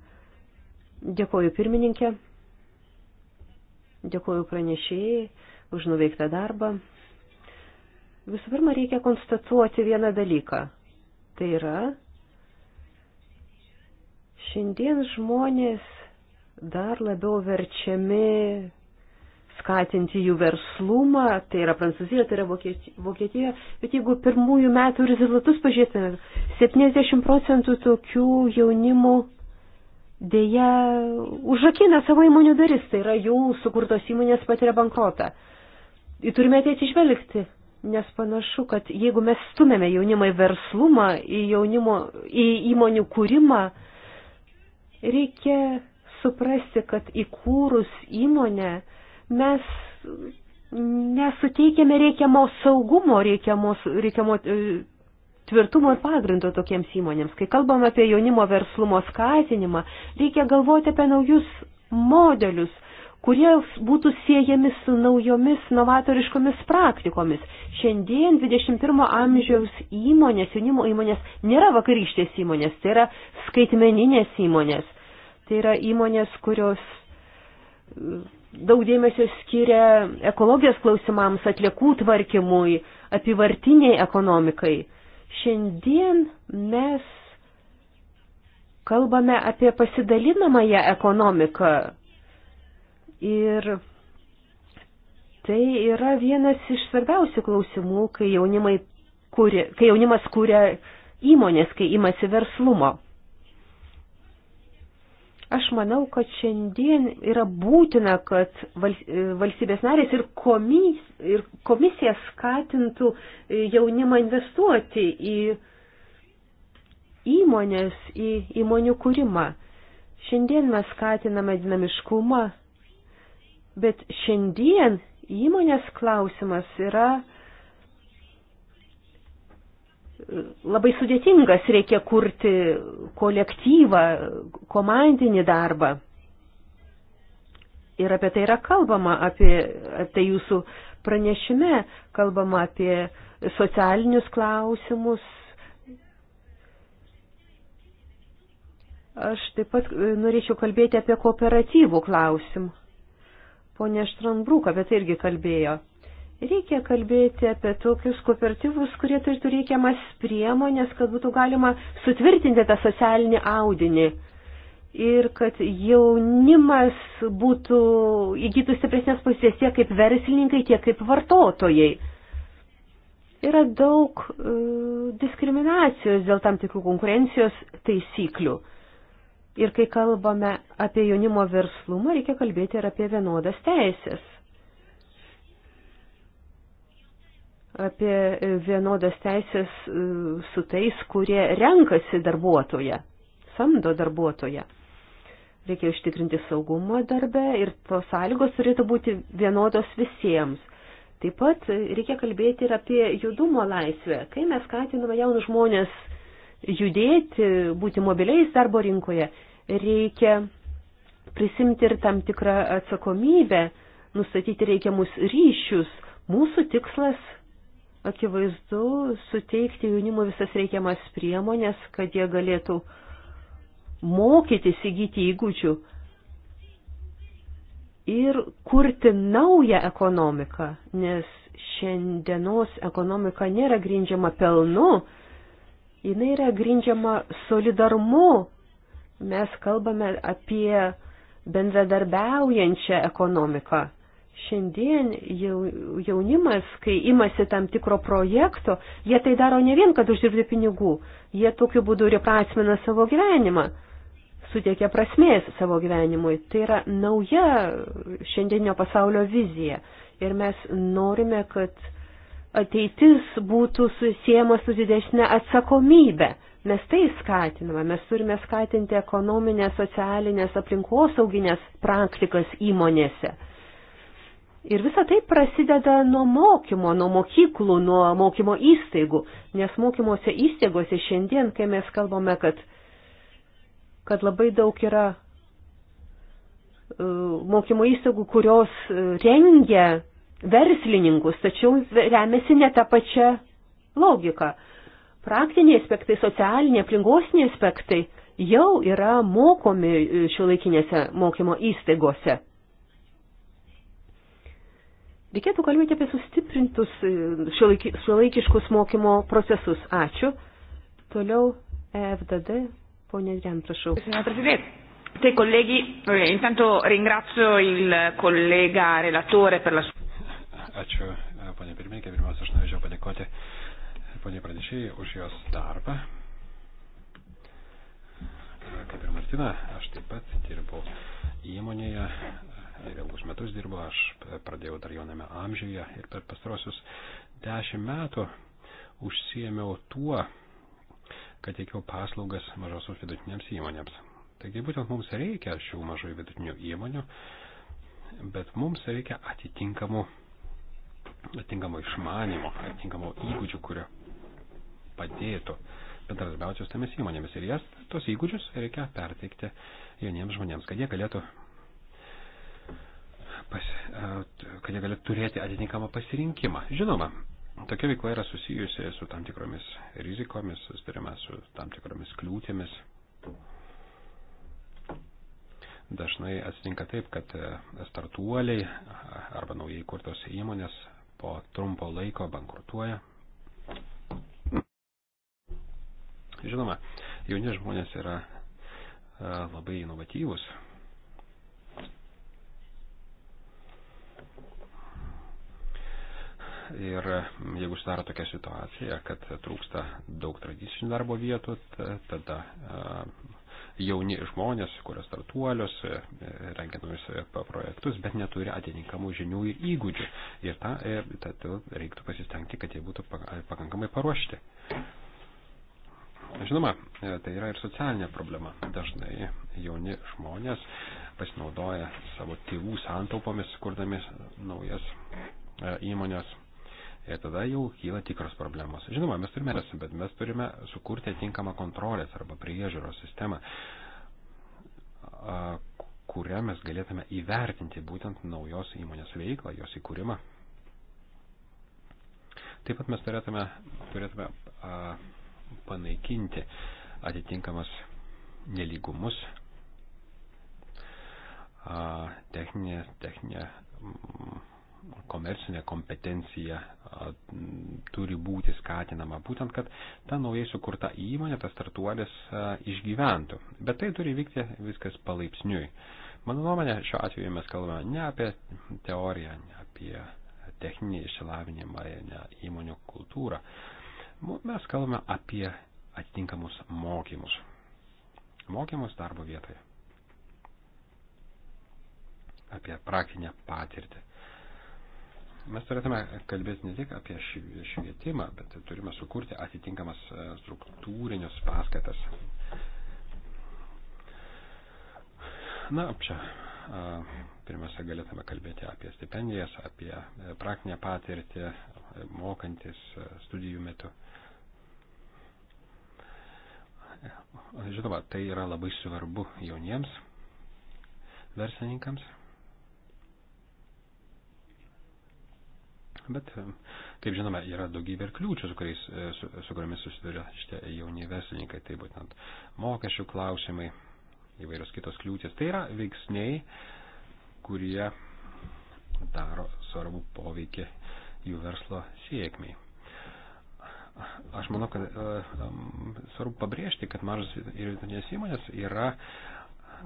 Dėkuoju pirmininkė, dėkuoju pranešėjai už nuveiktą darbą. Visų pirma, reikia konstatuoti vieną dalyką. Tai yra, šiandien žmonės dar labiau verčiami skatinti jų verslumą, tai yra Prancūzija, tai yra Vokietija, bet jeigu pirmųjų metų rezultatus pažiūrėtume, 70 procentų tokių jaunimų dėja užrakina savo įmonių daris, tai yra jų sukurtos įmonės patiria bankrotą. Ir turime tai atsižvelgti, nes panašu, kad jeigu mes stumėme jaunimą į verslumą, į, jaunimo, į įmonių kūrimą, reikia suprasti, kad įkūrus įmonę, mes nesuteikėme reikiamo saugumo, reikiamo, reikiamo e, tvirtumo ir pagrindo tokiems įmonėms. Kai kalbam apie jaunimo verslumo skatinimą, reikia galvoti apie naujus modelius, kurie būtų siejami su naujomis novatoriškomis praktikomis. Šiandien 21 amžiaus įmonės, jaunimo įmonės nėra vakarykštės įmonės, tai yra skaitmeninės įmonės. Tai yra įmonės, kurios daug dėmesio skiria ekologijos klausimams, atliekų tvarkymui, apivartiniai ekonomikai. Šiandien mes kalbame apie pasidalinamąją ekonomiką. Ir tai yra vienas iš svarbiausių klausimų, kai, jaunimai kūrė, kai jaunimas kūrė įmonės, kai imasi verslumo. Aš manau, kad šiandien yra būtina, kad e, valstybės narės ir, komis, ir komisija skatintų e, jaunimą investuoti į įmonės, į įmonių kūrimą. Šiandien mes skatiname dinamiškumą, bet šiandien įmonės klausimas yra labai sudėtingas, reikia kurti kolektyvą, komandinį darbą. Ir apie tai yra kalbama, apie tai jūsų pranešime, kalbama apie socialinius klausimus. Aš taip pat e, norėčiau kalbėti apie kooperatyvų klausimą. Pone Štranbrūk apie tai irgi kalbėjo. Reikia kalbėti apie tokius kooperatyvus, kurie turi reikiamas priemonės, kad būtų galima sutvirtinti tą socialinį audinį ir kad jaunimas būtų įgytų stipresnės pozicijas tiek kaip verslininkai, tiek kaip vartotojai. Yra daug e, diskriminacijos dėl tam tikrų konkurencijos taisyklių. Ir kai kalbame apie jaunimo verslumą, reikia kalbėti ir apie vienodas teisės. apie vienodas teisės e, su tais, kurie renkasi darbuotoje, samdo darbuotoje. Reikia užtikrinti saugumą darbę ir tos sąlygos turėtų būti vienodos visiems. Taip pat reikia kalbėti ir apie judumo laisvę. Kai mes skatiname jaunus žmonės judėti, būti mobiliais darbo rinkoje, reikia prisimti ir tam tikrą atsakomybę, nustatyti reikiamus ryšius. Mūsų tikslas akivaizdu suteikti jaunimui visas reikiamas priemonės, kad jie galėtų mokytis įgyti įgūdžių ir kurti naują ekonomiką, nes šiandienos ekonomika nėra grindžiama pelnu, jinai yra grindžiama solidarumu. Mes kalbame apie bendradarbiaujančią ekonomiką. Šiandien jaunimas, kai imasi tam tikro projekto, jie tai daro ne vien, kad uždirbti pinigų, jie tokiu būdu reprasmina savo gyvenimą, suteikia prasmės savo gyvenimui. Tai yra nauja šiandienio pasaulio vizija ir mes norime, kad ateitis būtų susijęma su didesnė atsakomybė. Mes tai skatiname, mes turime skatinti ekonominės, socialinės, aplinkosauginės praktikas įmonėse. Ir visa tai prasideda nuo mokymo, nuo mokyklų, nuo mokymo įstaigų, nes mokymuose įstaigose šiandien, kai mes kalbame, kad, kad labai daug yra e, mokymo įstaigų, kurios e, rengia verslininkus, tačiau remiasi ne tą pačią logiką. Praktiniai aspektai, socialiniai, aplinkosiniai aspektai jau yra mokomi e, šiuolaikinėse mokymo įstaigose. Reikėtų kalbėti apie sustiprintus e, šiuolaikiškus mokymo procesus. Ačiū. Toliau EFDD, ponė Dren, prašau. Te colleghi, eh, intanto ringrazio il collega relatore per la sua. Ačiū, eh, ponė pirmininkė, pirmiausia, aš norėčiau padėkoti eh, ponė pranešėjai už jos darbą. Eh, kaip ir Martina, aš taip pat dirbau įmonėje ir ilgus metus dirbo, aš pradėjau dar jauname amžiuje ir per pastarosius dešimt metų užsiemiau tuo, kad teikiau paslaugas mažosioms vidutinėms įmonėms. Taigi būtent mums reikia šių mažų vidutinių įmonių, bet mums reikia atitinkamų, atitinkamų išmanimo, atitinkamų įgūdžių, kurio padėtų bendradarbiauti su tomis įmonėmis. Ir jas, tos įgūdžius reikia perteikti jauniems žmonėms, kad jie galėtų pas, e, kad jie galėtų turėti atitinkamą pasirinkimą. Žinoma, tokia veikla yra susijusi su tam tikromis rizikomis, susidurime su tam tikromis kliūtėmis. Dažnai atsitinka taip, kad e, startuoliai arba naujai kurtos įmonės po trumpo laiko bankrutuoja. Žinoma, jauni žmonės yra e, labai inovatyvūs, Ir e, jeigu sudaro tokia situacija, kad trūksta daug tradicinių darbo vietų, tada e, jauni žmonės, kurie startuolius, e, rengia naujus projektus, bet neturi atitinkamų žinių ir įgūdžių. Ir tą tad reiktų pasistengti, kad jie būtų pakankamai paruošti. Žinoma, tai yra ir socialinė problema. Dažnai jauni žmonės pasinaudoja savo tėvų santaupomis, kurdami naujas įmonės Ir tada jau kyla tikros problemos. Žinoma, mes turime, bet mes turime sukurti atinkamą kontrolės arba priežiūros sistemą, kurią mes galėtume įvertinti būtent naujos įmonės veiklą, jos įkūrimą. Taip pat mes turėtume, turėtume panaikinti atitinkamas neligumus techninė, techninė komercinė kompetencija turi būti skatinama, būtent kad ta naujai sukurta įmonė, tas startuolis išgyventų. Bet tai turi vykti viskas palaipsniui. Mano nuomonė, šiuo atveju mes kalbame ne apie teoriją, ne apie techninį išsilavinimą, ne įmonių kultūrą. Mes kalbame apie atitinkamus mokymus. Mokymus darbo vietoje. Apie praktinę patirtį Mes turėtume kalbėti ne tik apie švietimą, bet turime sukurti atitinkamas e, struktūrinius paskatas. Na, čia e, pirmiausia galėtume kalbėti apie stipendijas, apie e, praktinę patirtį, mokantis studijų metu. Žinoma, tai yra labai svarbu jauniems verslininkams. bet, kaip žinome, yra daugybė ir kliūčių, su, kuriais, e, su, su kuriamis susiduria šitie jauni verslininkai, tai būtent mokesčių klausimai, įvairios kitos kliūtis. Tai yra veiksniai, kurie daro svarbu poveikį jų verslo sėkmiai. Aš manau, kad um, svarbu pabrėžti, kad mažas ir vidutinės įmonės yra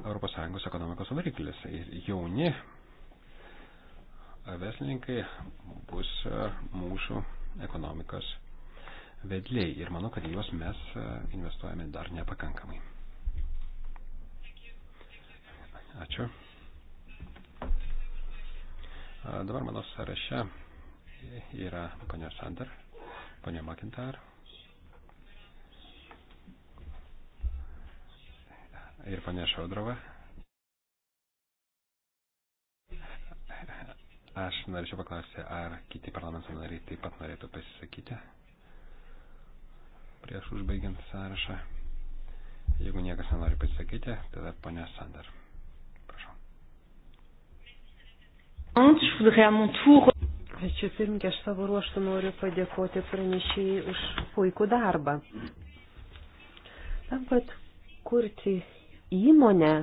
ES ekonomikos variklis. Ir jauni verslininkai bus e, mūsų ekonomikos vedliai ir manau, kad juos mes e, investuojame dar nepakankamai. Ačiū. Dabar mano sąraše yra ponia Sander, ponia Makintar ir ponia Šaudrova. Aš norėčiau paklausti, ar kiti parlamento nariai taip pat norėtų pasisakyti prieš užbaigiant sąrašą. Jeigu niekas nenori pasisakyti, tada ponia Sandar. Prašau. Ačiū pirmininkė, aš savo ruoštų noriu padėkoti pranešėjai už puikų darbą. Tam, kad kurti įmonę,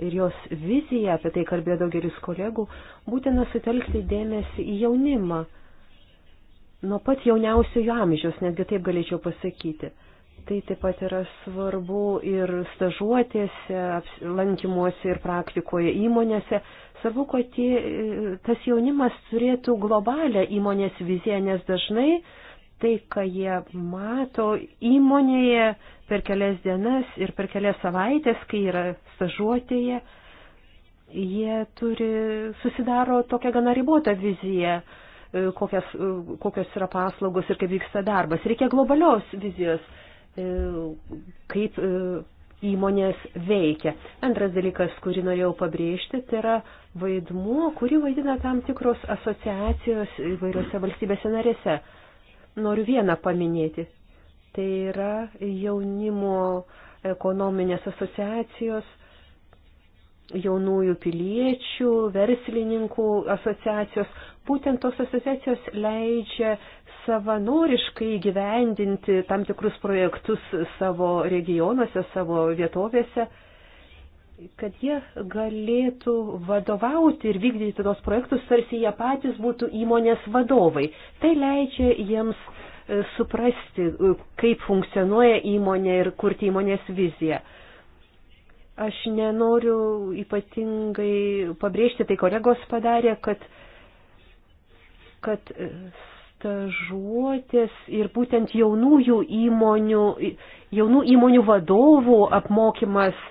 ir jos viziją, apie tai kalbėjo daugelis kolegų, būtina sutelkti dėmesį į jaunimą. Nuo pat jauniausiojo amžiaus, netgi taip galėčiau pasakyti. Tai taip pat yra svarbu ir stažuotėse, lankymuose ir praktikoje įmonėse. Svarbu, kad tie, tas jaunimas turėtų globalę įmonės viziją, nes dažnai uh, tai, ką jie mato įmonėje per kelias dienas ir per kelias savaitės, kai yra stažuotėje, jie turi, susidaro tokią gana ribotą viziją, e, kokias, e, kokios yra paslaugos ir kaip vyksta darbas. Reikia globalios vizijos, e, kaip įmonės veikia. Antras dalykas, kurį norėjau pabrėžti, tai yra vaidmuo, kurį vaidina tam tikros asociacijos įvairiose valstybėse narėse. Noriu vieną paminėti. Tai yra jaunimo ekonominės asociacijos, jaunųjų piliečių, verslininkų asociacijos. Būtent tos asociacijos leidžia savanoriškai gyvendinti tam tikrus projektus savo regionuose, savo vietovėse kad jie galėtų vadovauti ir vykdyti tos projektus, tarsi jie patys būtų įmonės vadovai. Tai leidžia jiems e, suprasti, e, kaip funkcionuoja įmonė ir kurti įmonės viziją. Aš nenoriu ypatingai pabrėžti, tai kolegos padarė, kad, kad e, stažuotės ir būtent jaunųjų įmonių, jaunų įmonių vadovų apmokymas –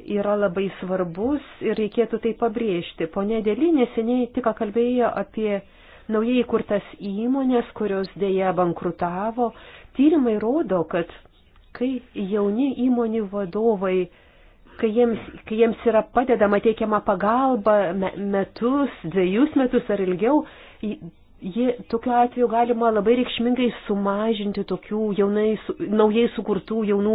yra labai svarbus ir reikėtų tai pabrėžti. Pone Dėly neseniai tik kalbėjo apie naujai įkurtas įmonės, kurios dėja bankrutavo. Tyrimai rodo, kad kai jauni įmonių vadovai, kai jiems, kai jiems yra padedama teikiama pagalba metus, dviejus metus ar ilgiau, ji tokiu atveju galima labai reikšmingai sumažinti tokių jaunai, naujai sukurtų jaunų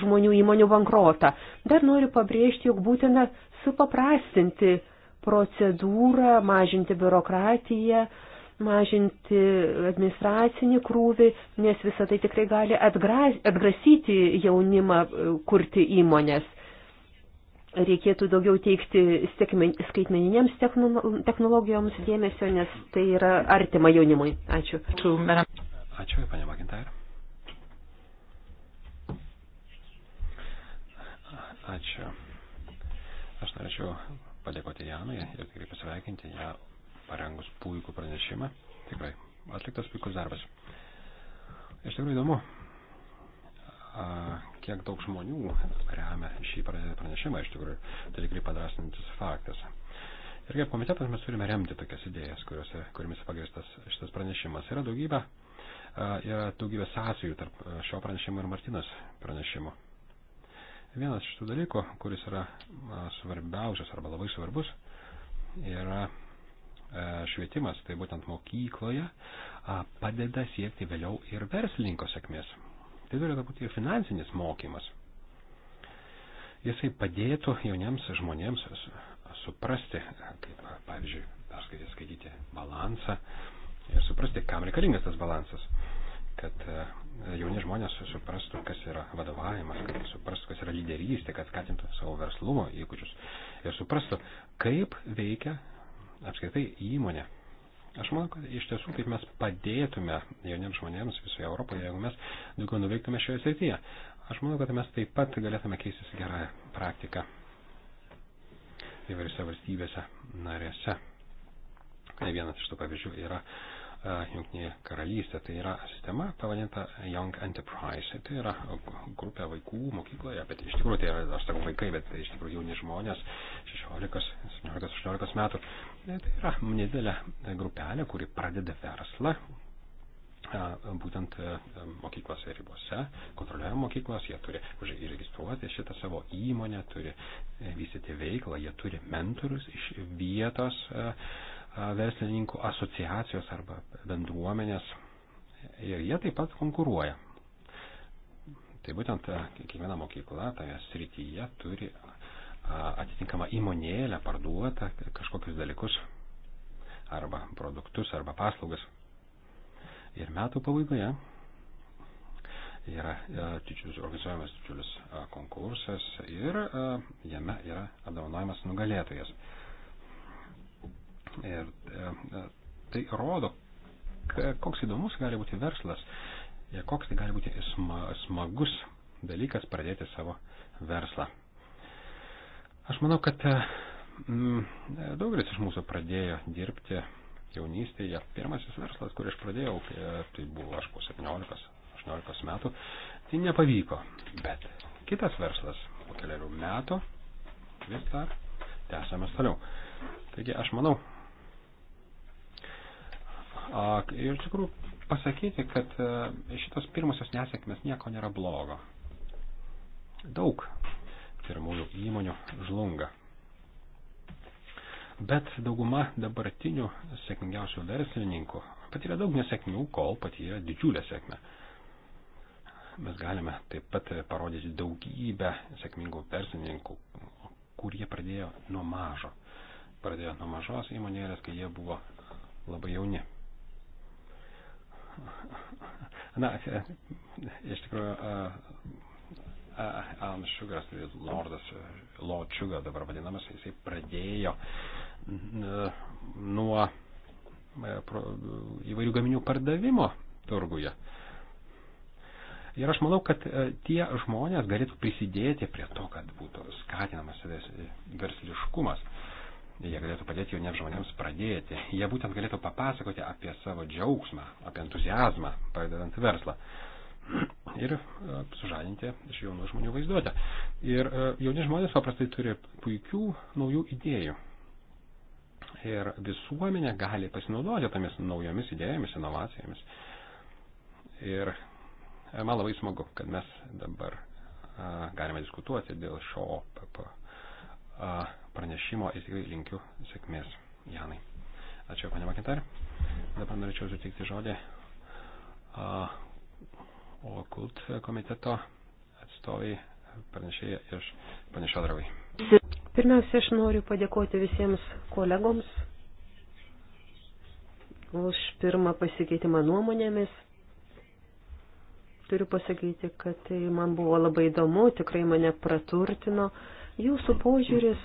žmonių įmonių bankrotą. Dar noriu pabrėžti, jog būtina supaprastinti procedūrą, mažinti biurokratiją, mažinti administracinį krūvį, nes visą tai tikrai gali atgrasyti jaunimą e, kurti įmonės reikėtų daugiau teikti skaitmeninėms technologijoms dėmesio, nes tai yra artima jaunimui. Ačiū. Ačiū, panė Magintar. Ačiū. Aš norėčiau padėkoti Janui ir tikrai pasveikinti ją parengus puikų pranešimą. Tikrai atliktas puikus darbas. Iš tikrųjų įdomu kiek daug žmonių remia šį pranešimą iš tikrųjų. Tai tikrai padrasinantis faktas. Ir kaip komitetas mes turime remti tokias idėjas, kuriuose, kuriamis pagristas šitas pranešimas. Yra daugybė, yra daugybė sąsajų tarp šio pranešimo ir Martinas pranešimo. Vienas iš tų dalykų, kuris yra svarbiausias arba labai svarbus, yra e, švietimas, tai būtent mokykloje padeda siekti vėliau ir verslininko sėkmės. Tai turėtų būti ir finansinis mokymas. Jisai padėtų jauniems žmonėms suprasti, kaip, pavyzdžiui, perskaityti, skaityti balansą ir suprasti, kam reikalingas tas balansas. Kad e, jauni žmonės suprastų, kas yra vadovavimas, kad suprastų, kas yra lyderystė, kad skatintų savo verslumo įgūdžius ir suprastų, kaip veikia apskritai įmonė, Aš manau, kad iš tiesų taip mes padėtume jauniems žmonėms visoje Europoje, jeigu mes daugiau nuveiktume šioje srityje. Aš manau, kad mes taip pat galėtume keistis gerąją praktiką įvairiose valstybėse narėse. Tai vienas iš tų pavyzdžių yra uh, Junktinėje karalystėje. Tai yra sistema pavadinta Young Enterprise. Tai yra grupė vaikų mokykloje, bet iš tikrųjų tai yra, aš sakau vaikai, bet tai iš tikrųjų jauni žmonės, 16-18 metų. Tai yra nedidelė grupelė, kuri pradeda verslą būtent mokyklose ribose, kontroliuoja mokyklos, jie turi įregistruoti šitą savo įmonę, turi e, vystyti veiklą, jie turi mentorius iš vietos uh, verslininkų asociacijos arba bendruomenės ir jie taip pat konkuruoja. Tai būtent kiekviena mokykla toje srityje turi atitinkamą įmonėlę parduotą kažkokius dalykus arba produktus arba paslaugas. Ir metų pabaigoje yra didžiulis, organizuojamas didžiulis konkursas ir jame yra apdovanojamas nugalėtojas. Ir e, tai rodo, koks įdomus gali būti verslas ir e, koks tai gali būti smagus dalykas pradėti savo verslą. Aš manau, kad e, daugelis iš mūsų pradėjo dirbti jaunystėje. Pirmasis verslas, kurį aš pradėjau, tai buvo aš po 17-18 metų, tai nepavyko. Bet kitas verslas po keliarių metų vis dar tęsiamas toliau. Taigi aš manau, Ir iš tikrųjų pasakyti, kad e, šitos pirmosios nesėkmės nieko nėra blogo. Daug pirmųjų įmonių žlunga. Bet dauguma dabartinių sėkmingiausių verslininkų patyrė daug nesėkmių, kol patyrė didžiulę sėkmę. Mes galime taip pat parodyti daugybę sėkmingų verslininkų, kurie pradėjo nuo mažo. Pradėjo nuo mažos įmonėlės, kai jie buvo labai jauni. Na, iš tikrųjų, Alan Sugaras, tai Lordas Lord Sugar dabar vadinamas, jisai pradėjo nuo įvairių gaminių pardavimo turguje. Ir aš manau, kad tie žmonės galėtų prisidėti prie to, kad būtų skatinamas versliškumas jie galėtų padėti jauniems žmonėms pradėti. Jie būtent galėtų papasakoti apie savo džiaugsmą, apie entuzijazmą, pradedant verslą. Ir e, sužadinti iš jaunų žmonių vaizduotę. Ir e, jauni žmonės paprastai turi puikių naujų idėjų. Ir visuomenė gali pasinaudoti tomis naujomis idėjomis, inovacijomis. Ir e, man labai smagu, kad mes dabar galime diskutuoti dėl šio pranešimo ir tikrai linkiu sėkmės Janai. Ačiū, panė Makintar. Dabar norėčiau suteikti žodį OKULT komiteto atstovai pranešėja iš panešadravai. Pirmiausia, aš noriu padėkoti visiems kolegoms už pirmą pasikeitimą nuomonėmis. Turiu pasakyti, kad tai man buvo labai įdomu, tikrai mane praturtino. Uh, Jūsų požiūris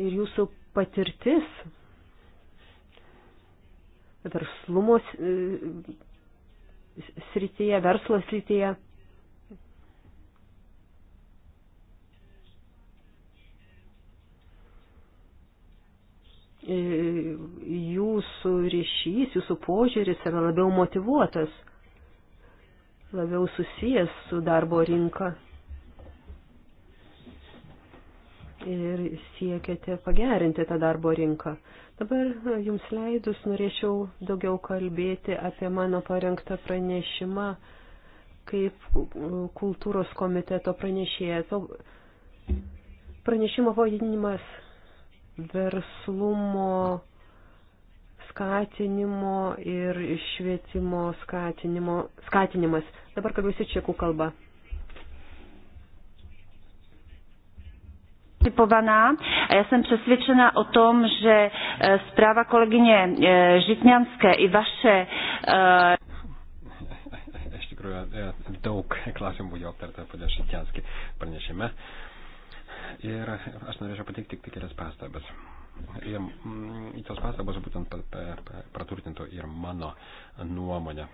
ir jūsų patirtis verslumo srityje, verslo srityje. E, jūsų ryšys, jūsų požiūris yra labiau motivuotas, labiau susijęs su darbo rinka. ir siekiate pagerinti tą darbo rinką. Dabar e, jums leidus norėčiau daugiau kalbėti apie mano parengtą pranešimą kaip kultūros komiteto pranešėjas. Pranešimo pavadinimas verslumo skatinimo ir švietimo skatinimo, skatinimas. Dabar kalbėsiu čekų kalba. Typovaná a já jsem přesvědčena o tom, že zpráva kolegyně Žitňanské i vaše. Iš tikrųjų, daug klausimų buvo aptarta ponios Žitňanskė pranešime. Ir aš norėčiau pateikti tik kelias pastabas. Ir tos pastabos būtent praturtintų ir mano nuomonę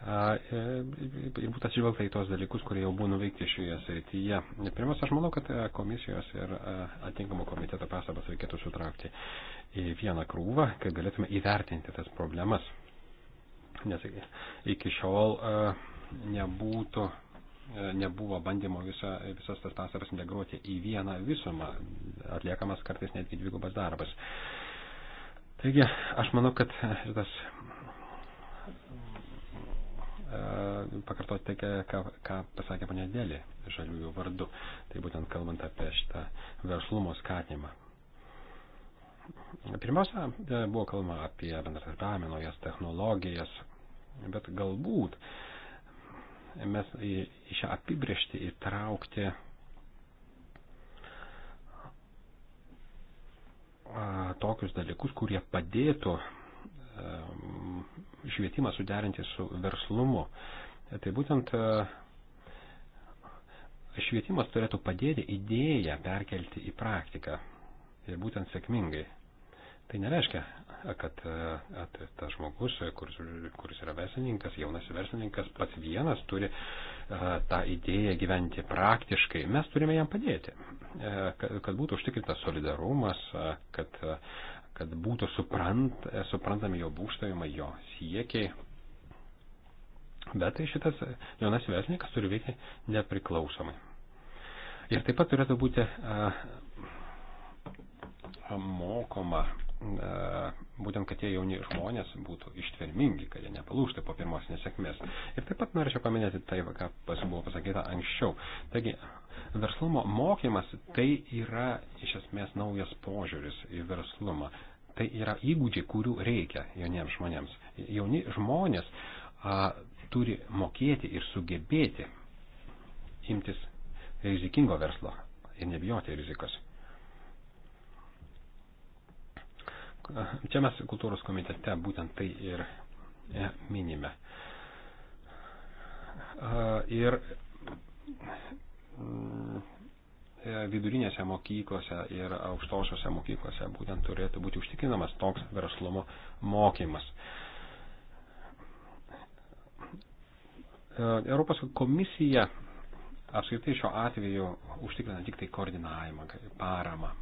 ir e, būtų atsižvelgta į tos dalykus, kurie jau buvo nuveikti šioje srityje. Pirmiausia, aš manau, kad e, komisijos ir e, atinkamo komiteto pastabas reikėtų sutraukti į vieną krūvą, kad galėtume įvertinti tas problemas. Nes iki šiol nebūtų, nebuvo bandymo visa, visas tas pastabas integruoti į vieną visumą, atliekamas kartais netgi dvigubas darbas. Taigi, aš manau, kad šitas pakartoti tai, ką, ką pasakė ponė Dėlė žaliųjų vardu. Tai būtent kalbant apie šitą verslumo skatinimą. Pirmiausia, e, buvo kalbama apie bendradarbiavimą, naujas technologijas, bet galbūt mes į šią apibriežtį įtraukti tokius dalykus, kurie padėtų E, švietimą suderinti su verslumu. Tai būtent e, švietimas turėtų padėti idėją perkelti į praktiką ir būtent sėkmingai. Tai nereiškia, kad e, tas žmogus, kuris, kuris yra verslininkas, jaunas verslininkas, pats vienas turi tą idėją gyventi praktiškai. Mes turime jam padėti, kad būtų užtikrintas solidarumas, kad kad būtų suprant, suprantami jo būkštavimai, jo siekiai. Bet tai šitas jaunas verslininkas turi veikti nepriklausomai. Ir taip pat turėtų būti a, mokoma, a, būtent, kad tie jauni žmonės būtų ištvermingi, kad jie nepalūštų po pirmos nesėkmės. Ir taip pat norėčiau paminėti tai, ką pas buvo pasakyta anksčiau. Taigi, verslumo mokymas tai yra iš esmės naujas požiūris į verslumą. Tai yra įgūdžiai, kurių reikia jauniems žmonėms. Jauni žmonės a, turi mokėti ir sugebėti imtis rizikingo verslo ir nebijoti rizikos. Čia mes kultūros komitete būtent tai ir e, minime. Ir E, vidurinėse mokyklose ir aukštosiuose mokyklose būtent turėtų būti užtikrinamas toks verslumo mokymas. E, Europos komisija apskritai šiuo atveju užtikrina tik tai koordinavimą, paramą.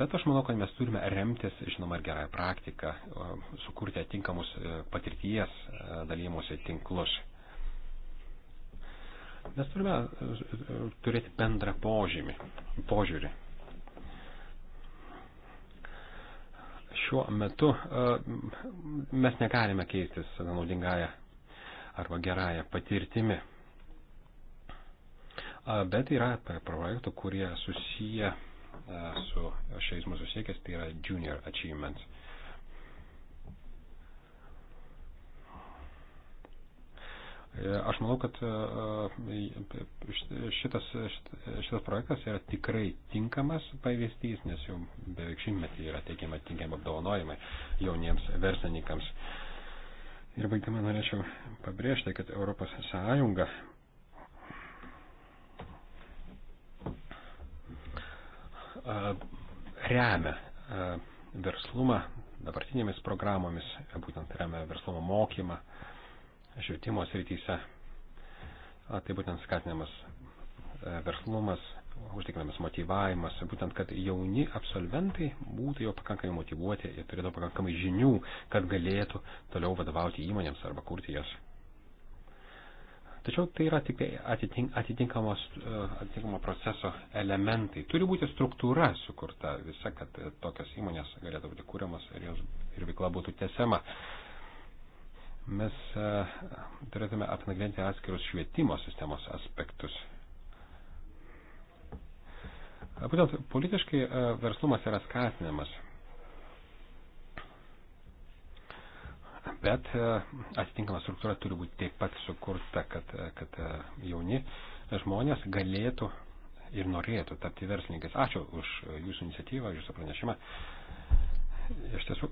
Bet aš manau, kad mes turime remtis, žinoma, ir gerąją praktiką, sukurti atinkamus e, patirties dalymosi tinklus. Mes turime e, e, turėti bendrą požymį, požiūrį. Šiuo metu e, mes negalime keistis naudingąją arba gerąją patirtimi bet yra projektų, kurie susiję su šiais mūsų siekis, tai yra junior achievements. E, aš manau, kad e, e, šitas, šitas projektas yra tikrai tinkamas pavyzdys, nes jau beveik šimtmetį yra teikiama tinkami apdovanojimai jauniems verslininkams. Ir baigdama norėčiau pabrėžti, kad Europos Sąjunga remia verslumą dabartinėmis programomis, būtent remia verslumo mokymą švietimo srityse. Tai būtent skatinamas e, verslumas, užtikrinamas motivavimas, būtent, kad jauni absolventai būtų jau pakankamai motivuoti ir turėtų pakankamai žinių, kad galėtų toliau vadovauti įmonėms arba kurti jas. Tačiau tai yra tik atitinkamos, e, atitinkamo proceso elementai. Turi būti struktūra sukurta visa, kad tokios įmonės galėtų būti kūriamas ir, jos, ir veikla būtų tesiama. Mes e, turėtume apnagrinti atskirus švietimo sistemos aspektus. E, būtent politiškai e, verslumas yra skatinamas. Bet atitinkama struktūra turi būti taip pat sukurta, kad, kad jauni žmonės galėtų ir norėtų tapti verslininkais. Ačiū už jūsų iniciatyvą, jūsų pranešimą. Iš tiesų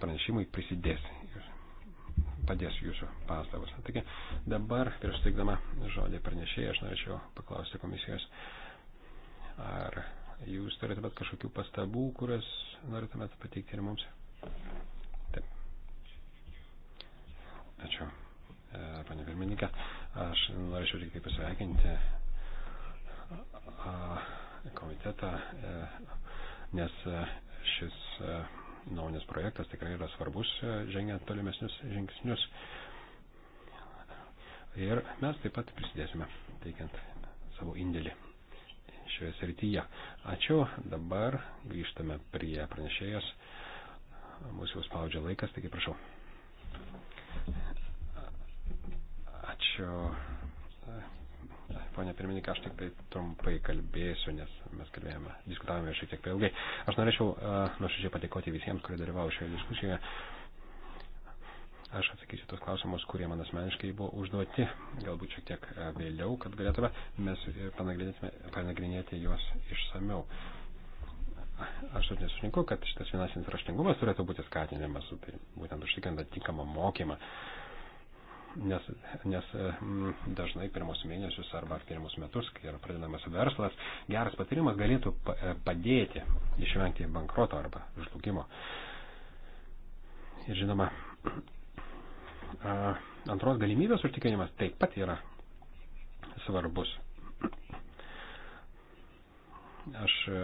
pranešimui prisidės padės jūsų pastabos. Taigi dabar, prieš teikdama žodį pranešėjai, aš norėčiau paklausti komisijos, ar jūs turėtumėt kažkokių pastabų, kurias norėtumėt pateikti ir mums? Taip. Ačiū, e, panė pirmininkė. Aš norėčiau tik tai pasveikinti komitetą, e, nes e, šis nuomonės projektas tikrai yra svarbus, e, žengiant tolimesnius žingsnius. Ir mes taip pat prisidėsime, teikiant savo indėlį šioje srityje. Ačiū, dabar grįžtame prie pranešėjos. Mūsų jau spaudžia laikas, taigi prašau. Ačiū Pone pirmininkai, aš tik tai trumpai kalbėsiu, nes mes kalbėjome, diskutavome šiek tiek per ilgai. Aš norėčiau uh, nuoširdžiai padėkoti visiems, kurie dalyvavo šioje diskusijoje. Aš atsakysiu tos klausimus, kurie man asmeniškai buvo užduoti, galbūt šiek tiek uh, vėliau, kad galėtume mes e, panagrinėti juos išsameu. Aš nesutinku, kad šitas finansinis raštingumas turėtų būti skatinimas, tai būtent užtikrinant tinkamą mokymą. Uh, nes, nes mm, dažnai pirmus mėnesius arba pirmus metus, kai yra pradedamas verslas, geras patyrimas galėtų e, padėti išvengti bankroto arba žlugimo. Ir žinoma, antros galimybės užtikrinimas taip pat yra svarbus. Aš e,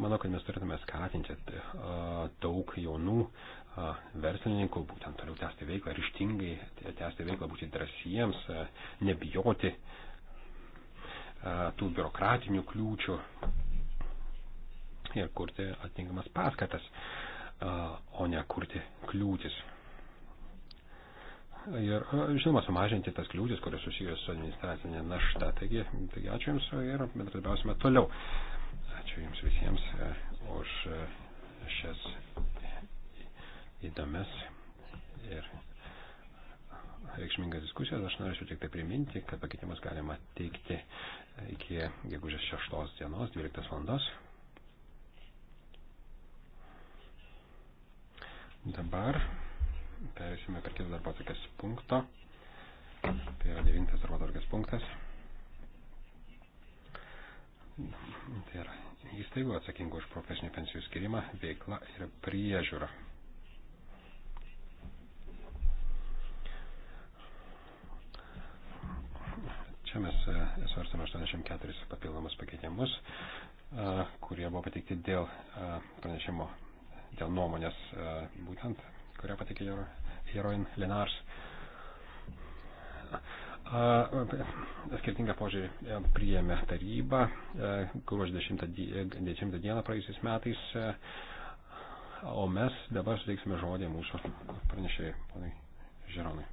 manau, kad mes turėtume skatinti e, daug jaunų verslininkų būtent toliau tęsti veiklą, ryštingai tęsti veiklą, būti drąsiems, nebijoti tų biurokratinių kliūčių ir kurti atitinkamas paskatas, o ne kurti kliūtis. Ir žinoma, sumažinti tas kliūtis, kurios susijęs su administracinė našta. Taigi, taigi ačiū Jums ir bendradarbiausime toliau. Ačiū Jums visiems už šias įdomias ir reikšmingas diskusijas. Aš norėčiau tik tai priminti, kad pakeitimus galima teikti iki gegužės 6 dienos 12 valandos. Dabar perėsime per kitą darbo atsakės punktą. Tai yra devintas darbo atsakės punktas. Tai yra įstaigų atsakingų už profesinių pensijų skirimą, veiklą ir priežiūrą. Čia mes e, svarstame 84 papildomus pakeitimus, e, kurie buvo pateikti dėl e, pranešimo, dėl nuomonės būtent, kurią pateikė Jeroin Lenars. Skirtingą požiūrį priėmė taryba, gruodžio 10, 10 dieną praėjusiais metais, o mes dabar suteiksime žodį mūsų pranešėjai, ponai Žeronai.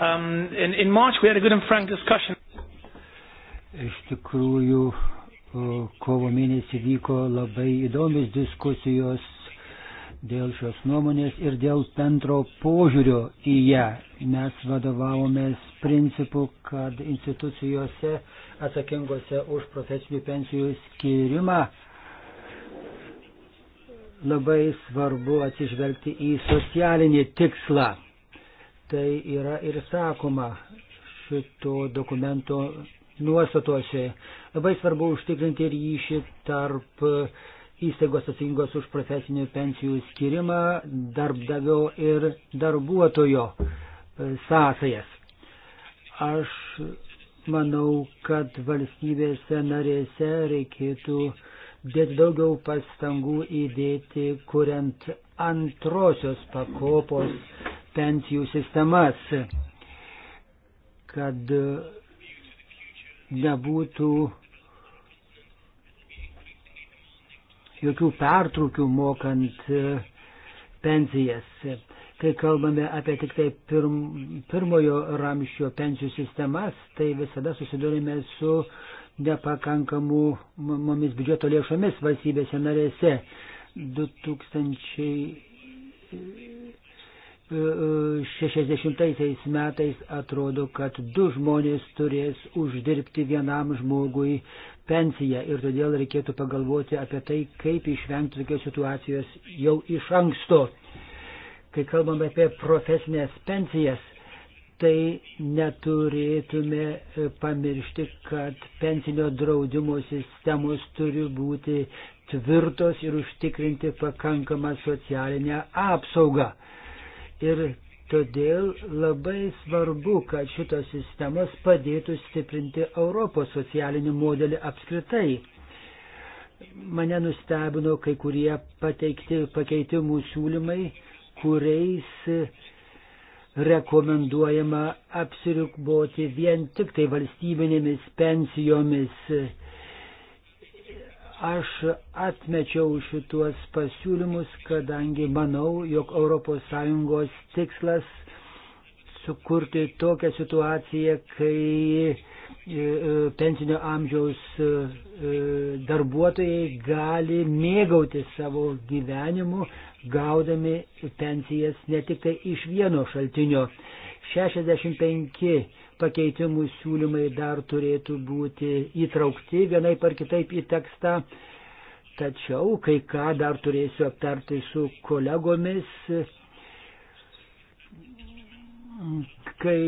Um, in, in March we had a good and frank discussion. Iš tikrųjų, kovo mėnesį vyko labai įdomios diskusijos dėl šios nuomonės ir dėl bendro požiūrio į ją. Mes vadovavomės principu, kad institucijose atsakingose už profesinių pensijų skirimą labai svarbu atsižvelgti į socialinį tikslą tai yra ir sakoma šito dokumento nuostatose. Labai svarbu užtikrinti ryšį tarp įstaigos atsakingos už profesinių pensijų skirimą, darbdavio ir darbuotojo sąsajas. Aš manau, kad valstybėse narėse reikėtų dėti daugiau pastangų įdėti, kuriant antrosios pakopos pensijų sistemas, kad nebūtų jokių pertrūkių mokant e, pensijas. Kai kalbame apie tik tai pirm, pirmojo ramščio pensijų sistemas, tai visada susidurime su nepakankamomis biudžeto lėšomis valstybėse narėse. 2000 60 metais atrodo, kad du žmonės turės uždirbti vienam žmogui pensiją ir todėl reikėtų pagalvoti apie tai, kaip išvengti tokios situacijos jau iš anksto. Kai kalbame apie profesinės pensijas, tai neturėtume pamiršti, kad pensinio draudimo sistemos turi būti tvirtos ir užtikrinti pakankamą socialinę apsaugą Ir todėl labai svarbu, kad šitos sistemos padėtų stiprinti Europos socialinį modelį apskritai. Mane nustebino kai kurie pateikti pakeitimų siūlymai, kuriais rekomenduojama apsirikboti vien tik tai valstybinėmis pensijomis Aš atmečiau šituos pasiūlymus, kadangi manau, jog ES tikslas sukurti tokią situaciją, kai e, e, pensinio amžiaus e, darbuotojai gali mėgauti savo gyvenimu, gaudami pensijas ne tik tai iš vieno šaltinio. 65 pakeitimų siūlymai dar turėtų būti įtraukti vienai par kitaip į tekstą. Tačiau kai ką dar turėsiu aptarti su kolegomis, kai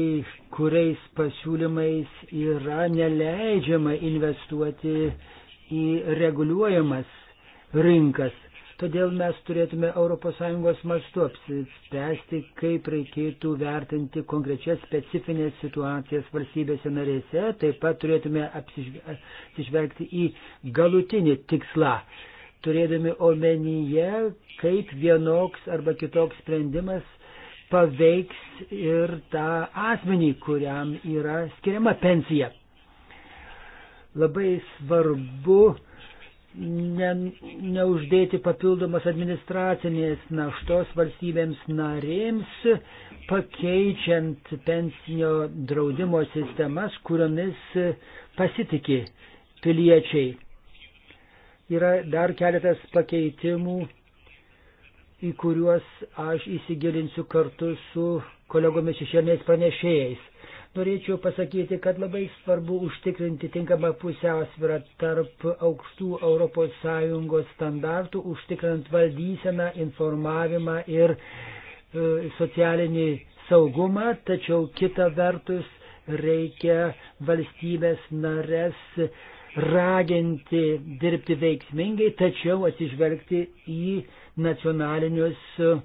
kuriais pasiūlymais yra neleidžiama investuoti į reguliuojamas rinkas. Todėl mes turėtume ES mastu apsispręsti, kaip reikėtų vertinti konkrečias specifinės situacijas valstybėse narėse. Taip pat turėtume atsižvelgti į galutinį tikslą, turėdami omenyje, kaip vienoks arba kitoks sprendimas paveiks ir tą asmenį, kuriam yra skiriama pensija. Labai svarbu ne, neuždėti papildomas administracinės naštos valstybėms narėms, pakeičiant pensinio draudimo sistemas, kuriomis pasitikė piliečiai. Yra dar keletas pakeitimų, į kuriuos aš įsigilinsiu kartu su kolegomis šešėliniais pranešėjais. Norėčiau pasakyti, kad labai svarbu užtikrinti tinkamą pusiausvyrą tarp aukštų ES standartų, užtikrinant valdyseną, informavimą ir e, socialinį saugumą, tačiau kita vertus reikia valstybės narės raginti dirbti veiksmingai, tačiau atsižvelgti į nacionalinius uh,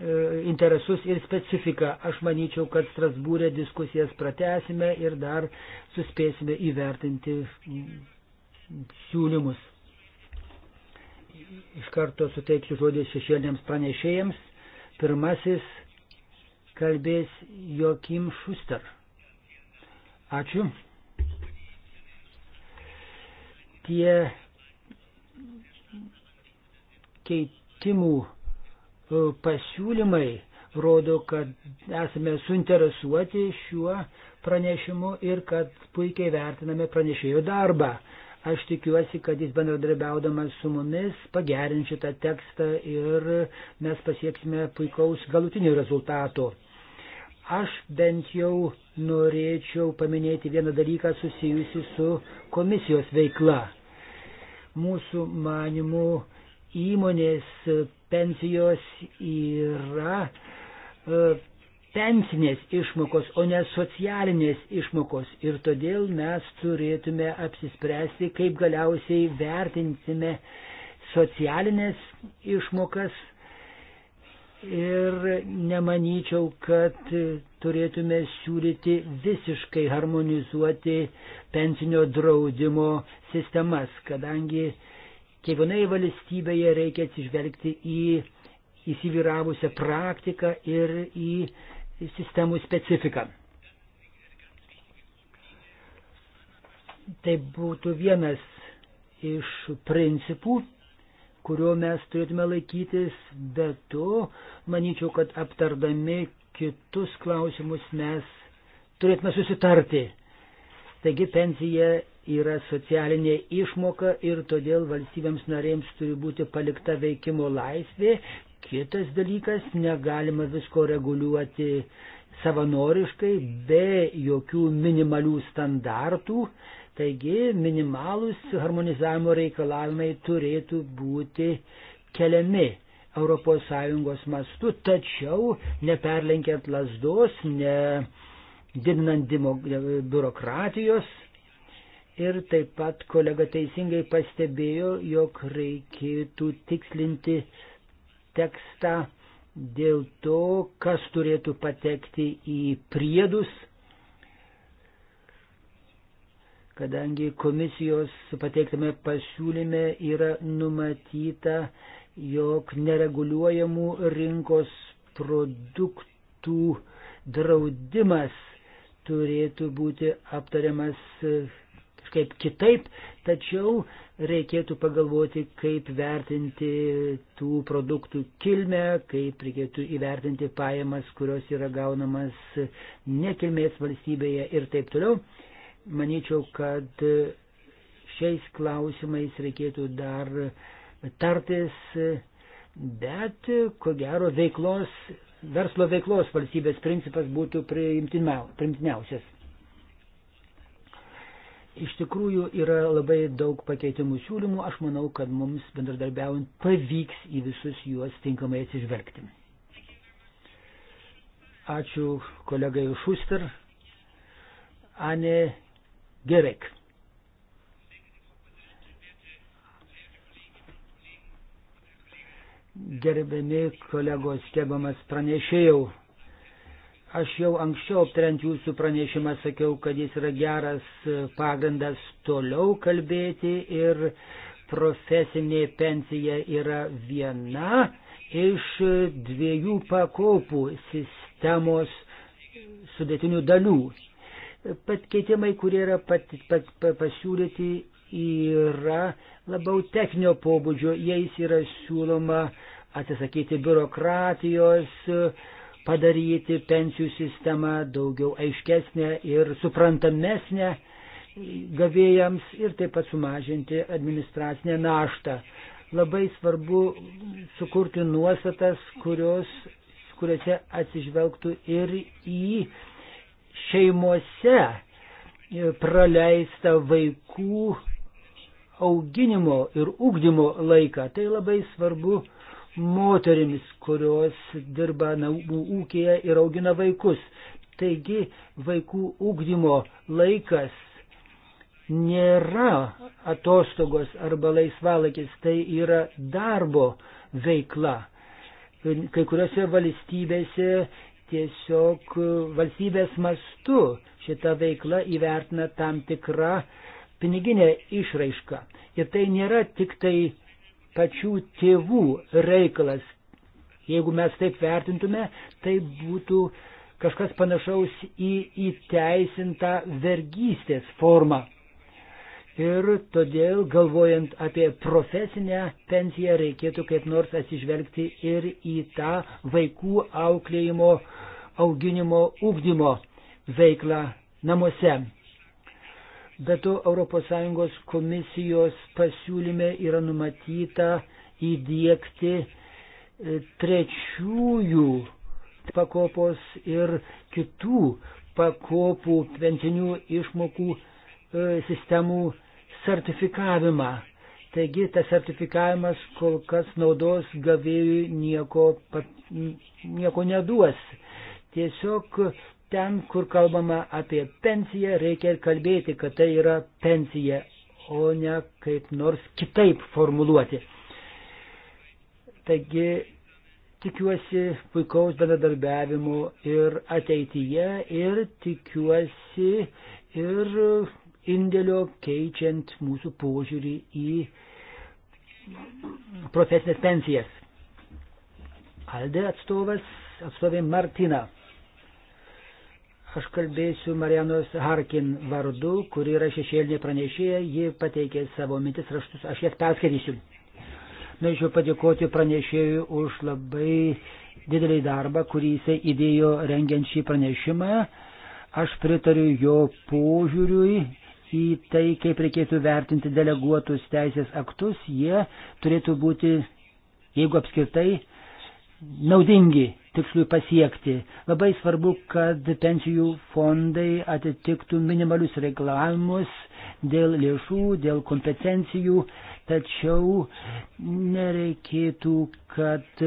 E, interesus ir specifiką. Aš manyčiau, kad Strasbūrė diskusijas pratesime ir dar suspėsime įvertinti siūlymus. Iš karto suteiksiu žodį šešėlėms pranešėjams. Pirmasis kalbės Jokim Šuster. Ačiū. Tie keitimų pasiūlymai rodo, kad esame suinteresuoti šiuo pranešimu ir kad puikiai vertiname pranešėjo darbą. Aš tikiuosi, kad jis bendradarbiaudamas su mumis pagerins šitą tekstą ir mes pasieksime puikaus galutinio rezultato. Aš bent jau norėčiau paminėti vieną dalyką susijusi su komisijos veikla. Mūsų manimų įmonės pensijos yra e, pensinės išmokos, o ne socialinės išmokos. Ir todėl mes turėtume apsispręsti, kaip galiausiai vertinsime socialinės išmokas. Ir nemanyčiau, kad turėtume siūlyti visiškai harmonizuoti pensinio draudimo sistemas, kadangi uh, kiekvienoje valstybėje reikia atsižvelgti į įsivyravusią praktiką ir į sistemų specifiką. Tai būtų vienas iš principų, kurio mes turėtume laikytis, bet to, manyčiau, kad aptardami kitus klausimus mes turėtume susitarti. Taigi pensija yra socialinė išmoka ir todėl valstybėms narėms turi būti palikta veikimo laisvė. Kitas dalykas, negalima visko reguliuoti savanoriškai, be jokių minimalių standartų. Taigi minimalūs harmonizavimo reikalavimai turėtų būti keliami ES mastu, tačiau neperlenkiant lasdos, ne didinant biurokratijos, Ir taip pat kolega teisingai pastebėjo, jog reikėtų tikslinti tekstą dėl to, kas turėtų patekti į priedus, kadangi komisijos pateiktame pasiūlyme yra numatyta, jog nereguliuojamų rinkos produktų draudimas turėtų būti aptariamas kaip kitaip, tačiau reikėtų pagalvoti, kaip vertinti tų produktų kilmę, kaip reikėtų įvertinti pajamas, kurios yra gaunamas nekilmės valstybėje ir taip toliau. Manyčiau, kad šiais klausimais reikėtų dar tartis, bet ko gero veiklos, verslo veiklos valstybės principas būtų priimtiniausias. Iš tikrųjų yra labai daug pakeitimų siūlymų. Aš manau, kad mums bendradarbiaujant pavyks į visus juos tinkamai atsižvelgti. Ačiū kolegai Šuster. Ane Gerek. Gerbiami kolegos, gerbiamas pranešėjau. Aš jau anksčiau aptariant jūsų pranešimą sakiau, kad jis yra geras pagrindas toliau kalbėti ir profesinė pensija yra viena iš dviejų pakopų sistemos sudėtinių dalių. Patkeitimai, kurie yra pat, pat, pat, pasiūlyti, yra labiau techninio pobūdžio, jais yra siūloma atsisakyti biurokratijos, padaryti pensijų sistemą daugiau aiškesnę ir suprantamesnę gavėjams ir taip pat sumažinti administracinę naštą. Labai svarbu sukurti nuostatas, kurios, kuriuose atsižvelgtų ir į šeimose praleista vaikų auginimo ir ūkdymo laiką. Tai labai svarbu moterimis, kurios dirba namų ūkėje ir augina vaikus. Taigi vaikų ūkdymo laikas nėra atostogos arba laisvalakis, tai yra darbo veikla. Kai kuriuose valstybėse tiesiog valstybės mastu šita veikla įvertina tam tikrą piniginę išraišką. Ir tai nėra tik tai pačių tėvų reikalas. Jeigu mes taip vertintume, tai būtų kažkas panašaus į įteisintą vergystės formą. Ir todėl, galvojant apie profesinę pensiją, reikėtų kaip nors atsižvelgti ir į tą vaikų auklėjimo, auginimo, ūkdymo veiklą namuose. Be to, ES komisijos pasiūlyme yra numatyta įdėkti e, trečiųjų pakopos ir kitų pakopų pensinių išmokų e, sistemų sertifikavimą. Taigi tas sertifikavimas kol kas naudos gavėjui nieko, nieko neduos. Tiesiog ten, kur kalbama apie pensiją, reikia ir kalbėti, kad tai yra pensija, o ne kaip nors kitaip formuluoti. Taigi tikiuosi puikaus bendradarbiavimo ir ateityje ir tikiuosi ir indėlio keičiant mūsų požiūrį į profesinės pensijas. Alde atstovas, atstovė Martina. Aš kalbėsiu Marianos Harkin vardu, kuri yra šešėlinė pranešėja, ji pateikė savo mintis raštus, aš jas perskaitysiu. Norėčiau padėkoti pranešėjui už labai didelį darbą, kurį jisai įdėjo rengiant šį pranešimą. Aš pritariu jo požiūriui į tai, kaip reikėtų vertinti deleguotus teisės aktus. Jie turėtų būti, jeigu apskritai, naudingi tikslui pasiekti. Labai svarbu, kad pensijų fondai atitiktų minimalius reikalavimus dėl lėšų, dėl kompetencijų, tačiau nereikėtų, kad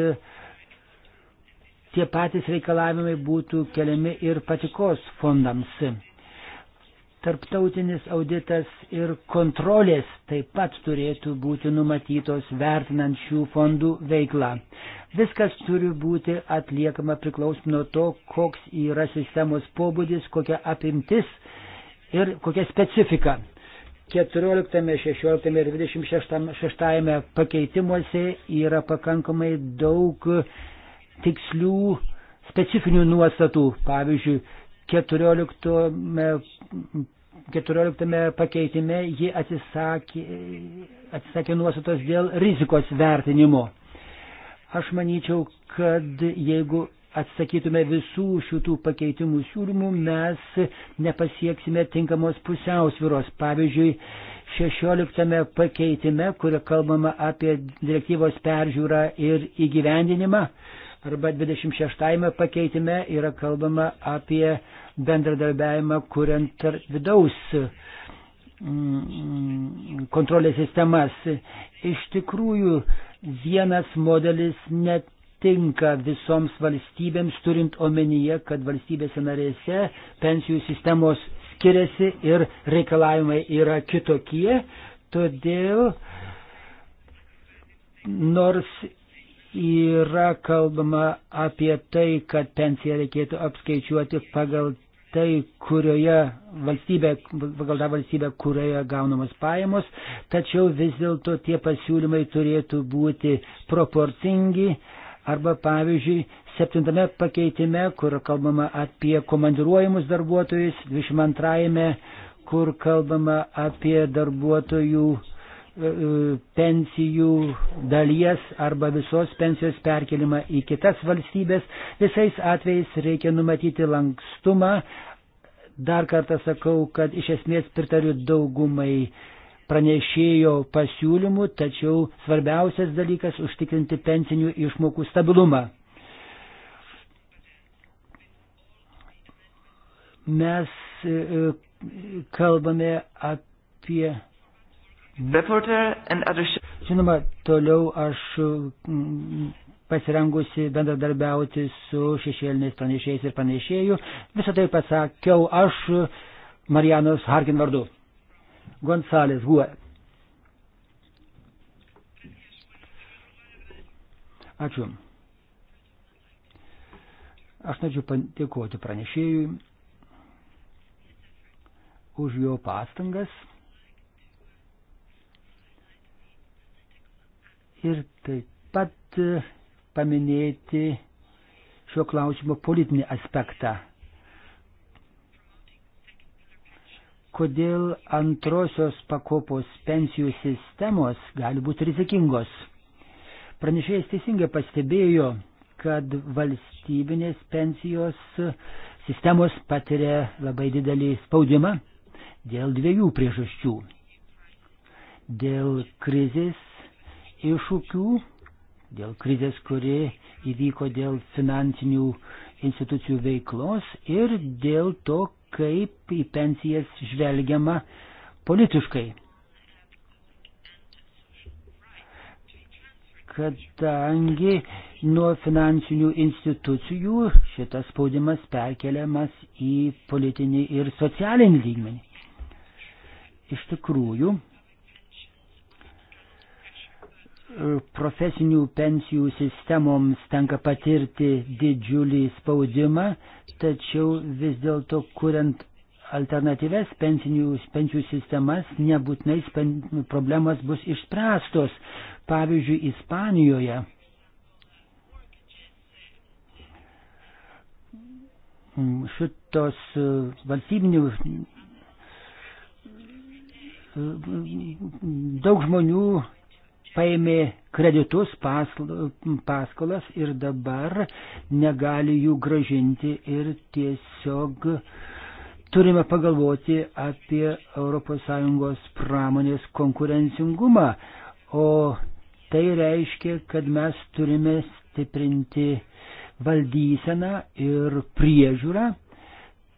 tie patys reikalavimai būtų keliami ir patikos fondams tarptautinis auditas ir kontrolės taip pat turėtų būti numatytos vertinant šių fondų veiklą. Viskas turi būti atliekama priklausom nuo to, koks yra sistemos pobūdis, kokia apimtis ir kokia specifika. 14, 16 ir 26 pakeitimuose yra pakankamai daug tikslių specifinių nuostatų, pavyzdžiui, 14, 14 pakeitime ji atsisakė, atsisakė nuostatos dėl rizikos vertinimo. Aš manyčiau, kad jeigu atsakytume visų šitų pakeitimų siūlymų, mes nepasieksime tinkamos pusiausviros. Pavyzdžiui, 16 pakeitime, kur kalbama apie direktyvos peržiūrą ir įgyvendinimą, arba 26 pakeitime yra kalbama apie bendradarbiavimą, kuriant vidaus mm, kontrolės sistemas. Iš tikrųjų, vienas modelis netinka visoms valstybėms, turint omenyje, kad valstybėse narėse pensijų sistemos skiriasi ir reikalavimai yra kitokie. Todėl, nors yra kalbama apie tai, kad pensiją reikėtų apskaičiuoti pagal tai, kurioje valstybė, pagal tą valstybę, kurioje gaunamos pajamos, tačiau vis dėlto tie pasiūlymai turėtų būti proporcingi. Arba pavyzdžiui, septintame pakeitime, kur kalbama apie komandiruojimus darbuotojus, 22-ame, kur kalbama apie darbuotojų E, pensijų dalies arba visos pensijos perkelimą į kitas valstybės. Visais atvejais reikia numatyti lankstumą. Dar kartą sakau, kad iš esmės pritariu daugumai pranešėjo pasiūlymų, tačiau svarbiausias dalykas - užtikrinti pensinių išmokų stabilumą. Mes e, e, kalbame apie Žinoma, toliau aš mm, pasirengusi bendradarbiauti su šešėliniais pranešėjais ir pranešėjų. Visą tai pasakiau aš Marijanos Harkin vardu. Gonsalės Guė. Ačiū. Aš norėčiau padėkoti pranešėjui už jo pastangas. ir taip pat e, paminėti šio klausimo politinį aspektą. Kodėl antrosios pakopos pensijų sistemos gali būti rizikingos? Pranešėjas teisingai pastebėjo, kad valstybinės pensijos sistemos patiria labai didelį spaudimą dėl dviejų priežasčių. Dėl krizės iššūkių dėl krizės, kuri įvyko dėl finansinių institucijų veiklos ir dėl to, kaip į pensijas žvelgiama politiškai. Kadangi nuo finansinių institucijų šitas spaudimas perkeliamas į politinį ir socialinį lygmenį. Iš tikrųjų, profesinių pensijų sistemoms tenka patirti didžiulį spaudimą, tačiau vis dėlto kuriant alternatyves pensinių, pensijų sistemas nebūtinai spen, problemas bus išspręstos. Pavyzdžiui, Ispanijoje šitos e, valstybinių e, daug žmonių paėmė kreditus, paskolas ir dabar negali jų gražinti ir tiesiog turime pagalvoti apie ES pramonės konkurencingumą. O tai reiškia, kad mes turime stiprinti valdyseną ir priežiūrą,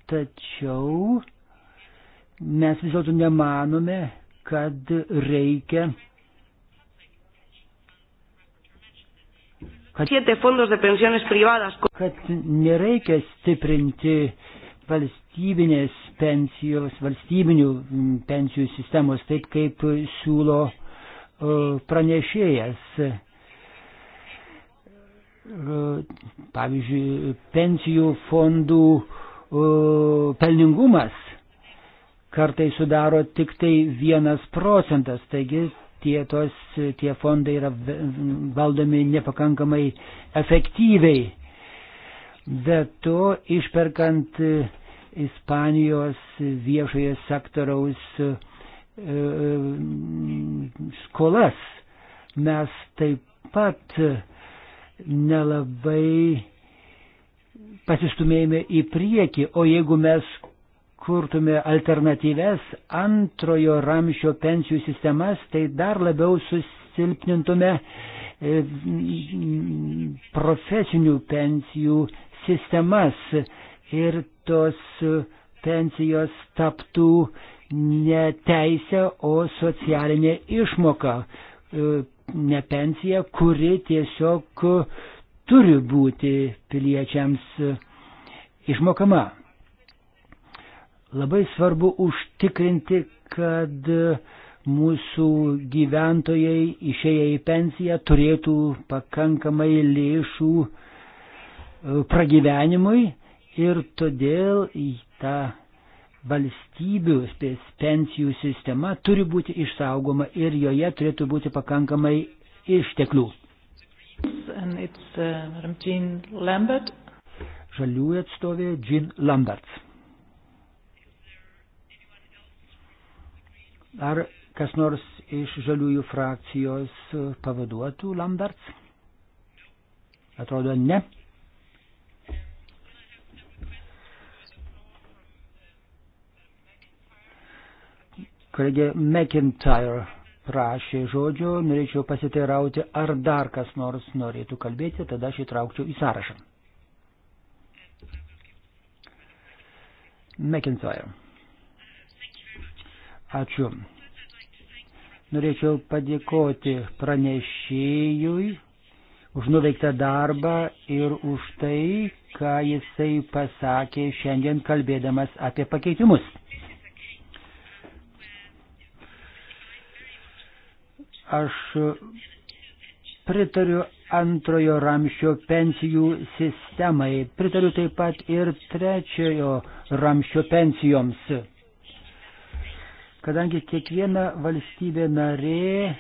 tačiau mes vis dėlto nemanome, kad reikia kad, kad nereikia stiprinti valstybinės pensijos, valstybinių pensijų sistemos, taip kaip siūlo e, pranešėjas. E, pavyzdžiui, pensijų fondų e, pelningumas kartai sudaro tik tai vienas procentas, taigi tie, tos, tie fondai yra valdomi nepakankamai efektyviai. Be to, išperkant Ispanijos viešojo sektoriaus e, e, skolas, mes taip pat nelabai pasistumėjome į priekį, o jeigu mes kurtume alternatyves antrojo ramšio pensijų sistemas, tai dar labiau susilpnintume e, profesinių pensijų sistemas ir tos pensijos taptų ne teisę, o socialinė išmoka, e, ne pensija, kuri tiesiog turi būti piliečiams išmokama. Labai svarbu užtikrinti, kad mūsų gyventojai išėję į pensiją turėtų pakankamai lėšų e, pragyvenimui ir todėl į tą valstybių pensijų sistema turi būti išsaugoma ir joje turėtų būti pakankamai išteklių. Uh, Žaliųjų atstovė Jean Lamberts. Ar kas nors iš žaliųjų frakcijos pavaduotų Lamberts? Atrodo, ne. Kolegė McIntyre prašė žodžio, norėčiau pasiteirauti, ar dar kas nors norėtų kalbėti, tada aš įtraukčiau į sąrašą. McIntyre. Ačiū. Norėčiau padėkoti pranešėjui už nuveiktą darbą ir už tai, ką jisai pasakė šiandien kalbėdamas apie pakeitimus. Aš pritariu antrojo ramščio pensijų sistemai, pritariu taip pat ir trečiojo ramščio pensijoms kadangi kiekviena valstybė narė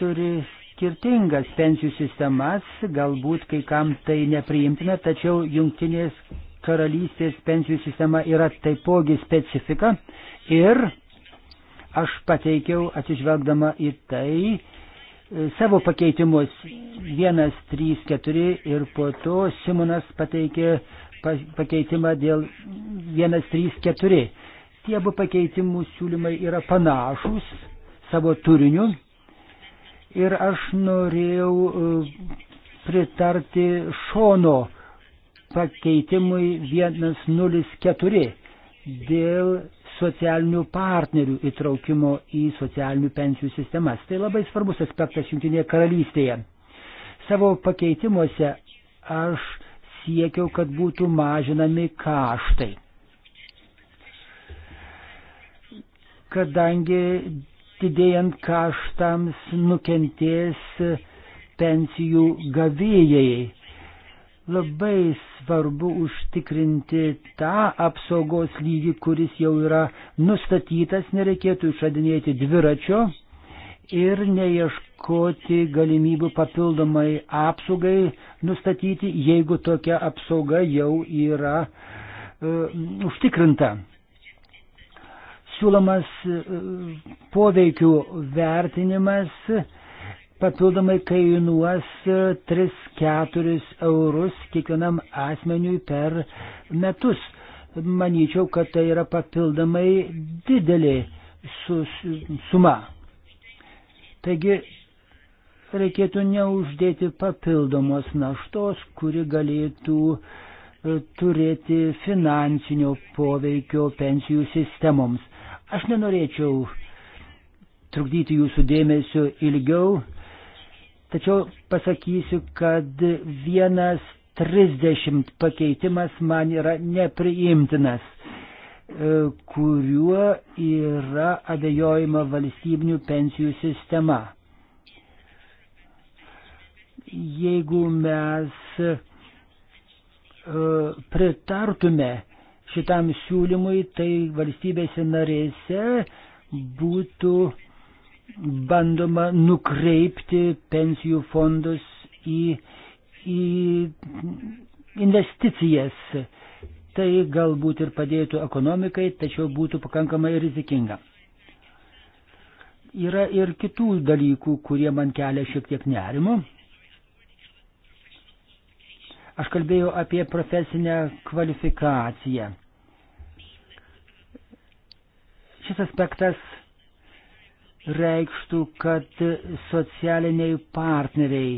turi skirtingas pensijų sistemas, galbūt kai kam tai nepriimtina, tačiau jungtinės karalystės pensijų sistema yra taipogi specifika ir aš pateikiau atsižvelgdama į tai e, savo pakeitimus 1, 3, 4 ir po to Simonas pateikė pakeitimą dėl 1, 3, 4. Tie abu pakeitimų siūlymai yra panašus savo turiniu ir aš norėjau e, pritarti šono pakeitimui 104 dėl socialinių partnerių įtraukimo į socialinių pensijų sistemas. Tai labai svarbus aspektas Junktinėje karalystėje. Savo pakeitimuose aš siekiau, kad būtų mažinami kaštai. kadangi didėjant kaštams nukentės pensijų gavėjai. Labai svarbu užtikrinti tą apsaugos lygį, kuris jau yra nustatytas, nereikėtų išradinėti dviračio ir neieškoti galimybių papildomai apsaugai nustatyti, jeigu tokia apsauga jau yra uh, užtikrinta siūlomas e, poveikių vertinimas papildomai kainuos 3-4 e, eurus kiekvienam asmeniui per metus. Manyčiau, kad tai yra papildomai didelė su, suma. Taigi reikėtų neuždėti papildomos naštos, kuri galėtų e, turėti finansinio poveikio pensijų sistemoms. Aš nenorėčiau trukdyti jūsų dėmesio ilgiau, tačiau pasakysiu, kad vienas 30 pakeitimas man yra nepriimtinas, e, kuriuo yra abejojama valstybinių pensijų sistema. Jeigu mes e, pritartume šitam siūlymui, tai valstybėse narėse būtų bandoma nukreipti pensijų fondus į, į investicijas. Tai galbūt ir padėtų ekonomikai, tačiau būtų pakankamai rizikinga. Yra ir kitų dalykų, kurie man kelia šiek tiek nerimo. Aš kalbėjau apie profesinę kvalifikaciją. Šis aspektas reikštų, kad socialiniai partneriai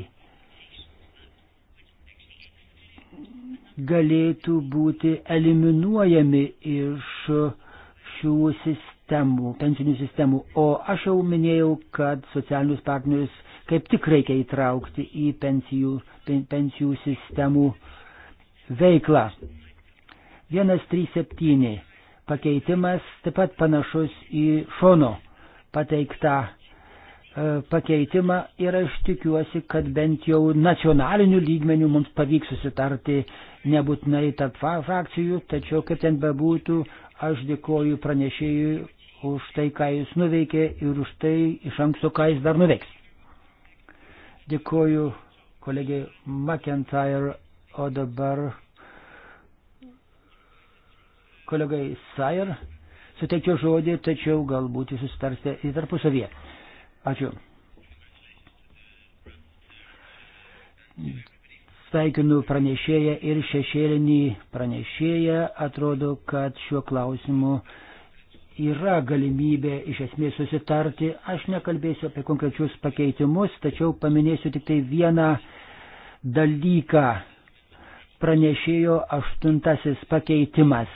galėtų būti eliminuojami iš šių sistemų, pensinių sistemų. O aš jau minėjau, kad socialinius partnerius kaip tik reikia įtraukti į pensijų, pensijų sistemų veiklą. 137 pakeitimas taip pat panašus į šono pateiktą e, pakeitimą ir aš tikiuosi, kad bent jau nacionaliniu lygmeniu mums pavyks susitarti nebūtinai tarp frakcijų, tačiau kaip ten bebūtų, aš dėkoju pranešėjui už tai, ką jis nuveikė ir už tai iš anksto, ką jis dar nuveiks. Dėkuoju kolegiai McIntyre, o dabar kolegai Sayer suteikiu žodį, tačiau galbūt jūs susitarsite į tarpusavyje. Ačiū. Sveikinu pranešėją ir šešėlinį pranešėją. Atrodo, kad šiuo klausimu uh, yra galimybė iš esmės susitarti. Aš nekalbėsiu apie konkrečius pakeitimus, tačiau paminėsiu tik tai vieną dalyką. Pranešėjo aštuntasis pakeitimas.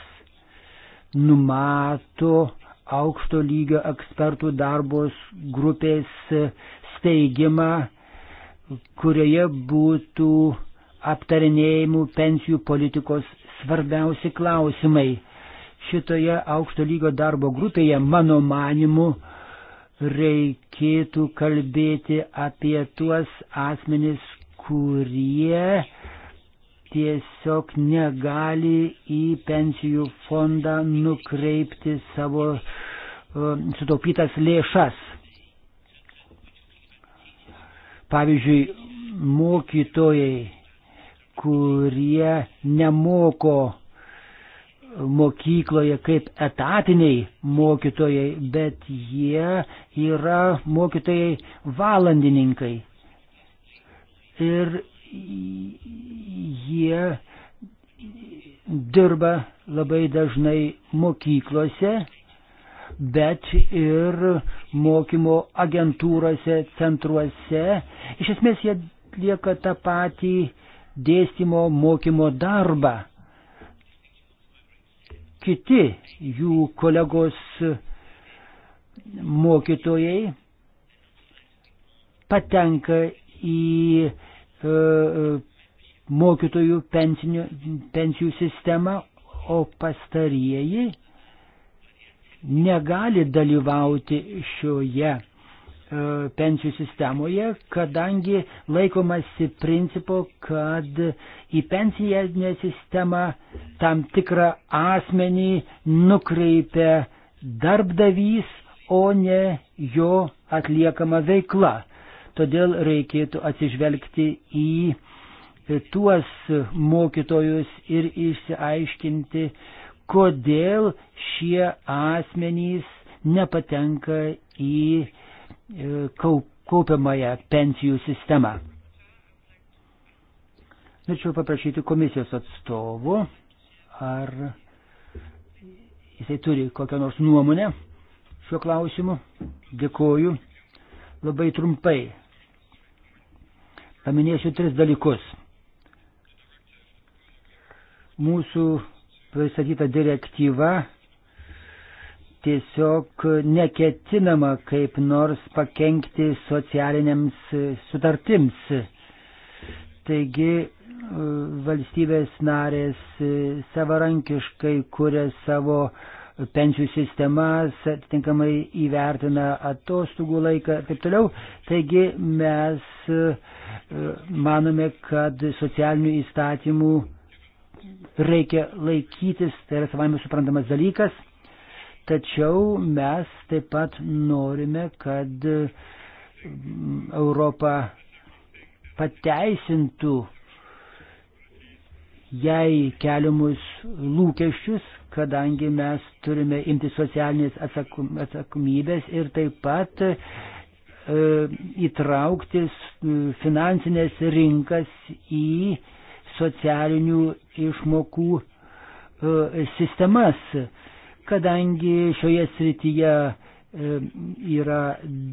Numato aukšto lygio ekspertų darbos grupės steigimą, kurioje būtų aptarinėjimų pensijų politikos svarbiausi klausimai šitoje aukšto lygio darbo grupėje, mano manimu, reikėtų kalbėti apie tuos asmenis, kurie tiesiog negali į pensijų fondą nukreipti savo um, sutaupytas lėšas. Pavyzdžiui, mokytojai, kurie nemoko mokykloje kaip etatiniai mokytojai, bet jie yra mokytojai valandininkai. Ir jie dirba labai dažnai mokyklose, bet ir mokymo agentūrose, centruose. Iš esmės jie lieka tą patį dėstymo mokymo darbą kiti jų kolegos mokytojai patenka į e, e, mokytojų pensinių, pensijų sistemą, o pastarieji negali dalyvauti šioje E, pensijų sistemoje, kadangi laikomasi principo, kad į pensijinę sistemą tam tikrą asmenį nukreipia darbdavys, o ne jo atliekama veikla. Todėl reikėtų atsižvelgti į tuos mokytojus ir išsiaiškinti, kodėl šie asmenys nepatenka į E, kaupiamąją pensijų sistemą. Norėčiau paprašyti komisijos atstovų, ar jisai turi kokią nors nuomonę šiuo klausimu. Dėkoju. Labai trumpai paminėsiu tris dalykus. Mūsų pristatyta direktyva tiesiog neketinama kaip nors pakengti socialiniams sutartims. Taigi valstybės narės savarankiškai kuria savo pensijų sistemas, atitinkamai įvertina atostogų laiką ir taip toliau. Taigi mes e, manome, kad socialinių įstatymų reikia laikytis, tai yra savame suprantamas dalykas. Tačiau mes taip pat norime, kad mm, Europa pateisintų jai keliamus lūkesčius, kadangi mes turime imti socialinės atsakomybės ir taip pat e, įtraukti e, finansinės rinkas į socialinių išmokų e, sistemas. E, kadangi šioje srityje e, yra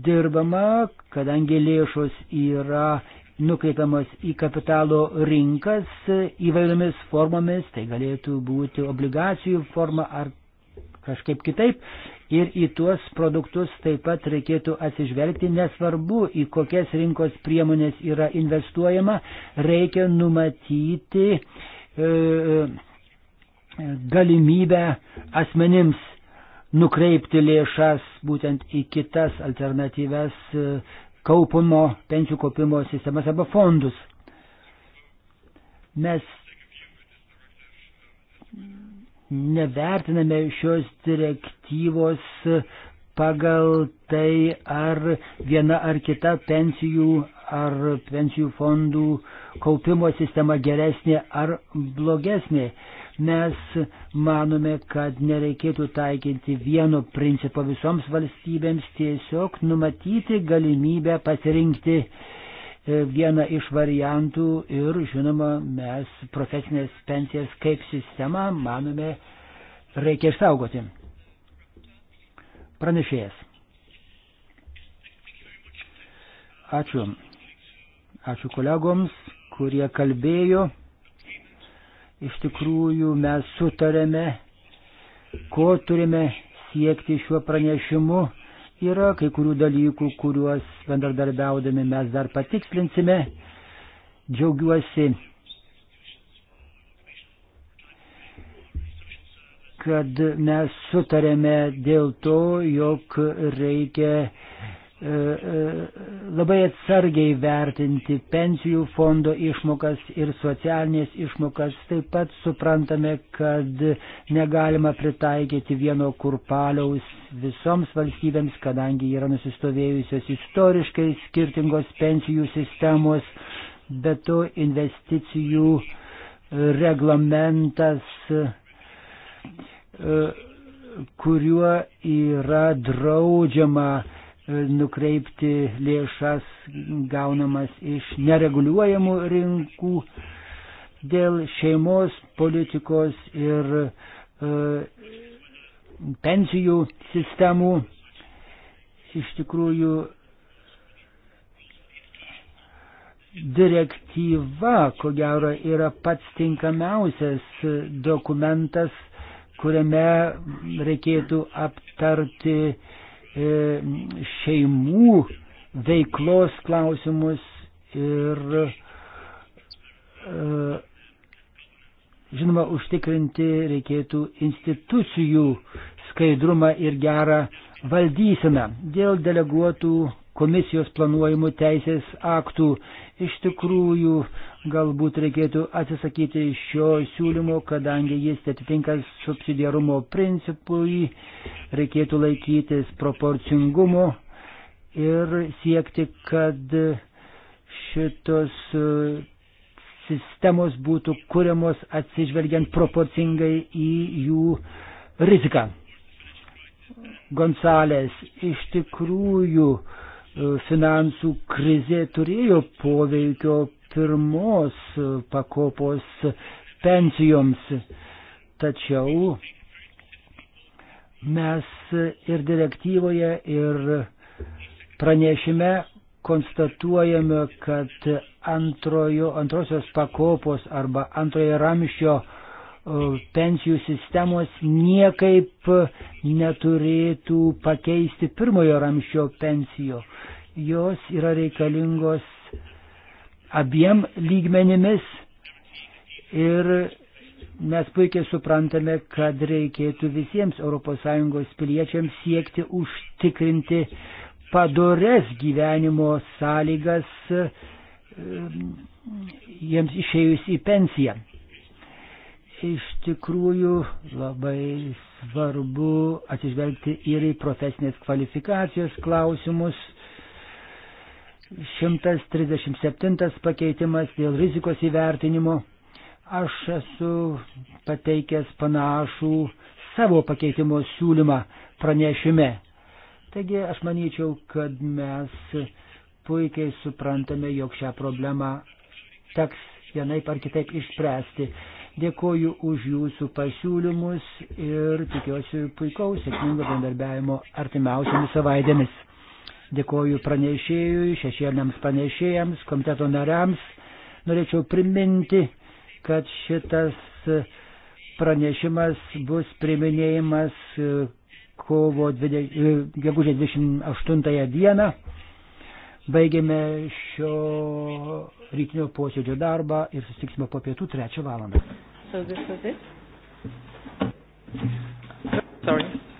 dirbama, kadangi lėšos yra nukreipiamas į kapitalo rinkas įvairiomis formomis, tai galėtų būti obligacijų forma ar kažkaip kitaip. Ir į tuos produktus taip pat reikėtų atsižvelgti, nesvarbu, į kokias rinkos priemonės yra investuojama, reikia numatyti e, galimybę asmenims nukreipti lėšas būtent į kitas alternatyves e, kaupimo, pensijų kaupimo sistemas arba fondus. Mes nevertiname šios direktyvos pagal tai, ar viena ar kita pensijų ar pensijų fondų kaupimo sistema geresnė ar blogesnė. Mes manome, kad nereikėtų taikinti vieno principo visoms valstybėms, tiesiog numatyti galimybę pasirinkti e, vieną iš variantų ir, žinoma, mes profesinės pensijas kaip sistemą, manome, reikia išsaugoti. Pranešėjas. Ačiū. Ačiū kolegoms, kurie kalbėjo iš tikrųjų mes sutarėme, ko turime siekti šiuo pranešimu. Yra kai kurių dalykų, kuriuos bendradarbiaudami mes dar patikslinsime. Džiaugiuosi, kad mes sutarėme dėl to, jog reikia E, e, labai atsargiai vertinti pensijų fondo išmokas ir socialinės išmokas. Taip pat suprantame, kad negalima pritaikyti vieno kurpaliaus visoms valstybėms, kadangi yra nusistovėjusios istoriškai skirtingos pensijų sistemos, bet to investicijų reglamentas e, kuriuo yra draudžiama nukreipti lėšas gaunamas iš nereguliuojamų rinkų dėl šeimos politikos ir e, pensijų sistemų. Iš tikrųjų, direktyva, ko gero, yra pats tinkamiausias dokumentas, kuriame reikėtų aptarti E, šeimų veiklos klausimus ir e, žinoma užtikrinti reikėtų institucijų skaidrumą ir gerą valdyseną. Dėl deleguotų komisijos planuojamų teisės aktų. Iš tikrųjų, galbūt reikėtų atsisakyti šio siūlymo, kadangi jis atitinka subsidiarumo principui, reikėtų laikytis proporcingumo ir siekti, kad šitos e, sistemos būtų kuriamos atsižvelgiant proporcingai į jų riziką. Gonzalės, iš tikrųjų, uh, finansų krizė turėjo poveikio pirmos pakopos pensijoms. Tačiau mes ir direktyvoje, ir pranešime konstatuojame, kad antrojo, antrosios pakopos arba antrojo ramščio pensijų sistemos niekaip neturėtų pakeisti pirmojo ramščio pensijų Jos yra reikalingos abiem lygmenimis ir mes puikiai suprantame, kad reikėtų visiems ES piliečiams siekti užtikrinti padores gyvenimo sąlygas ehm, jiems išėjus į pensiją. Iš tikrųjų labai svarbu atsižvelgti ir į profesinės kvalifikacijos klausimus, 137 pakeitimas dėl rizikos įvertinimo. Aš esu pateikęs panašų savo pakeitimo siūlymą pranešime. Taigi aš manyčiau, kad mes puikiai suprantame, jog šią problemą teks vienaip ar kitaip išspręsti. Dėkoju už jūsų pasiūlymus ir tikiuosi puikaus, sėkmingo bendarbiavimo artimiausiamis savaitėmis. Dėkoju pranešėjui, šešėliams pranešėjams, komiteto nariams. Norėčiau priminti, kad šitas pranešimas bus priminėjimas e, kovo 20, e, gegužė 28 dieną. Baigėme šio rytinio posėdžio darbą ir susitiksime po pietų 3 valandą. So this was it? Sorry.